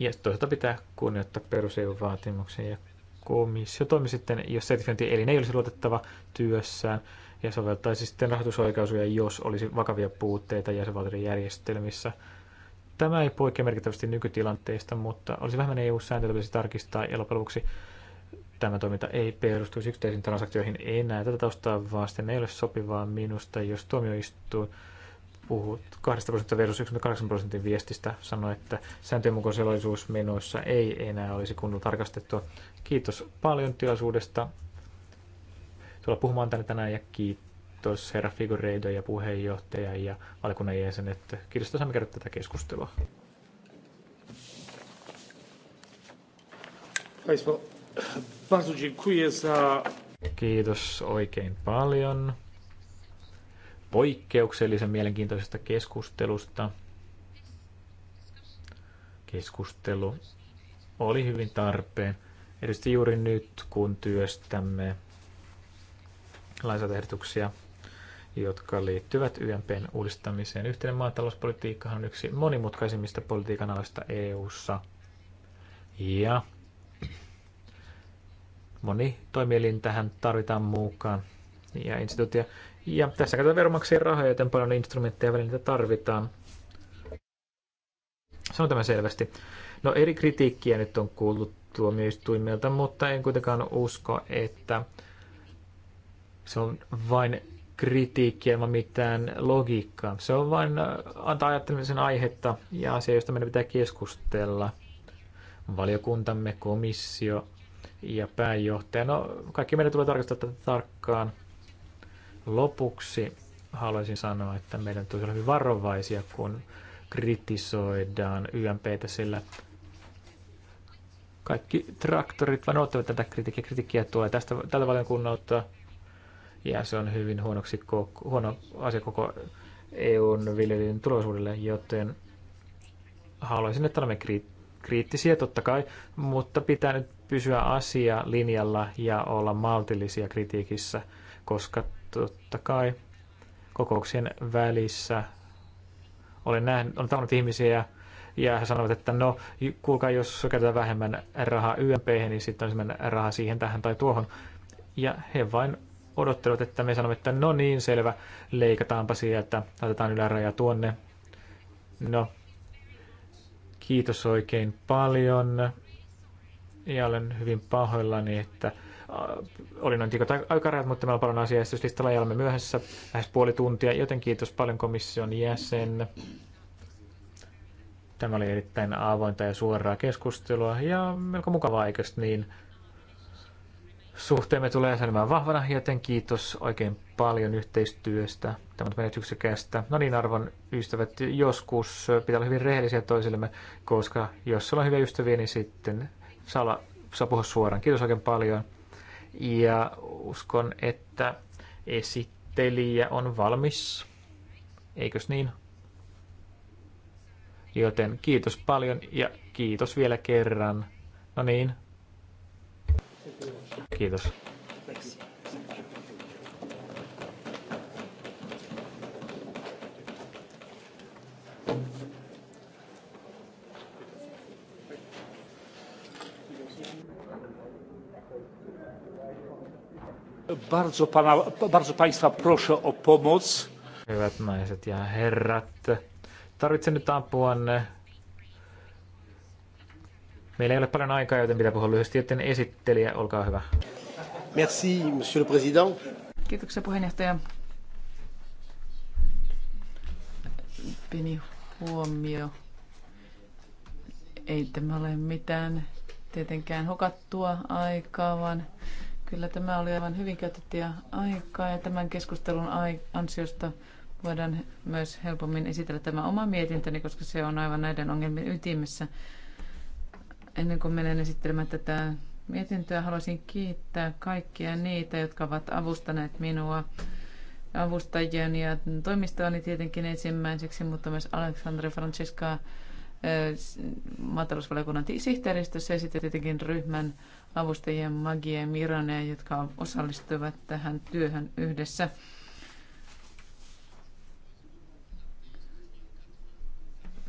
ja toisaalta pitää kunnioittaa perus vaatimuksia ja komissio toimi sitten, jos sertifiointielin ei olisi luotettava työssään ja soveltaisi sitten rahoitusoikeusja, jos olisi vakavia puutteita jäsenvaltioiden järjestelmissä. Tämä ei poikkea merkittävästi nykytilanteesta, mutta olisi vähemmän eu sääntöä tulisi tarkistaa ja lopuksi tämä toiminta ei perustuisi yksittäisiin transaktioihin enää. Tätä taustaa vasten ei ole sopivaa minusta, jos tuomioistuin puhuu 2 prosenttia versus 1,8 prosentin viestistä, sanoi, että sääntöjen mukaan menoissa ei enää olisi kunnolla tarkastettua. Kiitos paljon tilaisuudesta tulla puhumaan tänne tänään ja kiitos herra Figureido ja puheenjohtaja ja valkunnan jäsenet. Kiitos, että saamme käydä tätä keskustelua. Kiitos oikein paljon poikkeuksellisen mielenkiintoisesta keskustelusta. Keskustelu oli hyvin tarpeen, erityisesti juuri nyt, kun työstämme lainsäädäntöehdotuksia, jotka liittyvät YMPn uudistamiseen. Yhteinen maatalouspolitiikka on yksi monimutkaisimmista politiikan aloista EU:ssa. Ja moni toimielin tähän tarvitaan mukaan. Ja instituutio, ja tässä käytetään veronmaksajien rahoja, joten paljon instrumentteja välineitä tarvitaan. Sanon tämä selvästi. No eri kritiikkiä nyt on kuullut tuomioistuimelta, mutta en kuitenkaan usko, että se on vain kritiikkiä ilman mitään logiikkaa. Se on vain äh, antaa ajattelemisen aihetta ja asia, josta meidän pitää keskustella. Valiokuntamme, komissio ja pääjohtaja. No, kaikki meidän tulee tarkastaa tätä tarkkaan. Lopuksi haluaisin sanoa, että meidän tulisi olla hyvin varovaisia, kun kritisoidaan YMPtä, sillä kaikki traktorit vaan ottavat tätä kritiikkiä. Kritiikkiä tulee tästä, tältä valiokunnalta ja se on hyvin huonoksi huono asia koko EUn viljelijöiden tulosuudelle, joten haluaisin, että olemme kriittisiä totta kai, mutta pitää nyt pysyä asia linjalla ja olla maltillisia kritiikissä, koska totta kai kokouksien välissä olen, nähnyt, olen tavannut ihmisiä ja he sanovat, että no kuulkaa, jos käytetään vähemmän rahaa YMP, niin sitten on semmoinen raha siihen, tähän tai tuohon. Ja he vain odottelevat, että me sanomme, että no niin, selvä, leikataanpa sieltä, laitetaan yläraja tuonne. No, kiitos oikein paljon. Ja olen hyvin pahoillani, että Äh, oli noin tiukat aikarajat, mutta meillä on paljon asiaa esityslistalla ja olemme myöhässä lähes puoli tuntia, joten kiitos paljon komission jäsen. Tämä oli erittäin avointa ja suoraa keskustelua ja melko mukavaa, eikö niin? Suhteemme tulee säilymään vahvana, joten kiitos oikein paljon yhteistyöstä. Tämä on menetyksekästä. No niin, arvon ystävät, joskus pitää olla hyvin rehellisiä toisillemme, koska jos on hyviä ystäviä, niin sitten saa, olla, saa puhua suoraan. Kiitos oikein paljon ja uskon, että esittelijä on valmis. Eikös niin? Joten kiitos paljon ja kiitos vielä kerran. No niin. Kiitos. Bardzo, pana, bardzo Państwa proszę o pomoc. Hyvät naiset ja herrat, tarvitsen nyt apuanne. Meillä ei ole paljon aikaa, joten pitää puhua lyhyesti, joten esittelijä, olkaa hyvä. Merci, monsieur le président. Kiitoksia puheenjohtaja. Pieni huomio. Ei tämä ole mitään tietenkään hukattua aikaa, vaan Kyllä tämä oli aivan hyvin käytettyä aikaa ja tämän keskustelun ansiosta voidaan myös helpommin esitellä tämä oma mietintöni, koska se on aivan näiden ongelmien ytimessä. Ennen kuin menen esittelemään tätä mietintöä, haluaisin kiittää kaikkia niitä, jotka ovat avustaneet minua avustajien ja toimistoani tietenkin ensimmäiseksi, mutta myös Aleksandre Francesca maatalousvaliokunnan sihteeristössä ja sitten tietenkin ryhmän avustajien Magie Mironen, jotka osallistuivat tähän työhön yhdessä.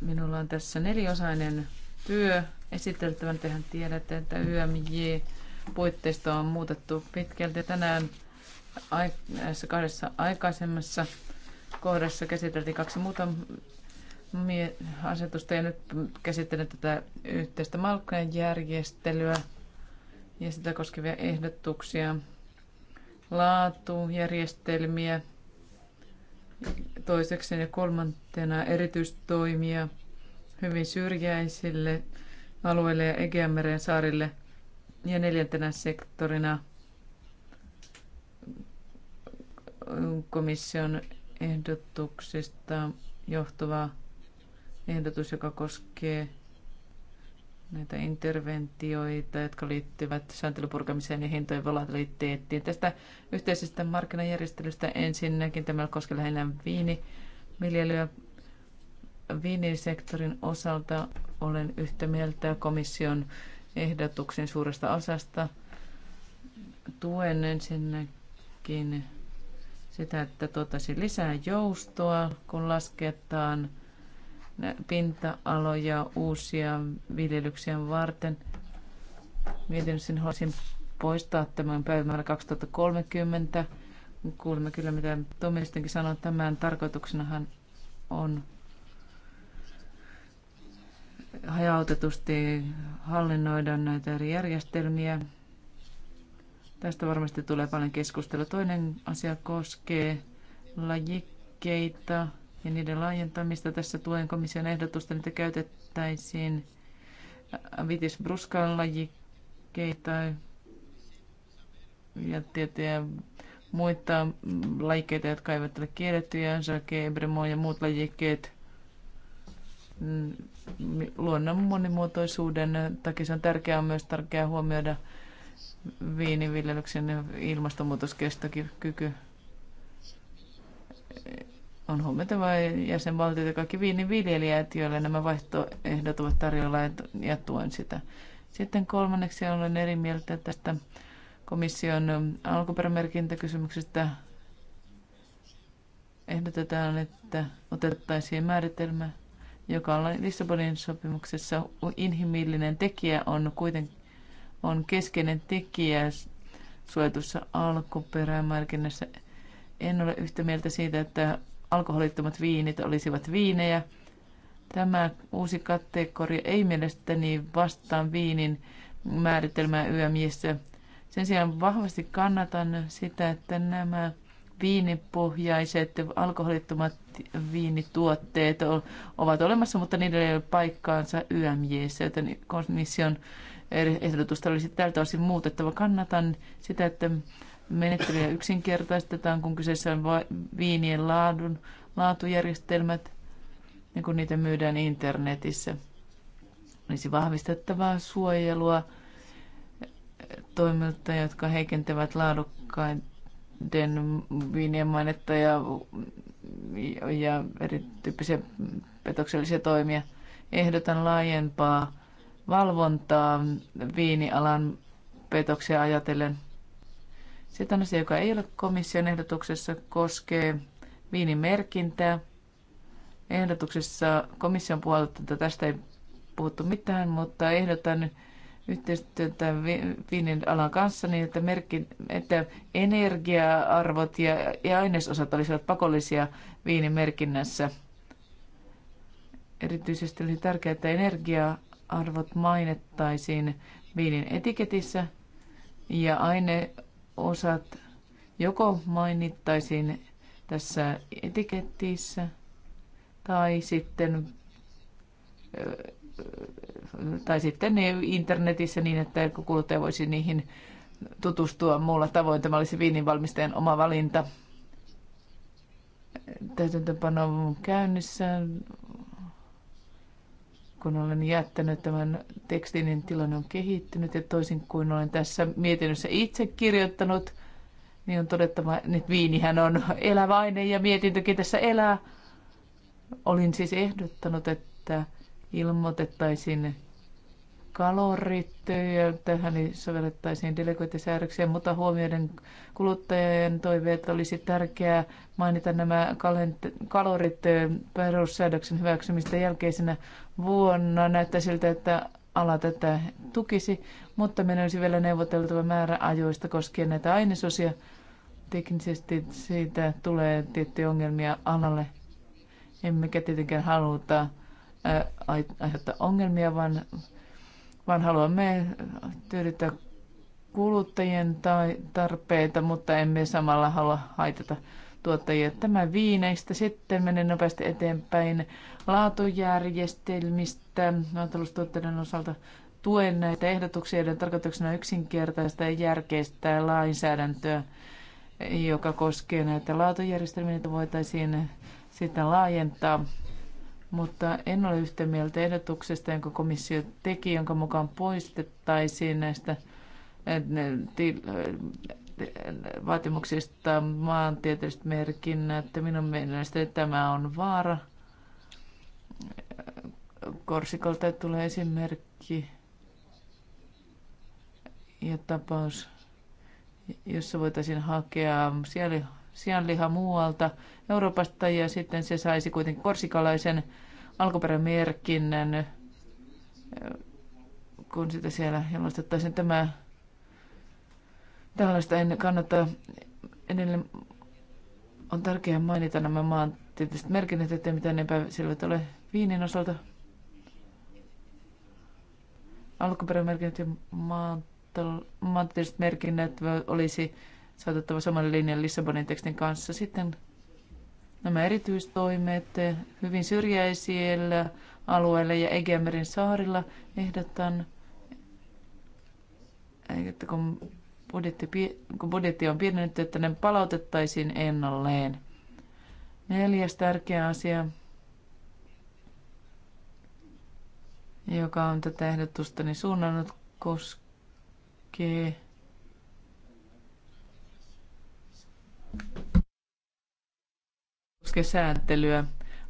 Minulla on tässä neliosainen työ esiteltävän. Tehän tiedätte, että YMJ puitteisto on muutettu pitkälti. Tänään näissä kahdessa aikaisemmassa kohdassa käsiteltiin kaksi muuta asetusta ja nyt käsittelen tätä yhteistä järjestelyä ja sitä koskevia ehdotuksia, laatujärjestelmiä, toiseksi ja kolmantena erityistoimia hyvin syrjäisille alueille ja Egeanmeren saarille ja neljäntenä sektorina komission ehdotuksista johtuvaa ehdotus, joka koskee näitä interventioita, jotka liittyvät sääntelypurkamiseen ja hintojen volatiliteettiin. Tästä yhteisestä markkinajärjestelystä ensinnäkin tämä koskee lähinnä viiniviljelyä. Viinisektorin osalta olen yhtä mieltä komission ehdotuksen suuresta osasta. Tuen ensinnäkin sitä, että tuotaisiin lisää joustoa, kun lasketaan – pinta-aloja uusia viljelyksiä varten. että haluaisin poistaa tämän päivämäärä 2030. Kuulemme kyllä, mitä tuomioistuinkin sanoo. Tämän tarkoituksenahan on hajautetusti hallinnoida näitä eri järjestelmiä. Tästä varmasti tulee paljon keskustelua. Toinen asia koskee lajikkeita ja niiden laajentamista. Tässä tuen komission ehdotusta, että käytettäisiin Vitis bruskan lajikkeita ja tiettyjä muita lajikkeita, jotka eivät ole kiellettyjä, Jacques Ebremo ja muut lajikkeet mm, luonnon monimuotoisuuden takia se on tärkeää on myös tärkeää huomioida viiniviljelyksen ilmastonmuutoskestokyky on huomioitava jäsenvaltiot ja kaikki viiniviljelijät, joille nämä vaihtoehdot ovat tarjolla ja tuen sitä. Sitten kolmanneksi olen eri mieltä tästä komission alkuperämerkintäkysymyksestä. Ehdotetaan, että otettaisiin määritelmä, joka on Lissabonin sopimuksessa inhimillinen tekijä, on kuitenkin on keskeinen tekijä suojatussa alkuperämerkinnässä. En ole yhtä mieltä siitä, että alkoholittomat viinit olisivat viinejä. Tämä uusi kategoria ei mielestäni vastaan viinin määritelmää yömiessä. Sen sijaan vahvasti kannatan sitä, että nämä viinipohjaiset alkoholittomat viinituotteet ovat olemassa, mutta niillä ei ole paikkaansa YMJssä, joten komission er- ehdotusta olisi tältä osin muutettava. Kannatan sitä, että Menettelyjä yksinkertaistetaan, kun kyseessä on viinien laadun, laatujärjestelmät ja kun niitä myydään internetissä. Olisi vahvistettavaa suojelua toimilta, jotka heikentävät laadukkaiden viinien mainetta ja, ja erityyppisiä petoksellisia toimia. Ehdotan laajempaa valvontaa viinialan petoksia ajatellen – sitten on asia, joka ei ole komission ehdotuksessa, koskee viinimerkintää. Ehdotuksessa komission puolelta tästä ei puhuttu mitään, mutta ehdotan yhteistyötä viinin alan kanssa niin, että, merkin, että energia-arvot ja, ja ainesosat olisivat pakollisia viinimerkinnässä. Erityisesti olisi tärkeää, että energia-arvot mainittaisiin viinin etiketissä ja aine osat joko mainittaisiin tässä etikettiissä tai sitten tai sitten internetissä niin, että kuluttaja voisi niihin tutustua muulla tavoin. Tämä olisi viininvalmistajan oma valinta. Täytäntöpano on käynnissä kun olen jättänyt tämän tekstin, niin tilanne on kehittynyt ja toisin kuin olen tässä mietinnössä itse kirjoittanut, niin on todettava, että viinihän on eläväinen ja mietintökin tässä elää. Olin siis ehdottanut, että ilmoitettaisiin kalorit. Ja tähän sovellettaisiin delegointisäädöksiä, mutta huomioiden kuluttajien toiveet olisi tärkeää mainita nämä kalorit eh, perussäädöksen hyväksymistä jälkeisenä vuonna. Näyttää siltä, että ala tätä tukisi, mutta meidän olisi vielä neuvoteltava määrä ajoista koskien näitä ainesosia. Teknisesti siitä tulee tiettyjä ongelmia alalle. Emmekä tietenkään haluta eh, aiheuttaa ongelmia, vaan vaan haluamme tyydyttää kuluttajien tarpeita, mutta emme samalla halua haitata tuottajia. Tämä viineistä sitten menen nopeasti eteenpäin laatujärjestelmistä maataloustuotteiden osalta. Tuen näitä ehdotuksia, joiden tarkoituksena on yksinkertaista ja järkeistä lainsäädäntöä, joka koskee näitä laatujärjestelmiä, joita voitaisiin sitten laajentaa mutta en ole yhtä mieltä ehdotuksesta, jonka komissio teki, jonka mukaan poistettaisiin näistä eh, eh, vaatimuksista maantieteelliset merkinnät. Minun mielestäni tämä on vaara. Korsikolta tulee esimerkki ja tapaus, jossa voitaisiin hakea siellä sianliha muualta Euroopasta ja sitten se saisi kuitenkin korsikalaisen alkuperämerkinnän, kun sitä siellä jalostettaisiin. Tämä, tällaista en kannata edelleen on tärkeää mainita nämä tietysti merkinnät, ettei mitään epäselvät ole viinin osalta. Alkuperämerkinnät ja maantieteelliset merkinnät olisi saatettava saman linjan Lissabonin tekstin kanssa. Sitten nämä erityistoimet hyvin syrjäisillä alueilla ja Egemerin saarilla ehdotan, että kun budjetti, kun budjetti on pienennetty, että ne palautettaisiin ennalleen. Neljäs tärkeä asia, joka on tätä niin suunnannut, koskee koske sääntelyä.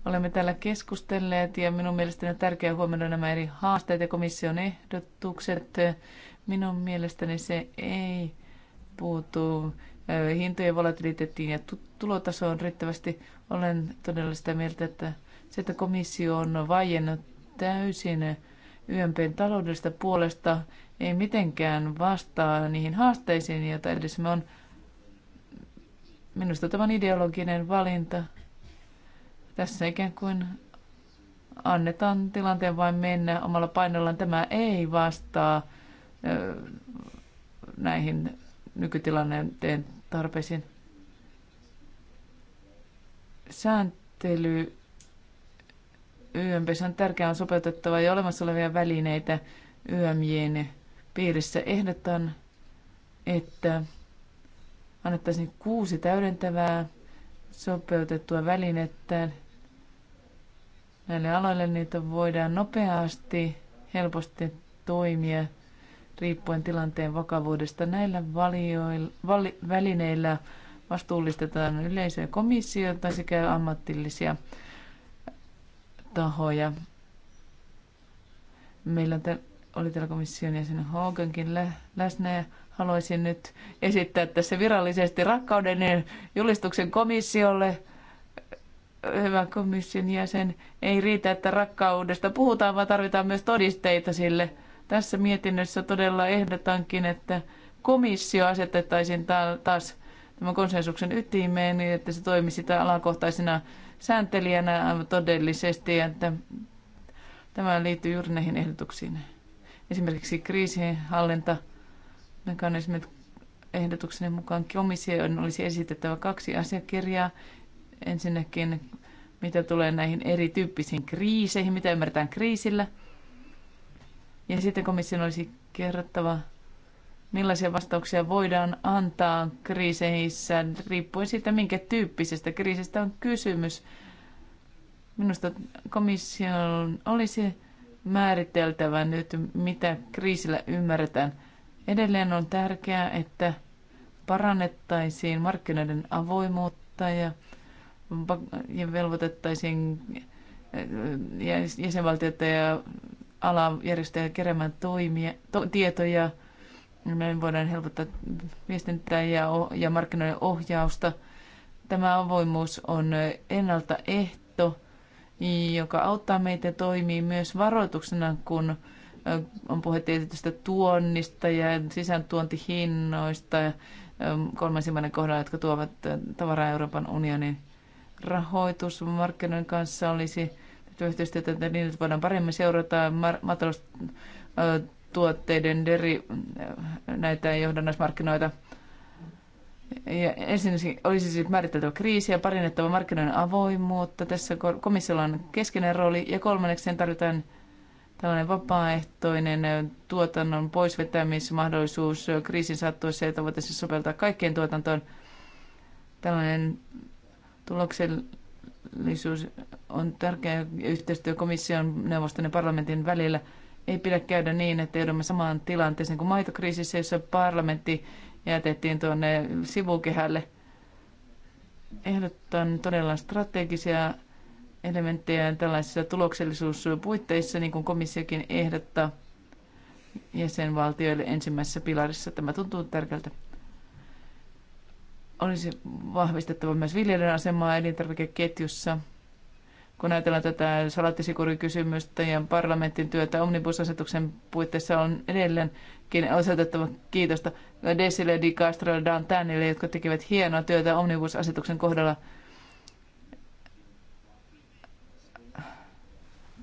Olemme täällä keskustelleet ja minun mielestäni on tärkeää huomioida nämä eri haasteet ja komission ehdotukset. Minun mielestäni se ei puutu hintojen volatiliteettiin ja tulotasoon riittävästi. Olen todella sitä mieltä, että se, että komissio on vaiennut täysin YMPn taloudellista puolesta, ei mitenkään vastaa niihin haasteisiin, joita edessämme on Minusta tämä on ideologinen valinta. Tässä ikään kuin annetaan tilanteen vain mennä omalla painollaan. Tämä ei vastaa näihin nykytilanteen tarpeisiin. Sääntely YMP on tärkeää on sopeutettava ja olemassa olevia välineitä YMJn piirissä. Ehdotan, että annettaisiin kuusi täydentävää sopeutettua välinettä näille aloille. Niitä voidaan nopeasti, helposti toimia riippuen tilanteen vakavuudesta. Näillä valioilla, vali, välineillä vastuullistetaan yleisöä komissiota sekä ammatillisia tahoja. Meillä oli täällä komission jäsen Hogankin läsnä Haluaisin nyt esittää tässä virallisesti rakkauden julistuksen komissiolle. Hyvä komission jäsen, ei riitä, että rakkaudesta puhutaan, vaan tarvitaan myös todisteita sille. Tässä mietinnössä todella ehdotankin, että komissio asetettaisiin taas tämän konsensuksen ytimeen, niin että se toimisi alakohtaisena sääntelijänä aivan todellisesti, ja että tämä liittyy juuri näihin ehdotuksiin. Esimerkiksi kriisinhallinta mekanismit ehdotukseni mukaan komission olisi esitettävä kaksi asiakirjaa. Ensinnäkin, mitä tulee näihin erityyppisiin kriiseihin, mitä ymmärretään kriisillä. Ja sitten komission olisi kerrottava, millaisia vastauksia voidaan antaa kriiseissä, riippuen siitä, minkä tyyppisestä kriisistä on kysymys. Minusta komission olisi määriteltävä nyt, mitä kriisillä ymmärretään – Edelleen on tärkeää, että parannettaisiin markkinoiden avoimuutta ja, ja velvoitettaisiin eh, jäsenvaltioita ja alajärjestöjä keräämään toimia, to, tietoja. Me voidaan helpottaa viestintää ja, ja markkinoiden ohjausta. Tämä avoimuus on ennaltaehto, joka auttaa meitä toimii myös varoituksena, kun on puhe tietystä tuonnista ja sisääntuontihinnoista kolmansimmainen kohdalla, jotka tuovat tavaraa Euroopan unionin rahoitusmarkkinoiden kanssa olisi yhteistyötä, että niin nyt voidaan paremmin seurata maataloustuotteiden deri, näitä johdannaismarkkinoita. Ja ensin olisi siis määriteltävä ja parinnettava markkinoiden avoimuutta. Tässä komissiolla on keskeinen rooli ja kolmanneksi tarvitaan tällainen vapaaehtoinen tuotannon poisvetämismahdollisuus kriisin sattuessa, jota voitaisiin soveltaa kaikkeen tuotantoon. Tällainen tuloksellisuus on tärkeä yhteistyö komission, neuvoston ja parlamentin välillä. Ei pidä käydä niin, että joudumme samaan tilanteeseen kuin maitokriisissä, jossa parlamentti jätettiin tuonne sivukehälle. Ehdotan todella strategisia elementtejä tällaisissa tuloksellisuuspuitteissa, niin kuin komissiokin ehdottaa jäsenvaltioille ensimmäisessä pilarissa. Tämä tuntuu tärkeältä. Olisi vahvistettava myös viljelijän asemaa elintarvikeketjussa. Kun ajatellaan tätä salattisikurikysymystä ja parlamentin työtä omnibusasetuksen puitteissa on edelleenkin osoitettava kiitosta Desille, Di Castro, Dan Tänille, jotka tekevät hienoa työtä omnibusasetuksen kohdalla –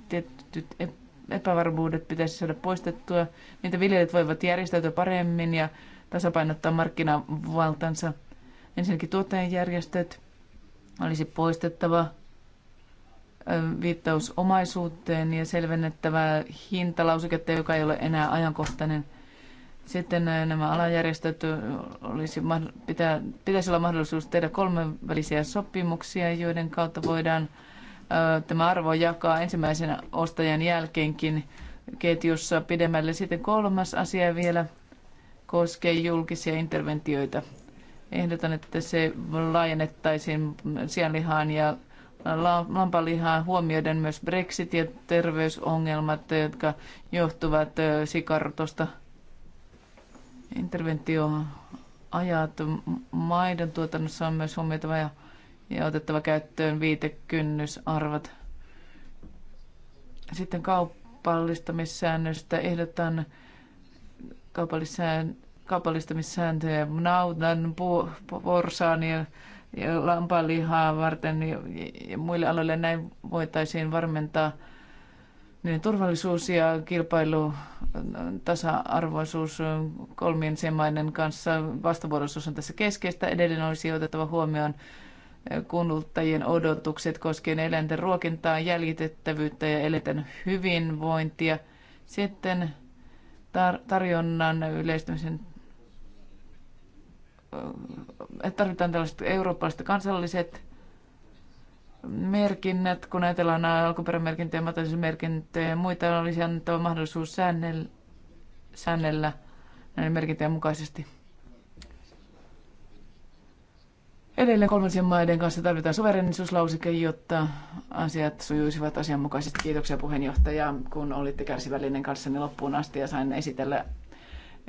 tietyt epävarmuudet pitäisi saada poistettua, niitä viljelijät voivat järjestäytyä paremmin ja tasapainottaa markkinavaltansa. Ensinnäkin tuottajajärjestöt olisi poistettava viittaus omaisuuteen ja selvennettävä hintalausiketta, joka ei ole enää ajankohtainen. Sitten nämä alajärjestöt olisi, pitää, pitäisi olla mahdollisuus tehdä kolmenvälisiä sopimuksia, joiden kautta voidaan tämä arvo jakaa ensimmäisen ostajan jälkeenkin ketjussa pidemmälle. Sitten kolmas asia vielä koskee julkisia interventioita. Ehdotan, että se laajennettaisiin sianlihaan ja lampalihaan huomioiden myös Brexit ja terveysongelmat, jotka johtuvat sikartosta. Interventioajat maiden tuotannossa on myös huomioitava ja ja otettava käyttöön viitekynnysarvat. Sitten kaupallistamissäännöstä ehdotan kaupallissään, kaupallistamissääntöjä naudan, porsaan ja, ja lampalihaa varten ja, ja muille aloille. Näin voitaisiin varmentaa niin turvallisuus ja kilpailu, tasa-arvoisuus kolmien maiden kanssa vastavuoroisuus on tässä keskeistä. Edelleen olisi otettava huomioon kuluttajien odotukset koskien eläinten ruokintaa, jäljitettävyyttä ja eläinten hyvinvointia. Sitten tar- tarjonnan yleistymisen äh, tarvitaan tällaiset eurooppalaiset kansalliset merkinnät, kun ajatellaan alkuperämerkintöjä, matalaisuusmerkintöjä ja muita, olisi annettava mahdollisuus säännellä, säännellä näiden merkintöjen mukaisesti. Edelleen kolmansien maiden kanssa tarvitaan suverenisuuslauseke, jotta asiat sujuisivat asianmukaisesti. Kiitoksia puheenjohtaja, kun olitte kärsivällinen kanssani loppuun asti ja sain esitellä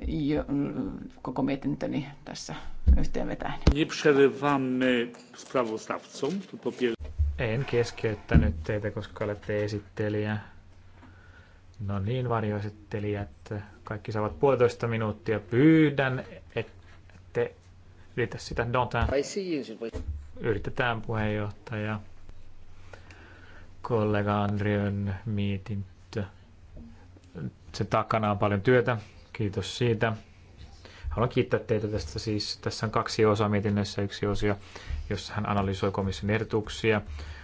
jo, koko mietintöni tässä yhteenvetäen. En keskeyttänyt teitä, koska olette esittelijä. No niin, varjoesittelijät, kaikki saavat puolitoista minuuttia. Pyydän, että yritä sitä. Don't. Yritetään puheenjohtaja. Kollega Andriön mietintö. Sen takana on paljon työtä. Kiitos siitä. Haluan kiittää teitä tästä. Siis, tässä on kaksi osaa mietinnössä. Yksi osio, jossa hän analysoi komission ehdotuksia.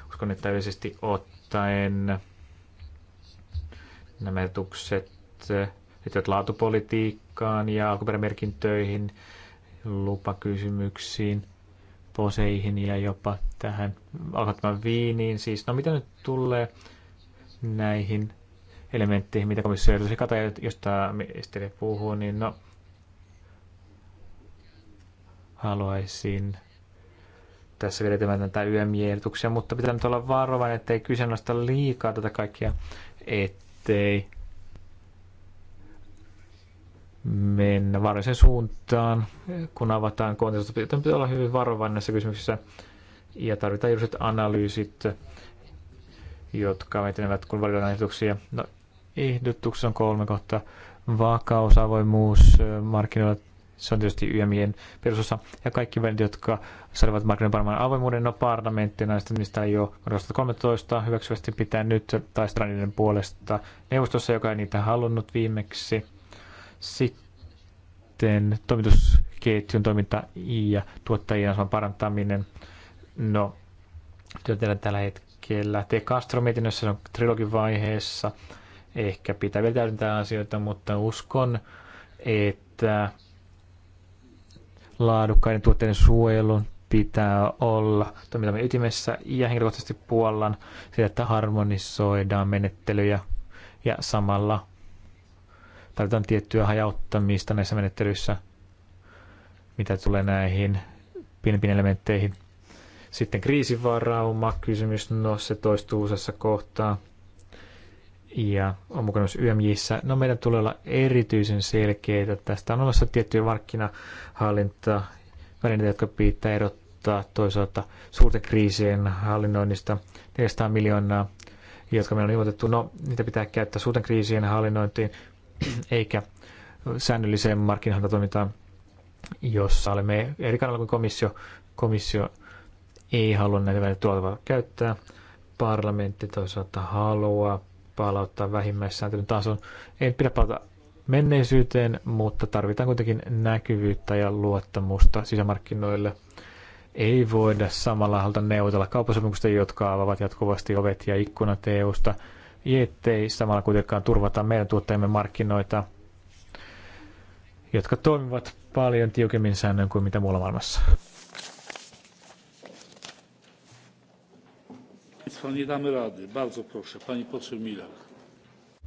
Uskon, että yleisesti ottaen nämä ehdotukset liittyvät laatupolitiikkaan ja alkuperämerkintöihin lupakysymyksiin, poseihin ja jopa tähän alkoittamaan viiniin. Siis, no mitä nyt tulee näihin elementteihin, mitä komissio ehdotusi kata, josta ministeri puhuu, niin no, haluaisin tässä vielä tämän tätä YMJ-ehdotuksia, mutta pitää nyt olla varovainen, ettei kyseenalaista liikaa tätä kaikkea, ettei mennä vaaralliseen suuntaan, kun avataan kontekstista. Pitää, pitää olla hyvin varovainen näissä kysymyksissä ja tarvitaan juuri analyysit, jotka etenevät, kun valitaan ehdotuksia. No, ehdotuksessa on kolme kohtaa. Vakaus, avoimuus, markkinoilla se on tietysti YMien perusosa, ja kaikki välit, jotka saivat markkinoiden paremman avoimuuden, no parlamentti näistä, niistä ei ole 2013 hyväksyvästi pitää nyt taistelua niiden puolesta neuvostossa, joka ei niitä halunnut viimeksi. Sitten toimitusketjun toiminta ja tuottajien aseman parantaminen. No, työtellään tällä hetkellä. Te Castro mietinnössä se on trilogivaiheessa. vaiheessa. Ehkä pitää vielä täydentää asioita, mutta uskon, että laadukkaiden tuotteiden suojelun pitää olla toimintamme ytimessä ja henkilökohtaisesti puollan sitä, että harmonisoidaan menettelyjä ja samalla tarvitaan tiettyä hajauttamista näissä menettelyissä, mitä tulee näihin pienempiin elementteihin. Sitten kriisivarauma, kysymys, no se toistuu useassa kohtaa. Ja on mukana myös YMJissä. No meidän tulee olla erityisen selkeitä. Tästä on olemassa tiettyjä markkinahallinta välineitä, jotka pitää erottaa toisaalta suurten kriisien hallinnoinnista 400 miljoonaa, jotka meillä on ilmoitettu. No, niitä pitää käyttää suurten kriisien hallinnointiin, eikä säännölliseen markkinahantatoimintaan, jossa olemme eri kannalla kuin komissio. Komissio ei halua näitä välineitä tuotavaa käyttää. Parlamentti toisaalta haluaa palauttaa vähimmäissääntelyn tason. Ei pidä palata menneisyyteen, mutta tarvitaan kuitenkin näkyvyyttä ja luottamusta sisämarkkinoille. Ei voida samalla halta neuvotella kauppasopimuksista, jotka avaavat jatkuvasti ovet ja ikkunat EU-sta ettei samalla kuitenkaan turvata meidän tuottajamme markkinoita, jotka toimivat paljon tiukemmin säännön kuin mitä muualla maailmassa.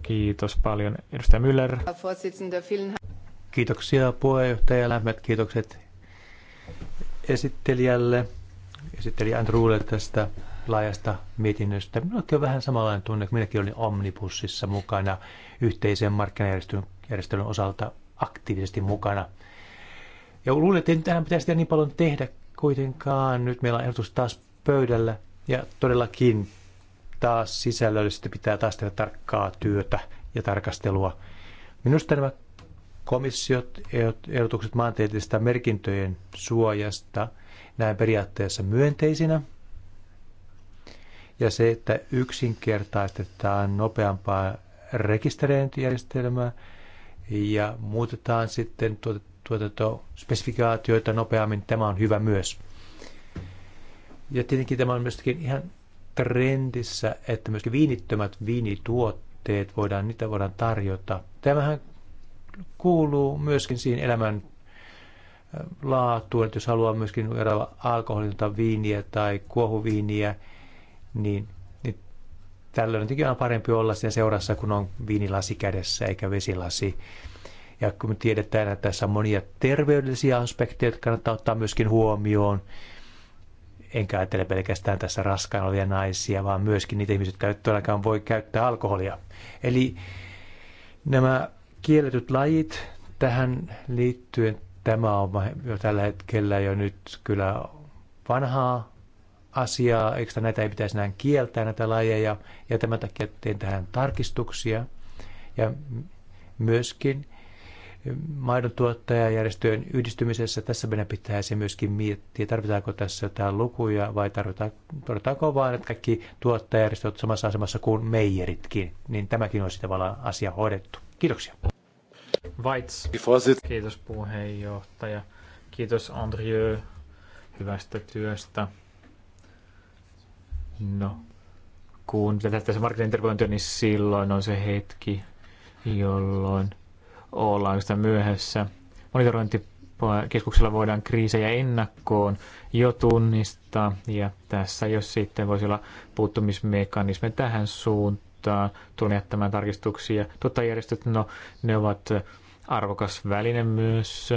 Kiitos paljon, edustaja Müller. Kiitoksia puheenjohtaja Lämmät, kiitokset esittelijälle, esittelijä Andrewlle tästä laajasta mietinnöstä. Minullakin on vähän samanlainen tunne, että minäkin olin Omnibussissa mukana yhteisen markkinajärjestelyn osalta aktiivisesti mukana. Ja luulen, että tähän pitäisi tehdä niin paljon tehdä kuitenkaan. Nyt meillä on ehdotus taas pöydällä ja todellakin taas sisällöllisesti pitää taas tehdä tarkkaa työtä ja tarkastelua. Minusta nämä komissiot, ehdotukset maantieteellisestä merkintöjen suojasta näin periaatteessa myönteisinä ja se, että yksinkertaistetaan nopeampaa rekisteröintijärjestelmää ja muutetaan sitten tuotantospesifikaatioita nopeammin, tämä on hyvä myös. Ja tietenkin tämä on myöskin ihan trendissä, että myöskin viinittömät viinituotteet voidaan, niitä voidaan tarjota. Tämähän kuuluu myöskin siihen elämän laatuun, että jos haluaa myöskin verrata viiniä tai kuohuviiniä, niin, niin tällöin on on parempi olla sen seurassa, kun on viinilasi kädessä eikä vesilasi. Ja kun me tiedetään, että tässä on monia terveydellisiä aspekteja, jotka kannattaa ottaa myöskin huomioon, enkä ajattele pelkästään tässä raskaana olevia naisia, vaan myöskin niitä ihmisiä, jotka eivät todellakaan voi käyttää alkoholia. Eli nämä kielletyt lajit tähän liittyen, tämä on jo tällä hetkellä jo nyt kyllä vanhaa asiaa, eikö näitä ei pitäisi näin kieltää, näitä lajeja, ja tämän takia tein tähän tarkistuksia. Ja myöskin maidon tuottajajärjestöjen yhdistymisessä tässä meidän pitäisi myöskin miettiä, tarvitaanko tässä jotain lukuja vai tarvitaanko vain, että kaikki tuottajajärjestöt ovat samassa asemassa kuin meijeritkin, niin tämäkin on tavallaan asia hoidettu. Kiitoksia. Vaits. Kiitos puheenjohtaja. Kiitos Andrieu hyvästä työstä. No, kun tässä on niin silloin on se hetki, jolloin ollaan sitä myöhässä. Monitorointikeskuksella voidaan kriisejä ennakkoon jo tunnistaa, ja tässä jos sitten voisi olla puuttumismekanismi tähän suuntaan, tulen jättämään tarkistuksia. Tuottajärjestöt, no ne ovat arvokas väline myös.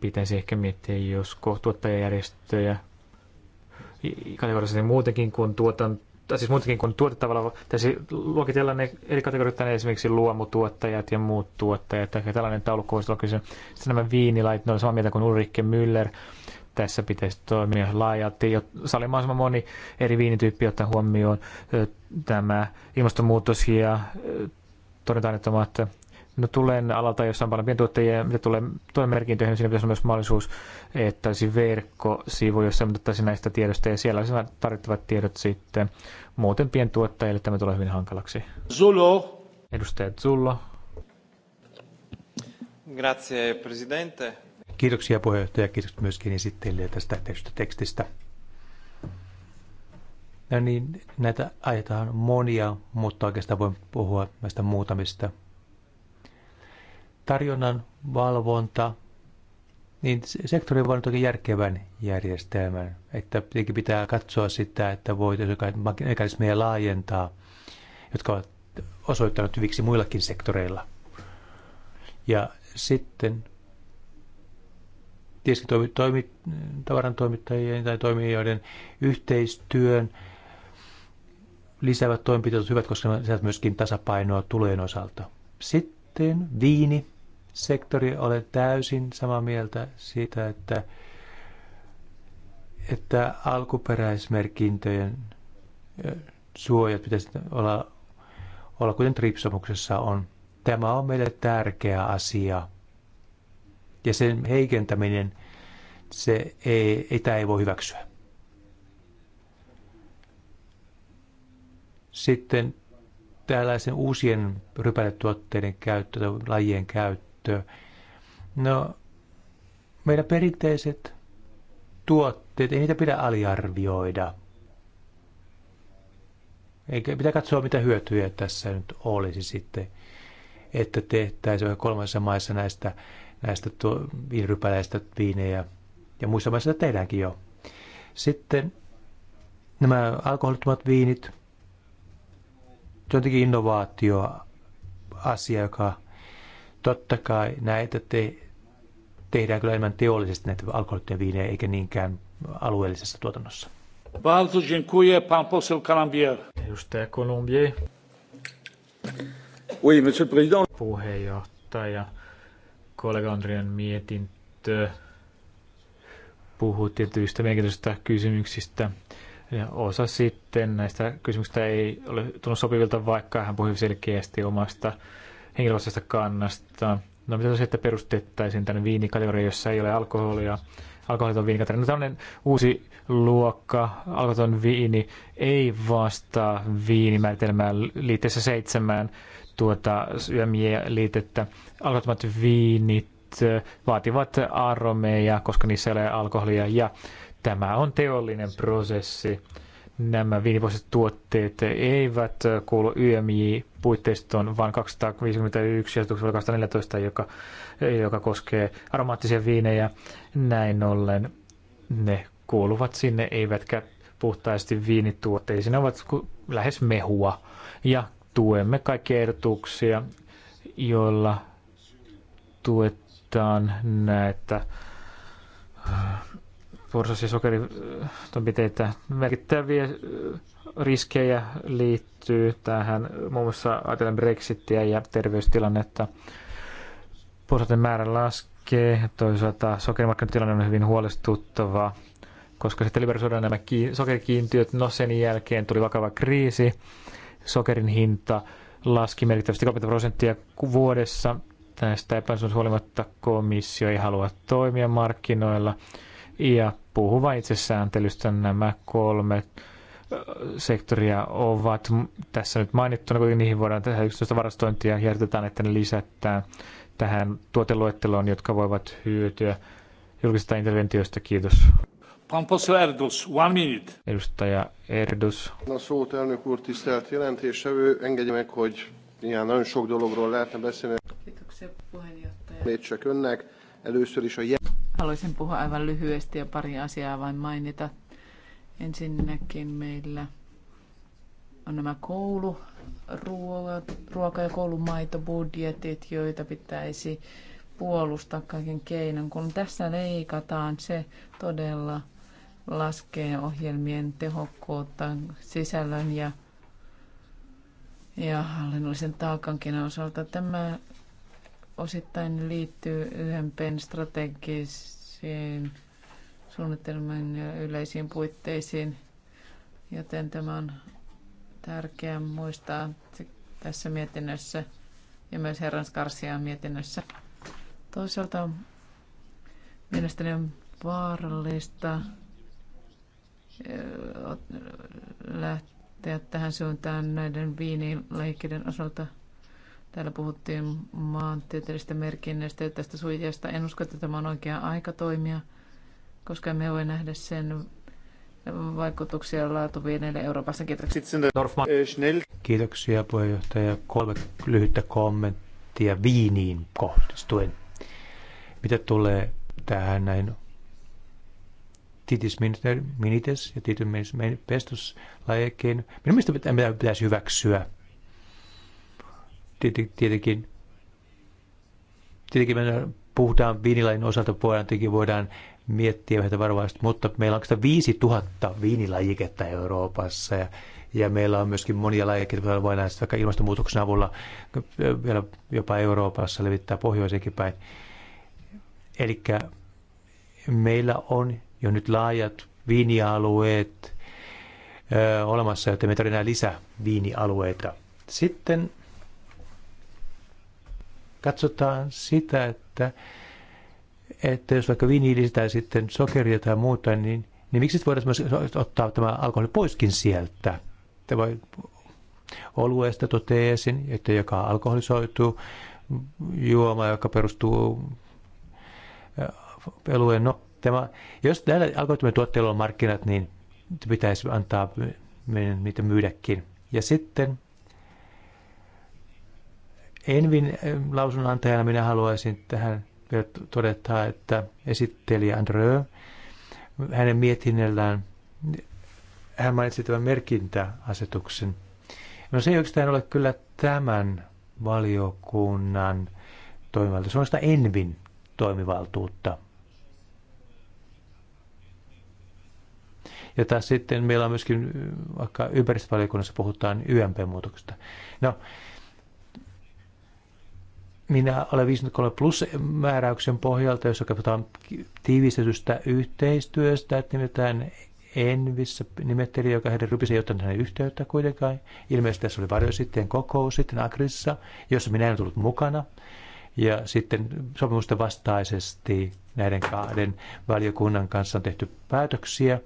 Pitäisi ehkä miettiä, jos tuottajajärjestöjä kategorisesti niin muutenkin kuin tai siis muutenkin kuin tuotettavalla, siis luokitellaan ne eri kategorioita, esimerkiksi luomutuottajat ja muut tuottajat, ja tällainen taulukko voisi olla kyse. Sitten nämä viinilait, ne on samaa mieltä kuin Ulrike Müller, tässä pitäisi toimia laajalti, sali mahdollisimman moni eri viinityyppi ottaa huomioon tämä ilmastonmuutos ja todetaan, että No tulen alalta, jossa on paljon pientuottajia, mitä tulee tuen merkintöihin, siinä pitäisi olla myös mahdollisuus, että olisi verkkosivu, jossa mitattaisiin näistä tiedosta ja siellä olisi tarvittavat tiedot sitten. Muuten pientuottajille tämä tulee hyvin hankalaksi. Zulo. Edustaja Zullo. Grazie, presidente. Kiitoksia puheenjohtaja, kiitokset myöskin esittelijä tästä tekstistä. No niin, näitä aiheita on monia, mutta oikeastaan voin puhua näistä muutamista tarjonnan valvonta, niin sektori on toki järkevän järjestelmän, että tietenkin pitää katsoa sitä, että voitaisiin mekanismeja laajentaa, jotka ovat osoittaneet hyviksi muillakin sektoreilla. Ja sitten tietysti toimi, toimi, tavaran toimittajien tai toimijoiden yhteistyön lisäävät toimenpiteet ovat hyvät, koska ne lisäävät myöskin tasapainoa tulojen osalta. Sitten sitten viini. Sektori ole täysin samaa mieltä siitä, että, että alkuperäismerkintöjen suojat pitäisi olla, olla kuten tripsomuksessa on. Tämä on meille tärkeä asia. Ja sen heikentäminen, se ei, ei, tämä ei voi hyväksyä. Sitten tällaisen uusien rypäletuotteiden käyttö tai lajien käyttö. No, meidän perinteiset tuotteet, ei niitä pidä aliarvioida. Eikä pitää katsoa, mitä hyötyjä tässä nyt olisi sitten, että tehtäisiin kolmansissa maissa näistä, näistä tuo, viinejä. Ja muissa maissa tehdäänkin jo. Sitten nämä alkoholittomat viinit – jotenkin asia, joka totta kai näitä te, tehdään kyllä enemmän teollisesti näitä alkoholittuja viinejä, eikä niinkään alueellisessa tuotannossa. Bardzo dziękuję, pan poseł Colombier. Edustaja Colombier. Oui, monsieur le président. Puheenjohtaja, kollega Andrian mietintö puhuu tietyistä mielenkiintoisista kysymyksistä, ja osa sitten näistä kysymyksistä ei ole tullut sopivilta, vaikka hän puhui selkeästi omasta henkilökohtaisesta kannasta. No mitä se, että perustettaisiin tänne viinikategoria, jossa ei ole alkoholia, alkoholiton viinikategoria. No tämmöinen uusi luokka, alkoholiton viini, ei vastaa viinimääritelmää liitteessä seitsemään tuota YMJ-liitettä. Alkoholittomat viinit äh, vaativat aromeja, koska niissä ei ole alkoholia, ja Tämä on teollinen prosessi. Nämä viinipohjaiset tuotteet eivät kuulu YMJ-puitteistoon, vaan 251 ja 214, joka, joka koskee aromaattisia viinejä. Näin ollen ne kuuluvat sinne, eivätkä puhtaasti viinituotteisiin. Ne ovat lähes mehua. Ja tuemme kaikkia ehdotuksia, joilla tuetaan näitä porsas ja sokeritoimenpiteitä. Merkittäviä riskejä liittyy tähän muun muassa ajatellen Brexittiä ja terveystilannetta. Pursaten määrä laskee, toisaalta sokerimarkkinatilanne on hyvin huolestuttava, koska sitten liberalisoidaan nämä sokerikiintiöt. No sen jälkeen tuli vakava kriisi, sokerin hinta laski merkittävästi 30 prosenttia vuodessa. Tästä epäsuus huolimatta komissio ei halua toimia markkinoilla ja puhuva itsesääntelystä nämä kolme äh, sektoria ovat tässä nyt mainittuna, kun niihin voidaan tehdä yksityistä varastointia ja järjestetään, että ne lisätään tähän tuoteluetteloon, jotka voivat hyötyä julkisesta interventiosta. Kiitos. Pamposu Erdus, one minute. Edustaja Erdos. No szót, elnök úr, tisztelt jelentéstevő. Engedje meg, hogy ilyen nagyon sok dologról lehetne beszélni. Kiitoksia puheenjohtaja. Métsek önnek. Először is a Haluaisin puhua aivan lyhyesti ja pari asiaa vain mainita. Ensinnäkin meillä on nämä koulu ruoka- ja koulumaitobudjetit, joita pitäisi puolustaa kaiken keinon. Kun tässä leikataan, se todella laskee ohjelmien tehokkuutta sisällön ja, ja hallinnollisen taakankin osalta. Tämä osittain liittyy pen strategisiin suunnitelmiin ja yleisiin puitteisiin, joten tämä on tärkeää muistaa tässä mietinnössä ja myös Herran Skarsian mietinnössä. Toisaalta mielestäni on vaarallista lähteä tähän suuntaan näiden viinileikkeiden osalta – Täällä puhuttiin maantieteellisestä merkinnästä ja tästä suijasta. En usko, että tämä on oikea aika toimia, koska me voi nähdä sen vaikutuksia laatuviineille Euroopassa. Kiitoksia. Eh, Kiitoksia puheenjohtaja. Kolme lyhyttä kommenttia viiniin kohdistuen. Mitä tulee tähän näin Titis Minites ja titis Pestus lajekin. Minun mielestä pitäisi hyväksyä tietenkin, tietenkin mennään, puhutaan viinilain osalta, voidaan, tietenkin voidaan miettiä vähän varovasti, mutta meillä on 5000 viinilajiketta Euroopassa ja, ja meillä on myöskin monia lajiketta, joilla voidaan sitten vaikka ilmastonmuutoksen avulla vielä jopa Euroopassa levittää pohjoisenkin päin. Eli meillä on jo nyt laajat viinialueet ö, olemassa, joten me tarvitaan lisää viinialueita. Sitten katsotaan sitä, että, että jos vaikka viniili tai sitten sokeria tai muuta, niin, niin miksi voidaan myös ottaa tämä alkoholi poiskin sieltä? Te voi olueesta toteesin, että joka alkoholisoituu, juoma, joka perustuu olueen. Äh, no, tämä, jos näillä alkoholittomilla tuotteilla on markkinat, niin pitäisi antaa niitä myydäkin. Ja sitten Envin ähm, lausunnantajana minä haluaisin tähän vielä todeta, että esittelijä Andrö, hänen mietinnällään, hän mainitsi tämän merkintäasetuksen. No se ei oikeastaan ole kyllä tämän valiokunnan toimivalta. Se on sitä Envin toimivaltuutta. Ja taas sitten meillä on myöskin, vaikka ympäristövaliokunnassa puhutaan YMP-muutoksesta. No, minä alle 53 plus määräyksen pohjalta, jossa katsotaan tiivistetystä yhteistyöstä, että nimetään Envissä nimetteli, joka heidän rupisi, ei hänen yhteyttä kuitenkaan. Ilmeisesti tässä oli varjo sitten kokous sitten Agrissa, jossa minä en tullut mukana. Ja sitten sopimusten vastaisesti näiden kahden valiokunnan kanssa on tehty päätöksiä.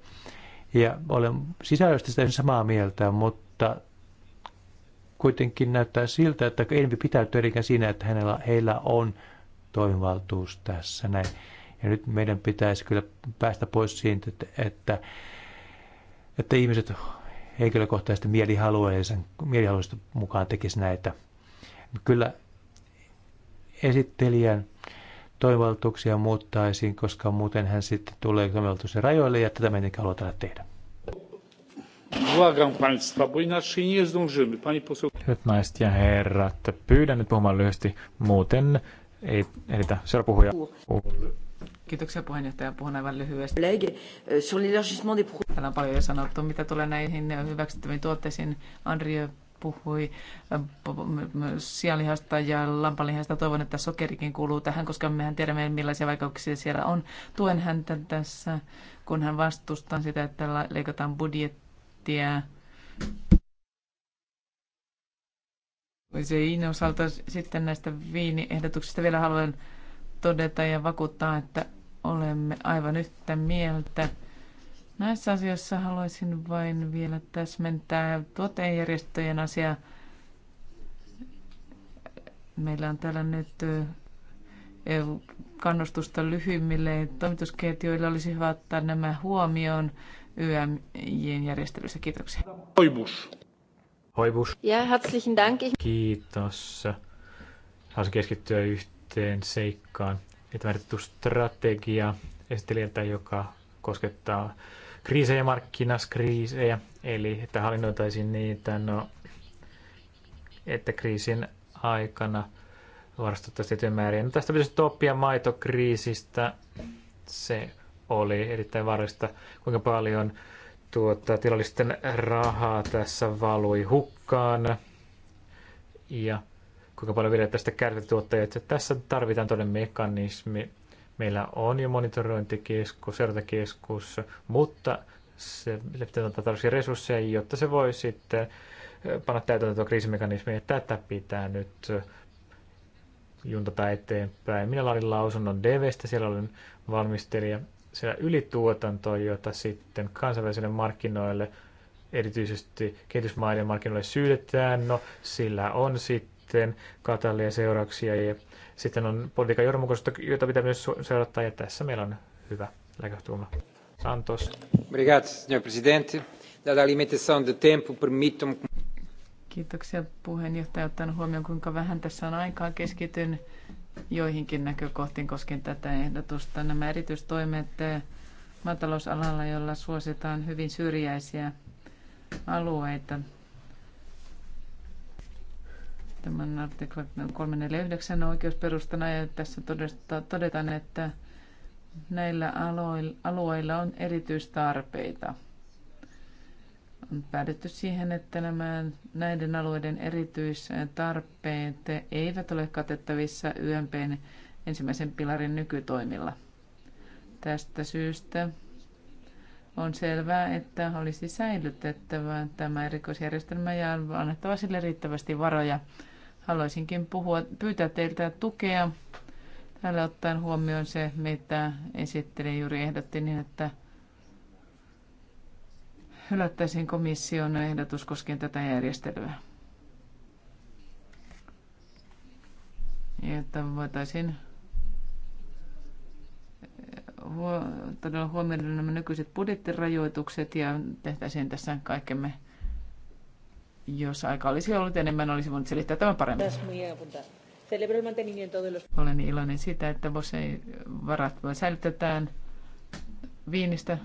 Ja olen sisällöstä samaa mieltä, mutta kuitenkin näyttää siltä, että Envi pitäytyy erikä siinä, että hänellä, heillä on toimivaltuus tässä näin. Ja nyt meidän pitäisi kyllä päästä pois siitä, että, että, että ihmiset henkilökohtaisesti mielihalueensa, mielihaluista mukaan tekisi näitä. Kyllä esittelijän toimivaltuuksia muuttaisiin, koska muuten hän sitten tulee toimivaltuuksien rajoille ja tätä me ei tehdä. Błagam państwa, bo inaczej nie zdążymy. Pani poseł... Hyvät naiset ja herrat, pyydän nyt puhumaan lyhyesti, muuten ei ehditä. Seuraava puhuja. Kiitoksia puheenjohtaja. Puhun aivan lyhyesti. Euh, Täällä on paljon jo sanottu, mitä tulee näihin hyväksyttäviin tuotteisiin. Andrio puhui äh, sianlihasta ja lampalihasta. Toivon, että sokerikin kuuluu tähän, koska mehän tiedämme, millaisia vaikeuksia siellä on. Tuen häntä tässä, kun hän vastustaa sitä, että leikataan budjettia miettiä Zein osalta sitten näistä viiniehdotuksista vielä haluan todeta ja vakuuttaa, että olemme aivan yhtä mieltä. Näissä asioissa haluaisin vain vielä täsmentää tuottajajärjestöjen asia, Meillä on täällä nyt kannustusta lyhyimmille toimitusketjuille. Olisi hyvä ottaa nämä huomioon YMJn järjestelyssä. Kiitoksia. Hoibus. Hoibus. Ja herzlichen Dank. Kiitos. Haluaisin keskittyä yhteen seikkaan. Tämä strategia esittelijältä, joka koskettaa kriisejä, markkinaskriisejä, eli että hallinnoitaisiin niitä, no, että kriisin aikana varastettaisiin tietyn määrin. No, tästä pitäisi oppia maitokriisistä. Se oli erittäin varista, kuinka paljon tuota, tilallisten rahaa tässä valui hukkaan ja kuinka paljon vielä tästä kärsivät tuottajat. Tässä tarvitaan toinen mekanismi. Meillä on jo monitorointikeskus, seurantakeskus, mutta se pitää antaa tarvitsee resursseja, jotta se voi sitten panna täytäntöön kriisimekanismi, ja tätä pitää nyt juntata eteenpäin. Minä laadin lausunnon DVstä, siellä olen valmistelija siellä ylituotantoa, jota sitten kansainvälisille markkinoille, erityisesti kehitysmaiden markkinoille syydetään. No, sillä on sitten katalia seurauksia ja sitten on politiikan johdonmukaisuutta, jota pitää myös seurata ja tässä meillä on hyvä näkökulma. Santos. de tempo, permitam... Kiitoksia puheenjohtaja. ottanut huomioon, kuinka vähän tässä on aikaa, keskityn joihinkin näkökohtiin koskien tätä ehdotusta. Nämä erityistoimet maatalousalalla, jolla suositaan hyvin syrjäisiä alueita. Tämän artikla 349 oikeusperustana ja tässä todetaan, että näillä alueilla on erityistarpeita – on päädytty siihen, että nämä näiden alueiden erityistarpeet eivät ole katettavissa YMPn ensimmäisen pilarin nykytoimilla. Tästä syystä on selvää, että olisi säilytettävä tämä erikoisjärjestelmä ja annettava sille riittävästi varoja. Haluaisinkin puhua, pyytää teiltä tukea. Täällä ottaen huomioon se, mitä esittelin juuri ehdotti, niin että hylättäisiin komission ehdotus koskien tätä järjestelyä. että voitaisiin huo, todella huomioida nämä nykyiset budjettirajoitukset ja tehtäisiin tässä kaikkemme. Jos aika olisi ollut enemmän, olisi voinut selittää tämän paremmin. Olen iloinen siitä, että varat säilytetään viinistä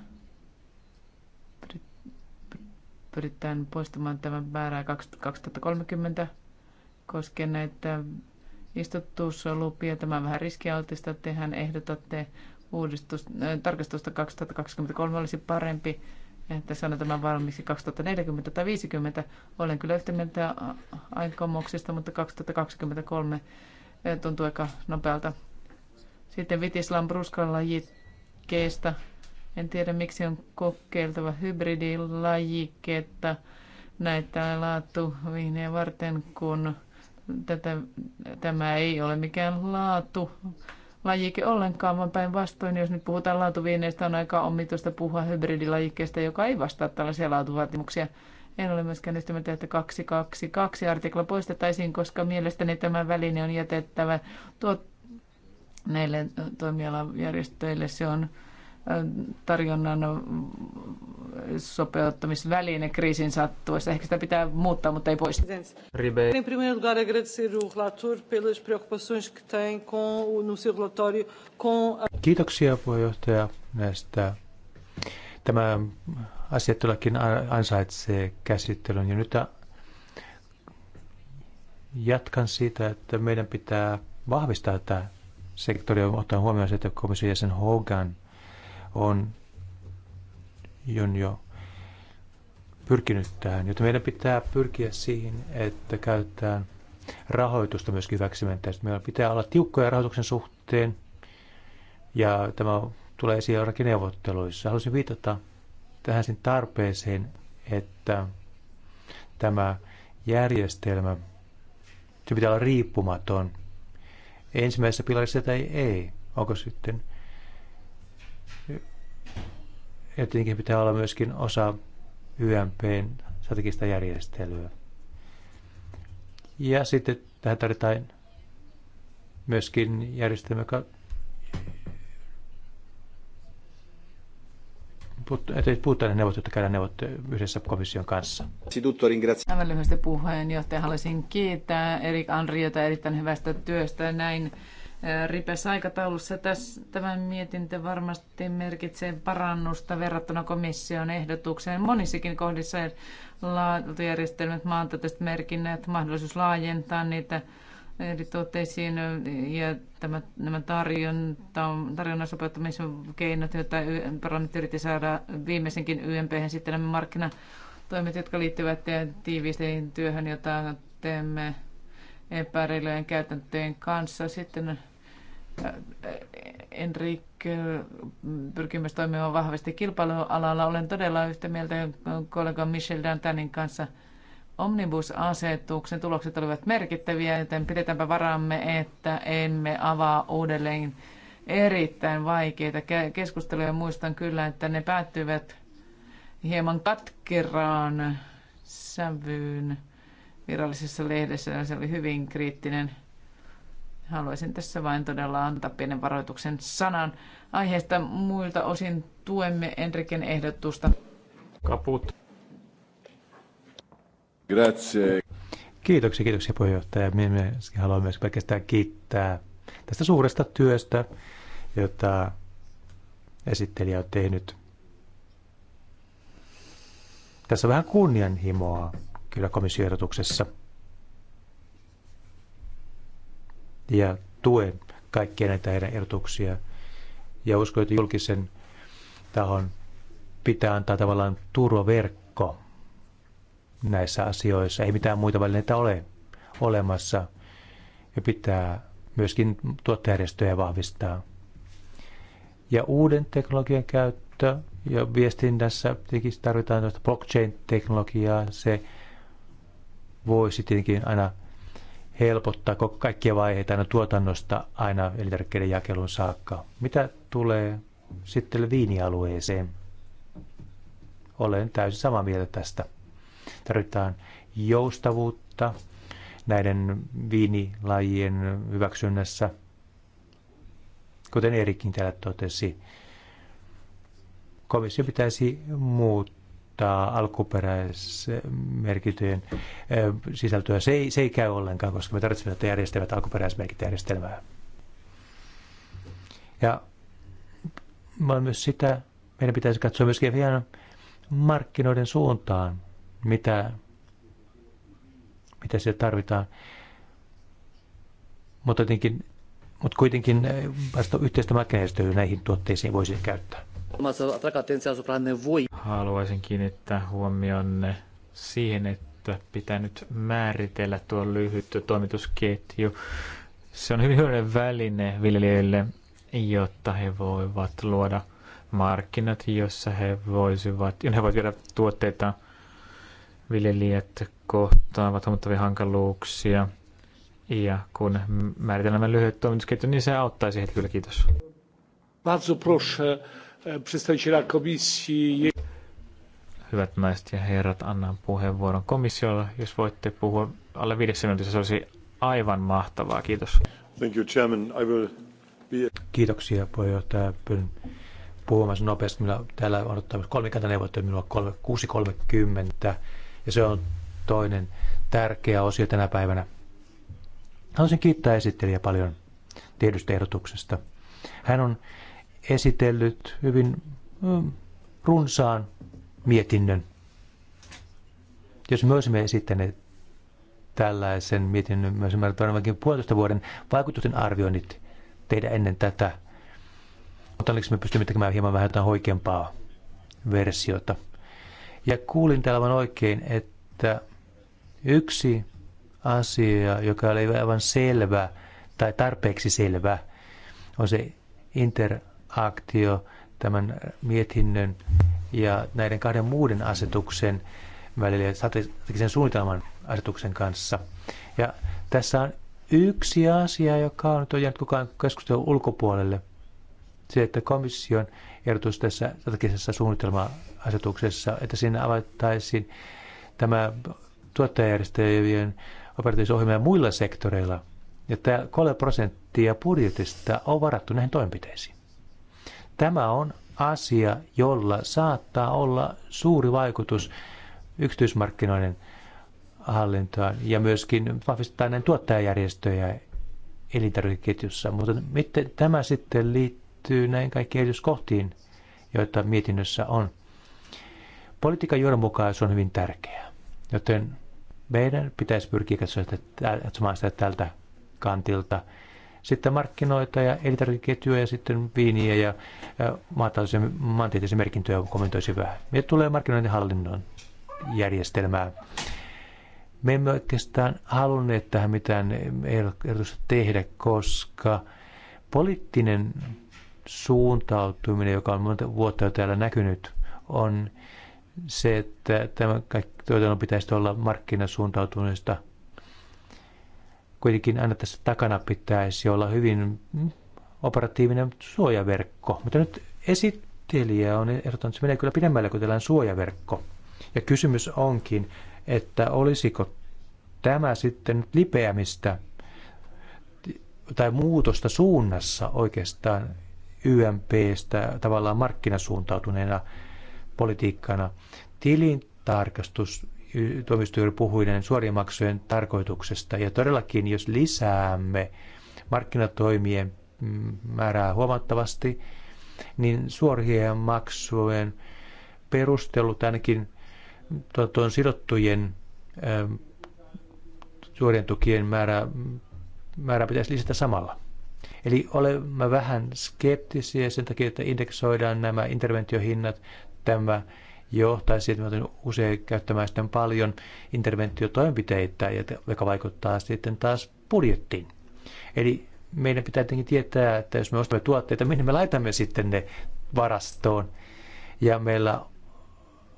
pyritään poistamaan tämä määrä 2030 koskien näitä istutuslupia. Tämä on vähän riskialtista. Tehän ehdotatte uudistus, äh, tarkastusta 2023 olisi parempi, että sanotaan tämä valmiiksi 2040 tai 50. Olen kyllä yhtä mieltä aikomuksista, mutta 2023 äh, tuntuu aika nopealta. Sitten Vitis Lambruskalla jitkeestä. En tiedä, miksi on kokeiltava hybridilajiketta näitä laatuviinejä varten, kun tätä, tämä ei ole mikään laatu lajike ollenkaan, vaan päinvastoin, jos nyt puhutaan laatuviineistä, on aika omituista puhua hybridilajikkeesta, joka ei vastaa tällaisia laatuvaatimuksia. En ole myöskään yhtä mieltä, että 222 artikla poistettaisiin, koska mielestäni tämä väline on jätettävä tuot näille toimialajärjestöille. Se on tarjonnan sopeuttamisväline kriisin sattuessa. Ehkä sitä pitää muuttaa, mutta ei pois. primeiro lugar, agradecer o relator pelas preocupações que tem com, no seu relatório com... Kiitoksia puheenjohtaja näistä. Tämä asia todellakin ansaitsee käsittelyn ja nyt jatkan siitä, että meidän pitää vahvistaa tämä sektori, ottaen huomioon se, että komission jäsen Hogan on, on jo pyrkinyt tähän, joten meidän pitää pyrkiä siihen, että käytetään rahoitusta myöskin hyväksimentäistä. Meillä pitää olla tiukkoja rahoituksen suhteen ja tämä tulee esiin jollakin neuvotteluissa. Haluaisin viitata tähän sen tarpeeseen, että tämä järjestelmä, se pitää olla riippumaton. Ensimmäisessä pilarissa tai ei. Onko sitten ja tietenkin pitää olla myöskin osa YMPn strategista järjestelyä. Ja sitten tähän tarvitaan myöskin järjestelmä, joka ne neuvottelut, jotka käydään yhdessä komission kanssa. Aivan lyhyesti puheenjohtaja, haluaisin kiittää Erik Andriota erittäin hyvästä työstä näin ripeässä aikataulussa. Tässä, tämä mietintö varmasti merkitsee parannusta verrattuna komission ehdotukseen. Monissakin kohdissa laatujärjestelmät, maantieteelliset merkinnät, mahdollisuus laajentaa niitä eri tuotteisiin ja tämä, nämä tarjonta, tarjonnan sopeuttamisen keinot, joita parlamentti yritti saada viimeisenkin YMP, sitten nämä markkinatoimet, jotka liittyvät tiiviiseen työhön, jota teemme epäreilujen käytäntöjen kanssa. Sitten Enrik pyrkimys toimimaan vahvasti kilpailualalla. Olen todella yhtä mieltä kollega Michel Dantanin kanssa. Omnibus-asetuksen tulokset olivat merkittäviä, joten pidetäänpä varamme, että emme avaa uudelleen erittäin vaikeita keskusteluja. Muistan kyllä, että ne päättyivät hieman katkeraan sävyyn virallisessa lehdessä. Se oli hyvin kriittinen Haluaisin tässä vain todella antaa pienen varoituksen sanan aiheesta. Muilta osin tuemme Enriken ehdotusta. Kaput. Grazie. Kiitoksia, kiitoksia puheenjohtaja. Minä haluan myös pelkästään kiittää tästä suuresta työstä, jota esittelijä on tehnyt. Tässä on vähän kunnianhimoa kyllä komissioehdotuksessa. ja tuen kaikkia näitä heidän erotuksia. Ja usko että julkisen tahon pitää antaa tavallaan turvaverkko näissä asioissa. Ei mitään muita välineitä ole olemassa. Ja pitää myöskin tuottajärjestöjä vahvistaa. Ja uuden teknologian käyttö ja viestinnässä tietenkin tarvitaan blockchain-teknologiaa. Se voisi tietenkin aina helpottaa kaikkia vaiheita aina tuotannosta aina elintarvikkeiden jakelun saakka. Mitä tulee sitten viinialueeseen? Olen täysin samaa mieltä tästä. Tarvitaan joustavuutta näiden viinilajien hyväksynnässä, kuten Erikin täällä totesi. Komissio pitäisi muuttaa muuttaa alkuperäismerkityjen eh, sisältöä. Se ei, se ei käy ollenkaan, koska me tarvitsemme tätä järjestelmää, alkuperäismerkintäjärjestelmää. Ja mä myös sitä, meidän pitäisi katsoa myöskin vielä markkinoiden suuntaan, mitä, mitä siellä tarvitaan. Mutta, jotenkin, mutta kuitenkin eh, vasta yhteistä markkinajärjestelyä näihin tuotteisiin voisi käyttää. Haluaisin kiinnittää huomionne siihen, että pitää nyt määritellä tuo lyhyt toimitusketju. Se on hyvin hyödyllinen väline viljelijöille, jotta he voivat luoda markkinat, jossa he voisivat, he voivat viedä tuotteita viljelijät kohtaavat huomattavia hankaluuksia. Ja kun määritellään lyhyet toimitusketjut, niin se auttaisi heitä kyllä. Kiitos. Bardzo proszę E, przedstawiciela komisji. Hyvät naiset ja herrat, annan puheenvuoron komissiolle. Jos voitte puhua alle viidessä minuutissa, se olisi aivan mahtavaa. Kiitos. Thank you, Chairman. I will be... Kiitoksia puheenjohtaja. Pyrin puhumaan nopeasti. Minä täällä on ottanut kolmikantaneuvotteluja minulla 6.30 ja se on toinen tärkeä osio tänä päivänä. Haluaisin kiittää esittelijä paljon tiedosta ehdotuksesta. Hän on esitellyt hyvin mm, runsaan mietinnön. Jos me olisimme esittäneet tällaisen mietinnön, olisimme varmaankin puolitoista vuoden vaikutusten arvioinnit tehdä ennen tätä, mutta oliko me pystymme tekemään hieman vähän jotain oikeampaa versiota. Ja kuulin täällä aivan oikein, että yksi asia, joka oli aivan selvä tai tarpeeksi selvä, on se inter aktio tämän mietinnön ja näiden kahden muuden asetuksen välillä, strategisen suunnitelman asetuksen kanssa. Ja tässä on yksi asia, joka on nyt on jäänyt kukaan keskustelun ulkopuolelle. Se, että komission ehdotus tässä strategisessa suunnitelma-asetuksessa, että siinä avattaisiin tämä tuottajajärjestöjen operatiivisohjelmia muilla sektoreilla, että 3 prosenttia budjetista on varattu näihin toimenpiteisiin. Tämä on asia, jolla saattaa olla suuri vaikutus yksityismarkkinoiden hallintoon ja myöskin vahvistaa näin tuottajajärjestöjä elintarvikeketjussa. Mutta miten tämä sitten liittyy näin kaikkiin erityiskohtiin, joita mietinnössä on? Politiikan johdonmukaisuus on hyvin tärkeää, joten meidän pitäisi pyrkiä katsomaan sitä tältä kantilta – sitten markkinoita ja elintarvikeketjuja ja sitten viiniä ja maantieteellisiä merkintöjä kommentoisi vähän. Ja tulee markkinoiden hallinnon järjestelmää. Me emme oikeastaan halunneet tähän mitään ehdotusta tehdä, koska poliittinen suuntautuminen, joka on monta vuotta jo täällä näkynyt, on se, että tämä kaikki tuotannon pitäisi olla markkinasuuntautuneesta – kuitenkin aina tässä takana pitäisi olla hyvin operatiivinen suojaverkko. Mutta nyt esittelijä on ehdottanut, että se menee kyllä pidemmälle kuin tällainen suojaverkko. Ja kysymys onkin, että olisiko tämä sitten lipeämistä tai muutosta suunnassa oikeastaan YMPstä tavallaan markkinasuuntautuneena politiikkana. Tilintarkastus tuomioistuin puhui näiden suorien maksujen tarkoituksesta. Ja todellakin, jos lisäämme markkinatoimien mm, määrää huomattavasti, niin suorien maksujen perustelut ainakin tuon sidottujen suorien tukien määrä, määrä pitäisi lisätä samalla. Eli olemme vähän skeptisiä sen takia, että indeksoidaan nämä interventiohinnat. Tämä tai sitten olen usein käyttämään sitten paljon interventiotoimenpiteitä, joka vaikuttaa sitten taas budjettiin. Eli meidän pitää tietenkin tietää, että jos me ostamme tuotteita, minne me laitamme sitten ne varastoon. Ja meillä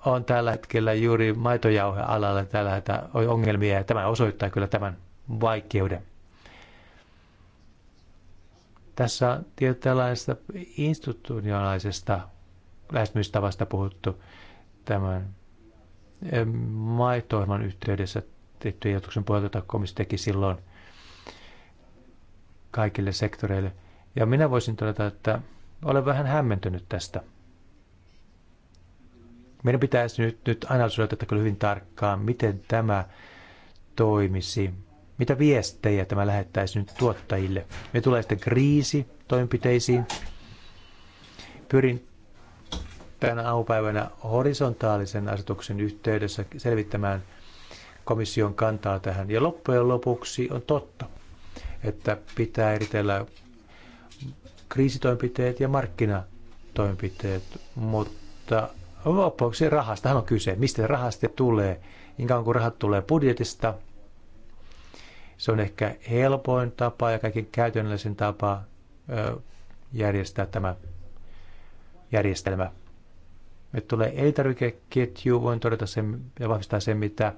on tällä hetkellä juuri maitojauhealalla tällä hetkellä ongelmia, ja tämä osoittaa kyllä tämän vaikeuden. Tässä on tietynlaisesta institutionaalisesta lähestymistavasta puhuttu tämän eh, maitohjelman yhteydessä tehty ehdotuksen pohjalta, jota komissio teki silloin kaikille sektoreille. Ja minä voisin todeta, että olen vähän hämmentynyt tästä. Meidän pitäisi nyt, nyt analysoida tätä kyllä hyvin tarkkaan, miten tämä toimisi, mitä viestejä tämä lähettäisi nyt tuottajille. Me tulee sitten kriisi toimenpiteisiin. Pyrin tänä aamupäivänä horisontaalisen asetuksen yhteydessä selvittämään komission kantaa tähän. Ja loppujen lopuksi on totta, että pitää eritellä kriisitoimenpiteet ja markkinatoimenpiteet, mutta lopuksi rahastahan on kyse. Mistä rahasta tulee? inkaan niin kuin rahat tulee budjetista, se on ehkä helpoin tapa ja kaikkein käytännöllisin tapa järjestää tämä järjestelmä. Me tulee elintarvikeketju, voin todeta sen ja vahvistaa sen, mitä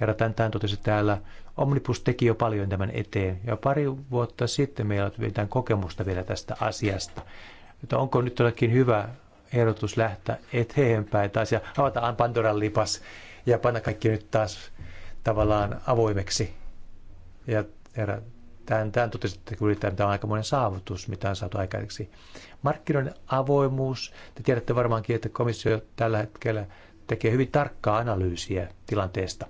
herra Täntään totesi täällä. Omnibus teki jo paljon tämän eteen. Ja pari vuotta sitten meillä on mitään kokemusta vielä tästä asiasta. Että onko nyt todellakin hyvä ehdotus lähteä eteenpäin taas ja avataan Pandoran lipas ja panna kaikki nyt taas tavallaan avoimeksi. Ja herra tämän, tämän totesi, että kyllä tämä on aikamoinen saavutus, mitä on saatu aikaiseksi. Markkinoiden avoimuus, te tiedätte varmaankin, että komissio tällä hetkellä tekee hyvin tarkkaa analyysiä tilanteesta,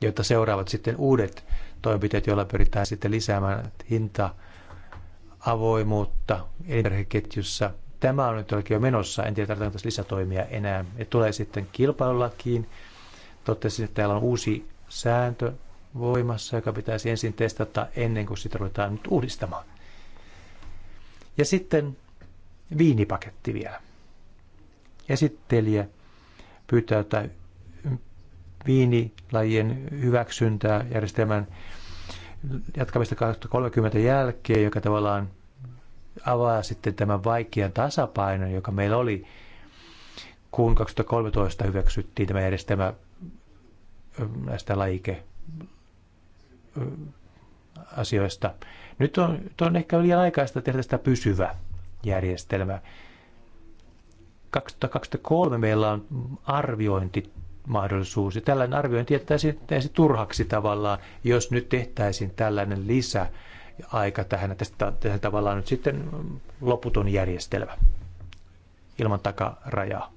jotta seuraavat sitten uudet toimenpiteet, joilla pyritään sitten lisäämään hinta avoimuutta elintarvikeketjussa. Tämä on nyt oikein jo menossa, en tiedä tarvitaanko tässä lisätoimia enää. Ja tulee sitten kilpailulakiin. Totesin, että täällä on uusi sääntö, voimassa, joka pitäisi ensin testata ennen kuin sitä ruvetaan nyt uudistamaan. Ja sitten viinipaketti vielä. Esittelijä pyytää tätä viinilajien hyväksyntää järjestelmän jatkamista 2030 jälkeen, joka tavallaan avaa sitten tämän vaikean tasapainon, joka meillä oli, kun 2013 hyväksyttiin tämä järjestelmä näistä lajike, asioista. Nyt on, on ehkä liian aikaista tehdä sitä pysyvä järjestelmä. 2023 meillä on arviointimahdollisuus, ja tällainen arviointi jättäisi, turhaksi tavallaan, jos nyt tehtäisiin tällainen lisä aika tähän, tästä, tavallaan nyt sitten loputon järjestelmä ilman takarajaa.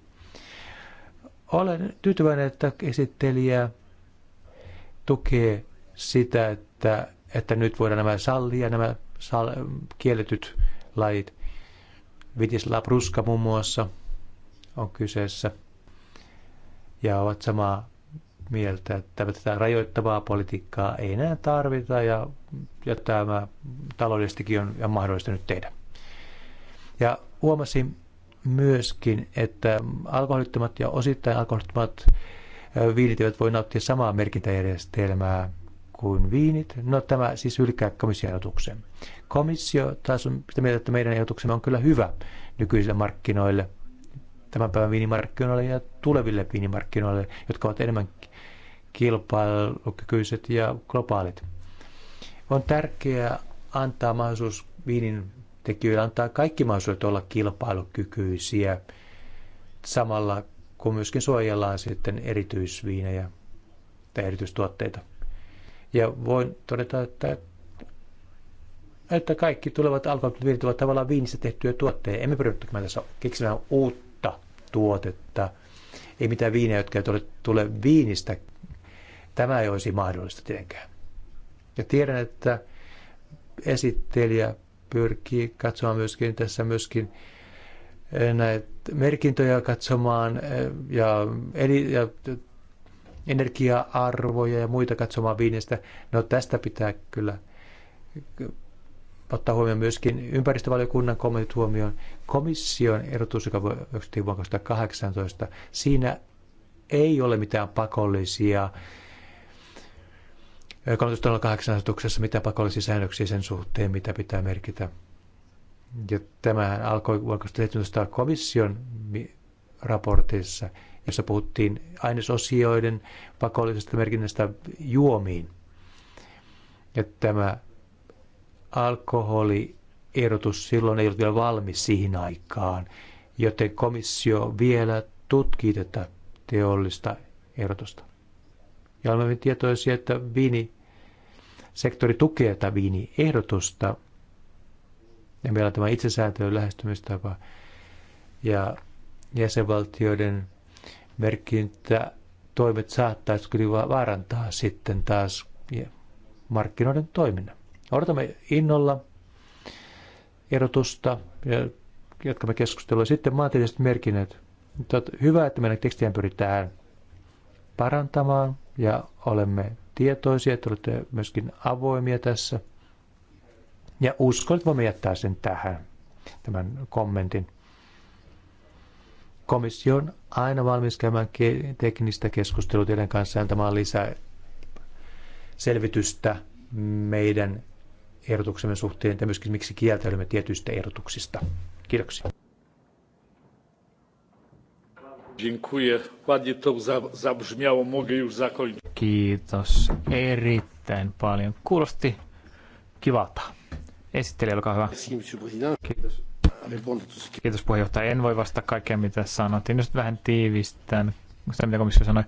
Olen tyytyväinen, että esittelijä tukee sitä, että, että nyt voidaan nämä sallia, nämä sal, kielletyt lajit. Vitis labruska muun muassa on kyseessä. Ja ovat samaa mieltä, että tätä rajoittavaa politiikkaa ei enää tarvita ja, ja tämä taloudellisestikin on, on mahdollista nyt tehdä. Ja huomasin myöskin, että alkoholittomat ja osittain alkoholittomat viinitivät voi nauttia samaa merkintäjärjestelmää kuin viinit. No tämä siis ylkää komission ehdotuksen. Komissio taas on sitä mieltä, että meidän ehdotuksemme on kyllä hyvä nykyisille markkinoille, tämän päivän viinimarkkinoille ja tuleville viinimarkkinoille, jotka ovat enemmän kilpailukykyiset ja globaalit. On tärkeää antaa mahdollisuus viinin tekijöille antaa kaikki mahdollisuudet olla kilpailukykyisiä samalla kun myöskin suojellaan sitten erityisviinejä tai erityistuotteita. Ja voin todeta, että, että kaikki tulevat alkoholit ovat tavallaan viinistä tehtyjä tuotteita. Emme pyri tässä keksimään uutta tuotetta. Ei mitään viinejä, jotka ei tule viinistä. Tämä ei olisi mahdollista tietenkään. Ja tiedän, että esittelijä pyrkii katsomaan myöskin tässä myöskin eh, näitä merkintöjä katsomaan eh, ja, eli, ja energia-arvoja ja muita katsomaan viinestä. No tästä pitää kyllä ottaa huomioon myöskin ympäristövaliokunnan kommentit huomioon. Komission erotus, joka voi vuonna 2018, siinä ei ole mitään pakollisia 1308 äh, asetuksessa mitään pakollisia säännöksiä sen suhteen, mitä pitää merkitä. Ja tämähän alkoi vuonna 2017 komission raportissa, jossa puhuttiin ainesosioiden pakollisesta merkinnästä juomiin. Ja tämä alkoholierotus silloin ei ollut vielä valmis siihen aikaan, joten komissio vielä tutkii tätä teollista erotusta. Ja olemme tietoisia, että sektori tukee tätä viiniehdotusta. Ja meillä on tämä itsesäätelyn lähestymistapa ja jäsenvaltioiden toimet saattaisi kyllä vaarantaa sitten taas markkinoiden toiminnan. Odotamme innolla erotusta ja jatkamme keskustelua. Sitten maantieteelliset merkinnät. Hyvä, että meidän tekstiä pyritään parantamaan ja olemme tietoisia, että olette myöskin avoimia tässä. Ja uskon, että voimme jättää sen tähän, tämän kommentin komissio on aina valmis käymään teknistä keskustelua teidän kanssa ja antamaan lisää selvitystä meidän ehdotuksemme suhteen ja myöskin miksi kieltäydymme tietyistä ehdotuksista. Kiitoksia. Kiitos erittäin paljon. Kuulosti kivalta. Esittelijä, olkaa hyvä. Kiitos. Kiitos puheenjohtaja. En voi vastata kaikkeen, mitä sanottiin. Nyt vähän tiivistän sitä, mitä komissio sanoi,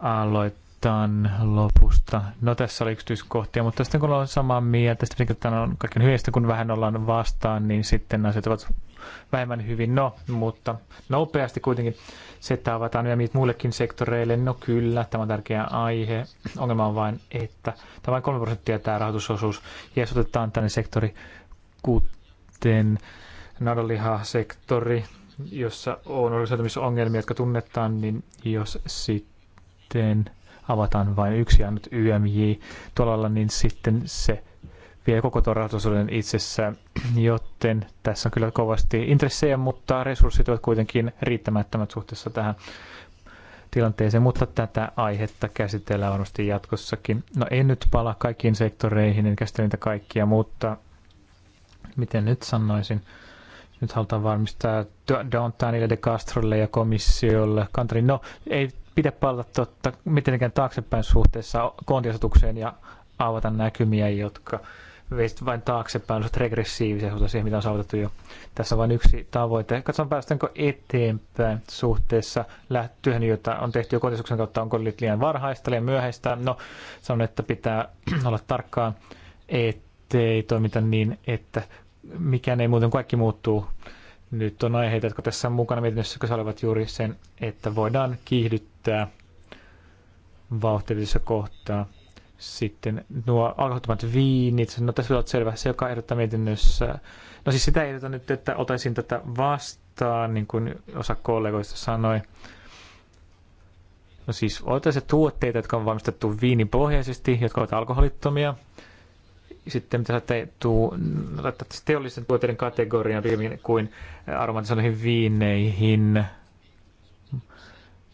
aloitan lopusta. No tässä oli yksityiskohtia, mutta sitten kun ollaan samaa mieltä, sitten että on kaiken hyvin, sitten kun vähän ollaan vastaan, niin sitten asiat ovat vähemmän hyvin. No, mutta nopeasti kuitenkin se, että avataan vielä muillekin sektoreille, no kyllä, tämä on tärkeä aihe. Ongelma on vain, että tämä on vain 3 prosenttia tämä rahoitusosuus, ja jos otetaan tänne sektori kuten naudanlihasektori, jossa on organisoitumisongelmia, jotka tunnetaan, niin jos sitten avataan vain yksi ainut YMJ tuolla, niin sitten se vie koko tuon rahoitusosuuden itsessään, joten tässä on kyllä kovasti intressejä, mutta resurssit ovat kuitenkin riittämättömät suhteessa tähän tilanteeseen, mutta tätä aihetta käsitellään varmasti jatkossakin. No en nyt pala kaikkiin sektoreihin, en käsittele niitä kaikkia, mutta miten nyt sanoisin, nyt halutaan varmistaa Downtownille, De Castrolle ja komissiolle. Kantari, no ei pidä palata totta mitenkään taaksepäin suhteessa kontiasetukseen ja avata näkymiä, jotka veisit vain taaksepäin, olisit regressiivisiä suhteessa siihen, mitä on saavutettu jo. Tässä on vain yksi tavoite. Katsotaan, päästäänkö eteenpäin suhteessa lähtöön, jota on tehty jo kotisuksen kautta, onko liian varhaista, liian myöhäistä. No, sanon, että pitää olla tarkkaan, ettei toimita niin, että mikään ei muuten, kaikki muuttuu. Nyt on aiheita, jotka tässä on mukana mietinnössä, jotka olivat juuri sen, että voidaan kiihdyttää vauhtillisessa kohtaa. Sitten nuo alkoholittomat viinit, no tässä on selvä, se joka ehdottaa mietinnössä. No siis sitä ehdotan nyt, että otaisin tätä vastaan, niin kuin osa kollegoista sanoi. No siis otaisin tuotteita, jotka on valmistettu viinipohjaisesti, jotka ovat alkoholittomia, sitten mitä saatte tuu, teollisten tuotteiden kategorian riivin kuin aromatisoiduihin viineihin.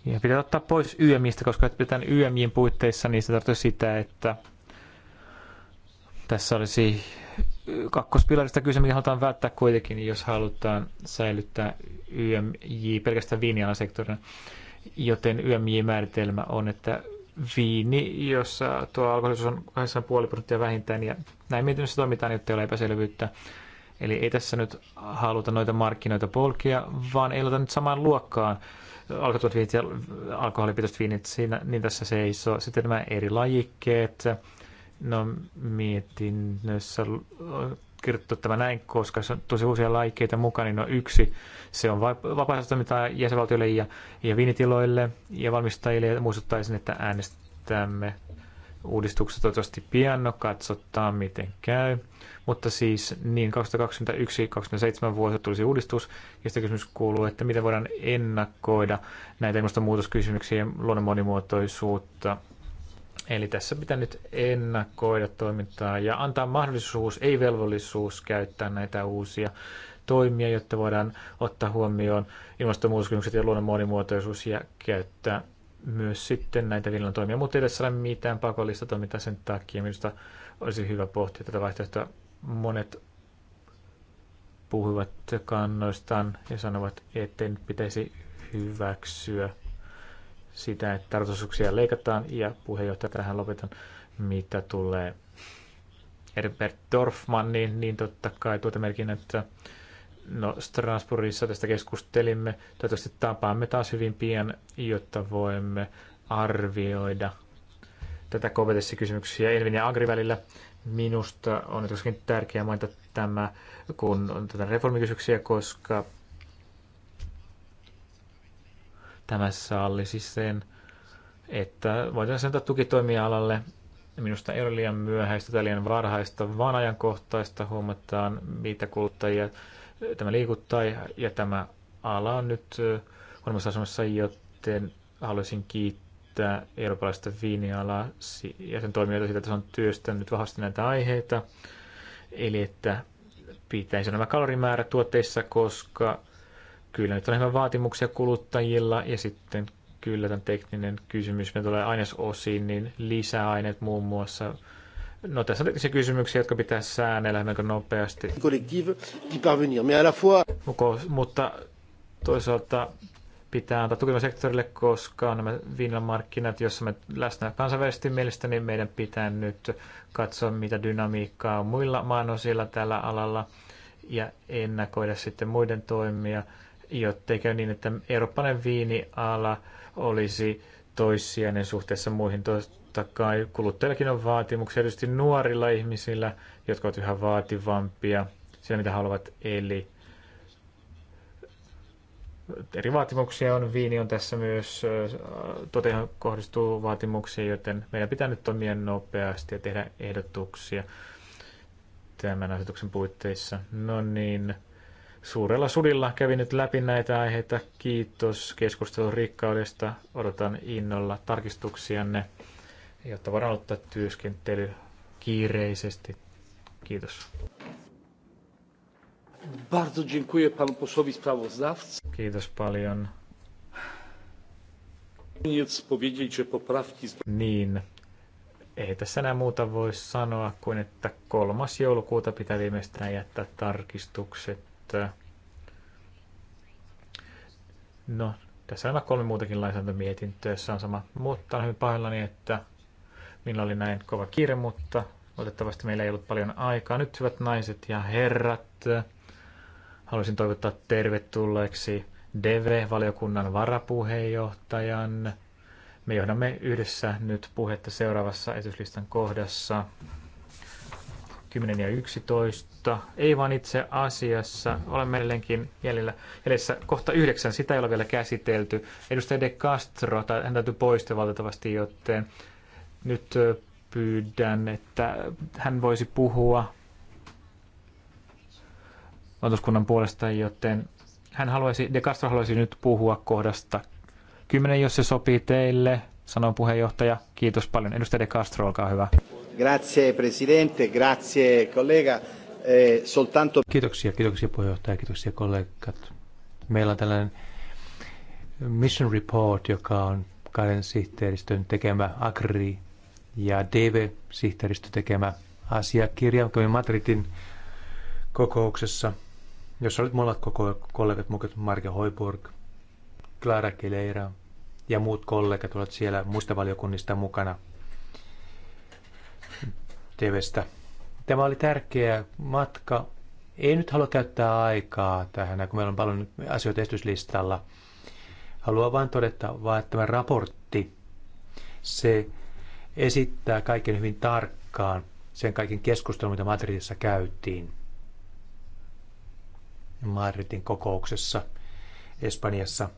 Ja pitää ottaa pois YMistä, koska pitää YMin puitteissa, niin se tarkoittaa sitä, että tässä olisi kakkospilarista kyse, mikä halutaan välttää kuitenkin, jos halutaan säilyttää YMJ pelkästään viinialan sektorina. Joten YMJ-määritelmä on, että viini, jossa tuo alkoholisuus on 8,5 prosenttia vähintään, ja näin mietinnössä toimitaan, jotta ei ole epäselvyyttä. Eli ei tässä nyt haluta noita markkinoita polkia, vaan ei nyt samaan luokkaan alkoholiset viinit ja alkoholipitoiset viinit, siinä, niin tässä se ei, ole. Sitten nämä eri lajikkeet, no mietinnössä kirjoittu tämä näin, koska se on tosi uusia laikeita mukaan, niin no yksi, se on vapaaehtoista mitä jäsenvaltioille ja, ja vinitiloille ja valmistajille, ja muistuttaisin, että äänestämme uudistuksesta toivottavasti pian, no katsotaan miten käy. Mutta siis niin 2021-2027 vuosi tulisi uudistus, ja sitten kysymys kuuluu, että miten voidaan ennakoida näitä ilmastonmuutoskysymyksiä ja luonnon monimuotoisuutta Eli tässä pitää nyt ennakoida toimintaa ja antaa mahdollisuus, ei velvollisuus käyttää näitä uusia toimia, jotta voidaan ottaa huomioon ilmastonmuutoskysymykset ja luonnon monimuotoisuus ja käyttää myös sitten näitä villan toimia, mutta ei tässä ole mitään pakollista toimintaa sen takia. Minusta olisi hyvä pohtia tätä vaihtoehtoa. Monet puhuvat kannoistaan ja sanovat, ettei nyt pitäisi hyväksyä sitä, että tarkoituksia leikataan ja puheenjohtaja tähän lopetan, mitä tulee Herbert Dorfman, niin, niin totta kai tuota merkin, että no Strasbourgissa tästä keskustelimme. Toivottavasti tapaamme taas hyvin pian, jotta voimme arvioida tätä kompetenssikysymyksiä Elvin ja Agri välillä. Minusta on tärkeää mainita tämä, kun on tätä reformikysymyksiä, koska Tämässä sallisi siis sen, että voitaisiin antaa tukitoimialalle. Minusta ei ole liian myöhäistä tai liian varhaista, vaan ajankohtaista huomataan, mitä kuluttajia tämä liikuttaa ja tämä ala on nyt huonommassa asemassa, joten haluaisin kiittää eurooppalaista viinialaa ja sen toimijoita siitä, että se on työstänyt vahvasti näitä aiheita. Eli että pitäisi nämä kalorimäärät tuotteissa, koska Kyllä nyt on enemmän vaatimuksia kuluttajilla ja sitten kyllä tämän tekninen kysymys, me tulee ainesosiin, niin lisäaineet muun muassa. No tässä on teknisiä kysymyksiä, jotka pitää säännellä melko nopeasti. Mutta toisaalta pitää antaa tukea sektorille, koska nämä viinilamarkkinat, joissa me läsnä kansainvälisesti mielestä, niin meidän pitää nyt katsoa, mitä dynamiikkaa on muilla maanosilla tällä alalla ja ennakoida sitten muiden toimia jottei käy niin, että eurooppalainen viiniala olisi toissijainen suhteessa muihin. Totta kai kuluttajillakin on vaatimuksia, erityisesti nuorilla ihmisillä, jotka ovat yhä vaativampia siinä, mitä haluavat. Eli eri vaatimuksia on. Viini on tässä myös, toteihin kohdistuu vaatimuksia, joten meidän pitää nyt toimia nopeasti ja tehdä ehdotuksia tämän asetuksen puitteissa. No niin, suurella sudilla kävin nyt läpi näitä aiheita. Kiitos keskustelun rikkaudesta. Odotan innolla tarkistuksianne, jotta voidaan ottaa työskentely kiireisesti. Kiitos. Bardzo dziękuję panu posłowi sprawozdawcy. Kiitos paljon. Niin, ei tässä enää muuta voi sanoa kuin, että kolmas joulukuuta pitää viimeistään jättää tarkistukset No, tässä on kolme muutakin lainsäädäntömietintöä, jossa on sama, mutta on hyvin pahoillani, että minulla oli näin kova kiire, mutta Otettavasti meillä ei ollut paljon aikaa. Nyt hyvät naiset ja herrat, haluaisin toivottaa tervetulleeksi DV-valiokunnan varapuheenjohtajan. Me johdamme yhdessä nyt puhetta seuraavassa esityslistan kohdassa. 10 ja 11. Ei vaan itse asiassa, olemme edelleenkin jäljellä, jäljessä kohta 9, sitä ei ole vielä käsitelty. Edustaja De Castro, hän täytyy poistua valitettavasti, joten nyt pyydän, että hän voisi puhua valtuuskunnan puolesta, joten hän haluaisi, De Castro haluaisi nyt puhua kohdasta 10, jos se sopii teille, sanoo puheenjohtaja. Kiitos paljon. Edustaja De Castro, olkaa hyvä. Grazie presidente, grazie collega. Eh, soltanto... Kiitoksia, kiitoksia puheenjohtaja, kiitoksia kollegat. Meillä on tällainen mission report, joka on kahden sihteeristön tekemä Agri ja DV-sihteeristö tekemä asiakirja, joka Madridin kokouksessa, jossa olit molemmat kollegat mukaan, Marke Hoiburg, Clara Kileira ja muut kollegat olivat siellä muista valiokunnista mukana – TVstä. Tämä oli tärkeä matka. Ei nyt halua käyttää aikaa tähän, kun meillä on paljon asioita esityslistalla. Haluan vain todeta vaan, että tämä raportti, se esittää kaiken hyvin tarkkaan sen kaiken keskustelun, mitä Madridissa käytiin. Madridin kokouksessa Espanjassa.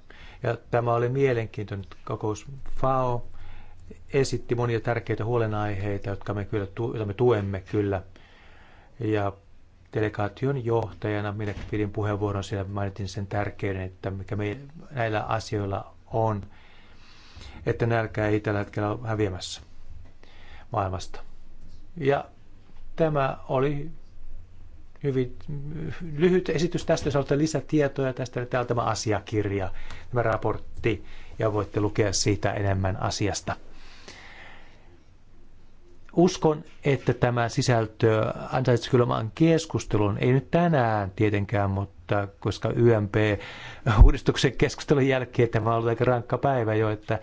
Ja tämä oli mielenkiintoinen kokous FAO, esitti monia tärkeitä huolenaiheita, jotka me kyllä joita me tuemme kyllä. Ja delegaation johtajana minä pidin puheenvuoron siellä, mainitin sen tärkeyden, että mikä me näillä asioilla on, että nälkä ei tällä hetkellä ole häviämässä maailmasta. Ja tämä oli hyvin lyhyt esitys tästä, jos haluatte lisätietoja tästä, niin täällä tämä asiakirja, tämä raportti, ja voitte lukea siitä enemmän asiasta uskon, että tämä sisältö ansaitsisi kyllä oman keskustelun, ei nyt tänään tietenkään, mutta koska YMP-uudistuksen keskustelun jälkeen tämä on ollut aika rankka päivä jo, että,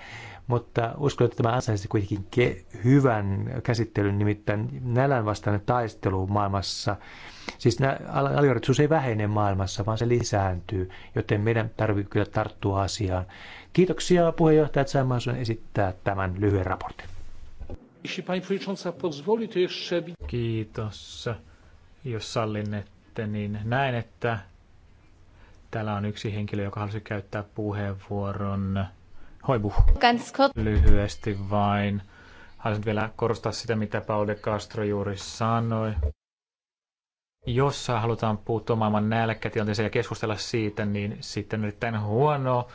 mutta uskon, että tämä ansaitsisi kuitenkin ke- hyvän käsittelyn, nimittäin nälän vastainen taistelu maailmassa. Siis aliorjallisuus ei vähene maailmassa, vaan se lisääntyy, joten meidän tarvii kyllä tarttua asiaan. Kiitoksia puheenjohtaja, että esittää tämän lyhyen raportin. Jeśli pani przewodnicząca pozwoli, to jeszcze... Kiitos. Jos sallinnette, niin näen, että täällä on yksi henkilö, joka halusi käyttää puheenvuoron. Hoibu. Lyhyesti vain. Haluaisin vielä korostaa sitä, mitä Paul de Castro juuri sanoi. Jos halutaan puuttua maailman nälkätilanteeseen ja keskustella siitä, niin sitten on erittäin huono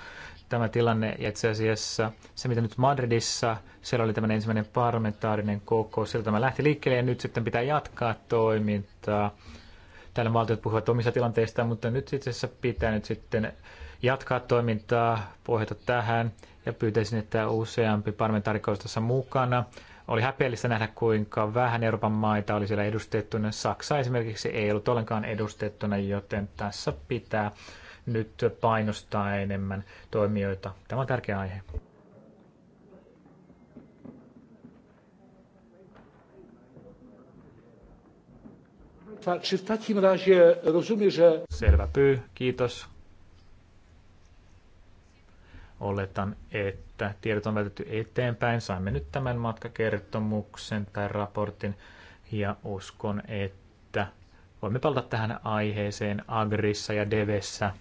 tämä tilanne. Ja itse asiassa se, mitä nyt Madridissa, siellä oli tämmöinen ensimmäinen parlamentaarinen kokous, sieltä tämä lähti liikkeelle ja nyt sitten pitää jatkaa toimintaa. Täällä valtiot puhuvat omista tilanteistaan, mutta nyt itse asiassa pitää nyt sitten jatkaa toimintaa, pohjata tähän ja pyytäisin, että useampi parlamentaarikko olisi tässä mukana. Oli häpeällistä nähdä, kuinka vähän Euroopan maita oli siellä edustettuna. Saksa esimerkiksi ei ollut ollenkaan edustettuna, joten tässä pitää nyt painostaa enemmän toimijoita. Tämä on tärkeä aihe. Selvä pyy, kiitos. Oletan, että tiedot on vältetty eteenpäin. Saimme nyt tämän matkakertomuksen tai raportin ja uskon, että voimme palata tähän aiheeseen Agrissa ja Devessä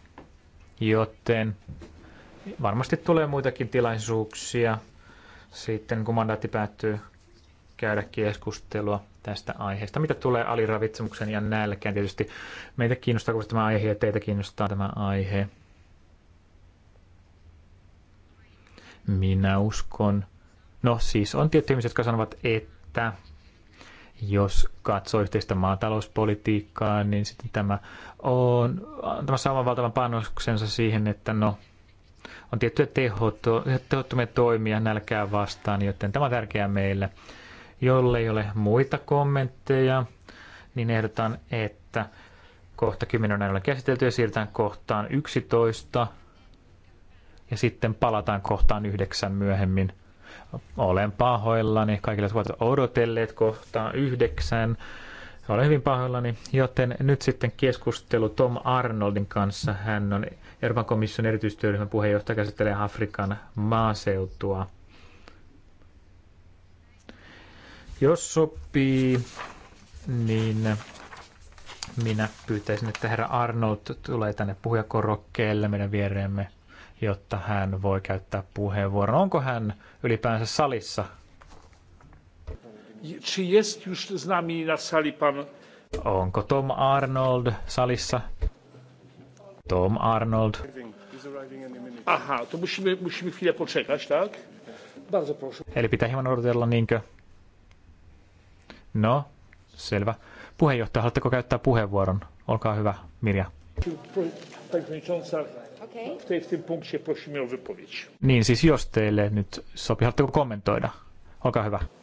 joten varmasti tulee muitakin tilaisuuksia sitten, kun mandaatti päättyy käydä keskustelua tästä aiheesta. Mitä tulee aliravitsemuksen ja nälkään, tietysti meitä kiinnostaa tämä aihe ja teitä kiinnostaa tämä aihe. Minä uskon. No siis on tietty ihmisiä, jotka sanovat, että jos katsoo yhteistä maatalouspolitiikkaa, niin sitten tämä on antamassa oman valtavan panoksensa siihen, että no, on tiettyjä tehottomia toimia nälkää vastaan, joten tämä on tärkeää meille. Jollei ole muita kommentteja, niin ehdotan, että kohta 10 on näillä käsitelty ja siirrytään kohtaan 11 ja sitten palataan kohtaan 9 myöhemmin. Olen pahoillani kaikille, ovat odotelleet kohtaa yhdeksän. Olen hyvin pahoillani, joten nyt sitten keskustelu Tom Arnoldin kanssa. Hän on Euroopan komission erityistyöryhmän puheenjohtaja, käsittelee Afrikan maaseutua. Jos sopii, niin minä pyytäisin, että herra Arnold tulee tänne puhujakorokkeelle meidän viereemme jotta hän voi käyttää puheenvuoron. Onko hän ylipäänsä salissa? Czy jest już z nami na sali pan... Onko Tom Arnold salissa? Tom Arnold. Aha, to musimy, musimy chwilę poczekać, tak? Bardzo proszę. Eli pitää hieman odotella, niinkö? No, selvä. Puheenjohtaja, haluatteko käyttää puheenvuoron? Olkaa hyvä, Mirja. Pani przewodnicząca, Okay. W, Niin siis jos teille nyt sopii, haluatteko kommentoida? Olkaa hyvä.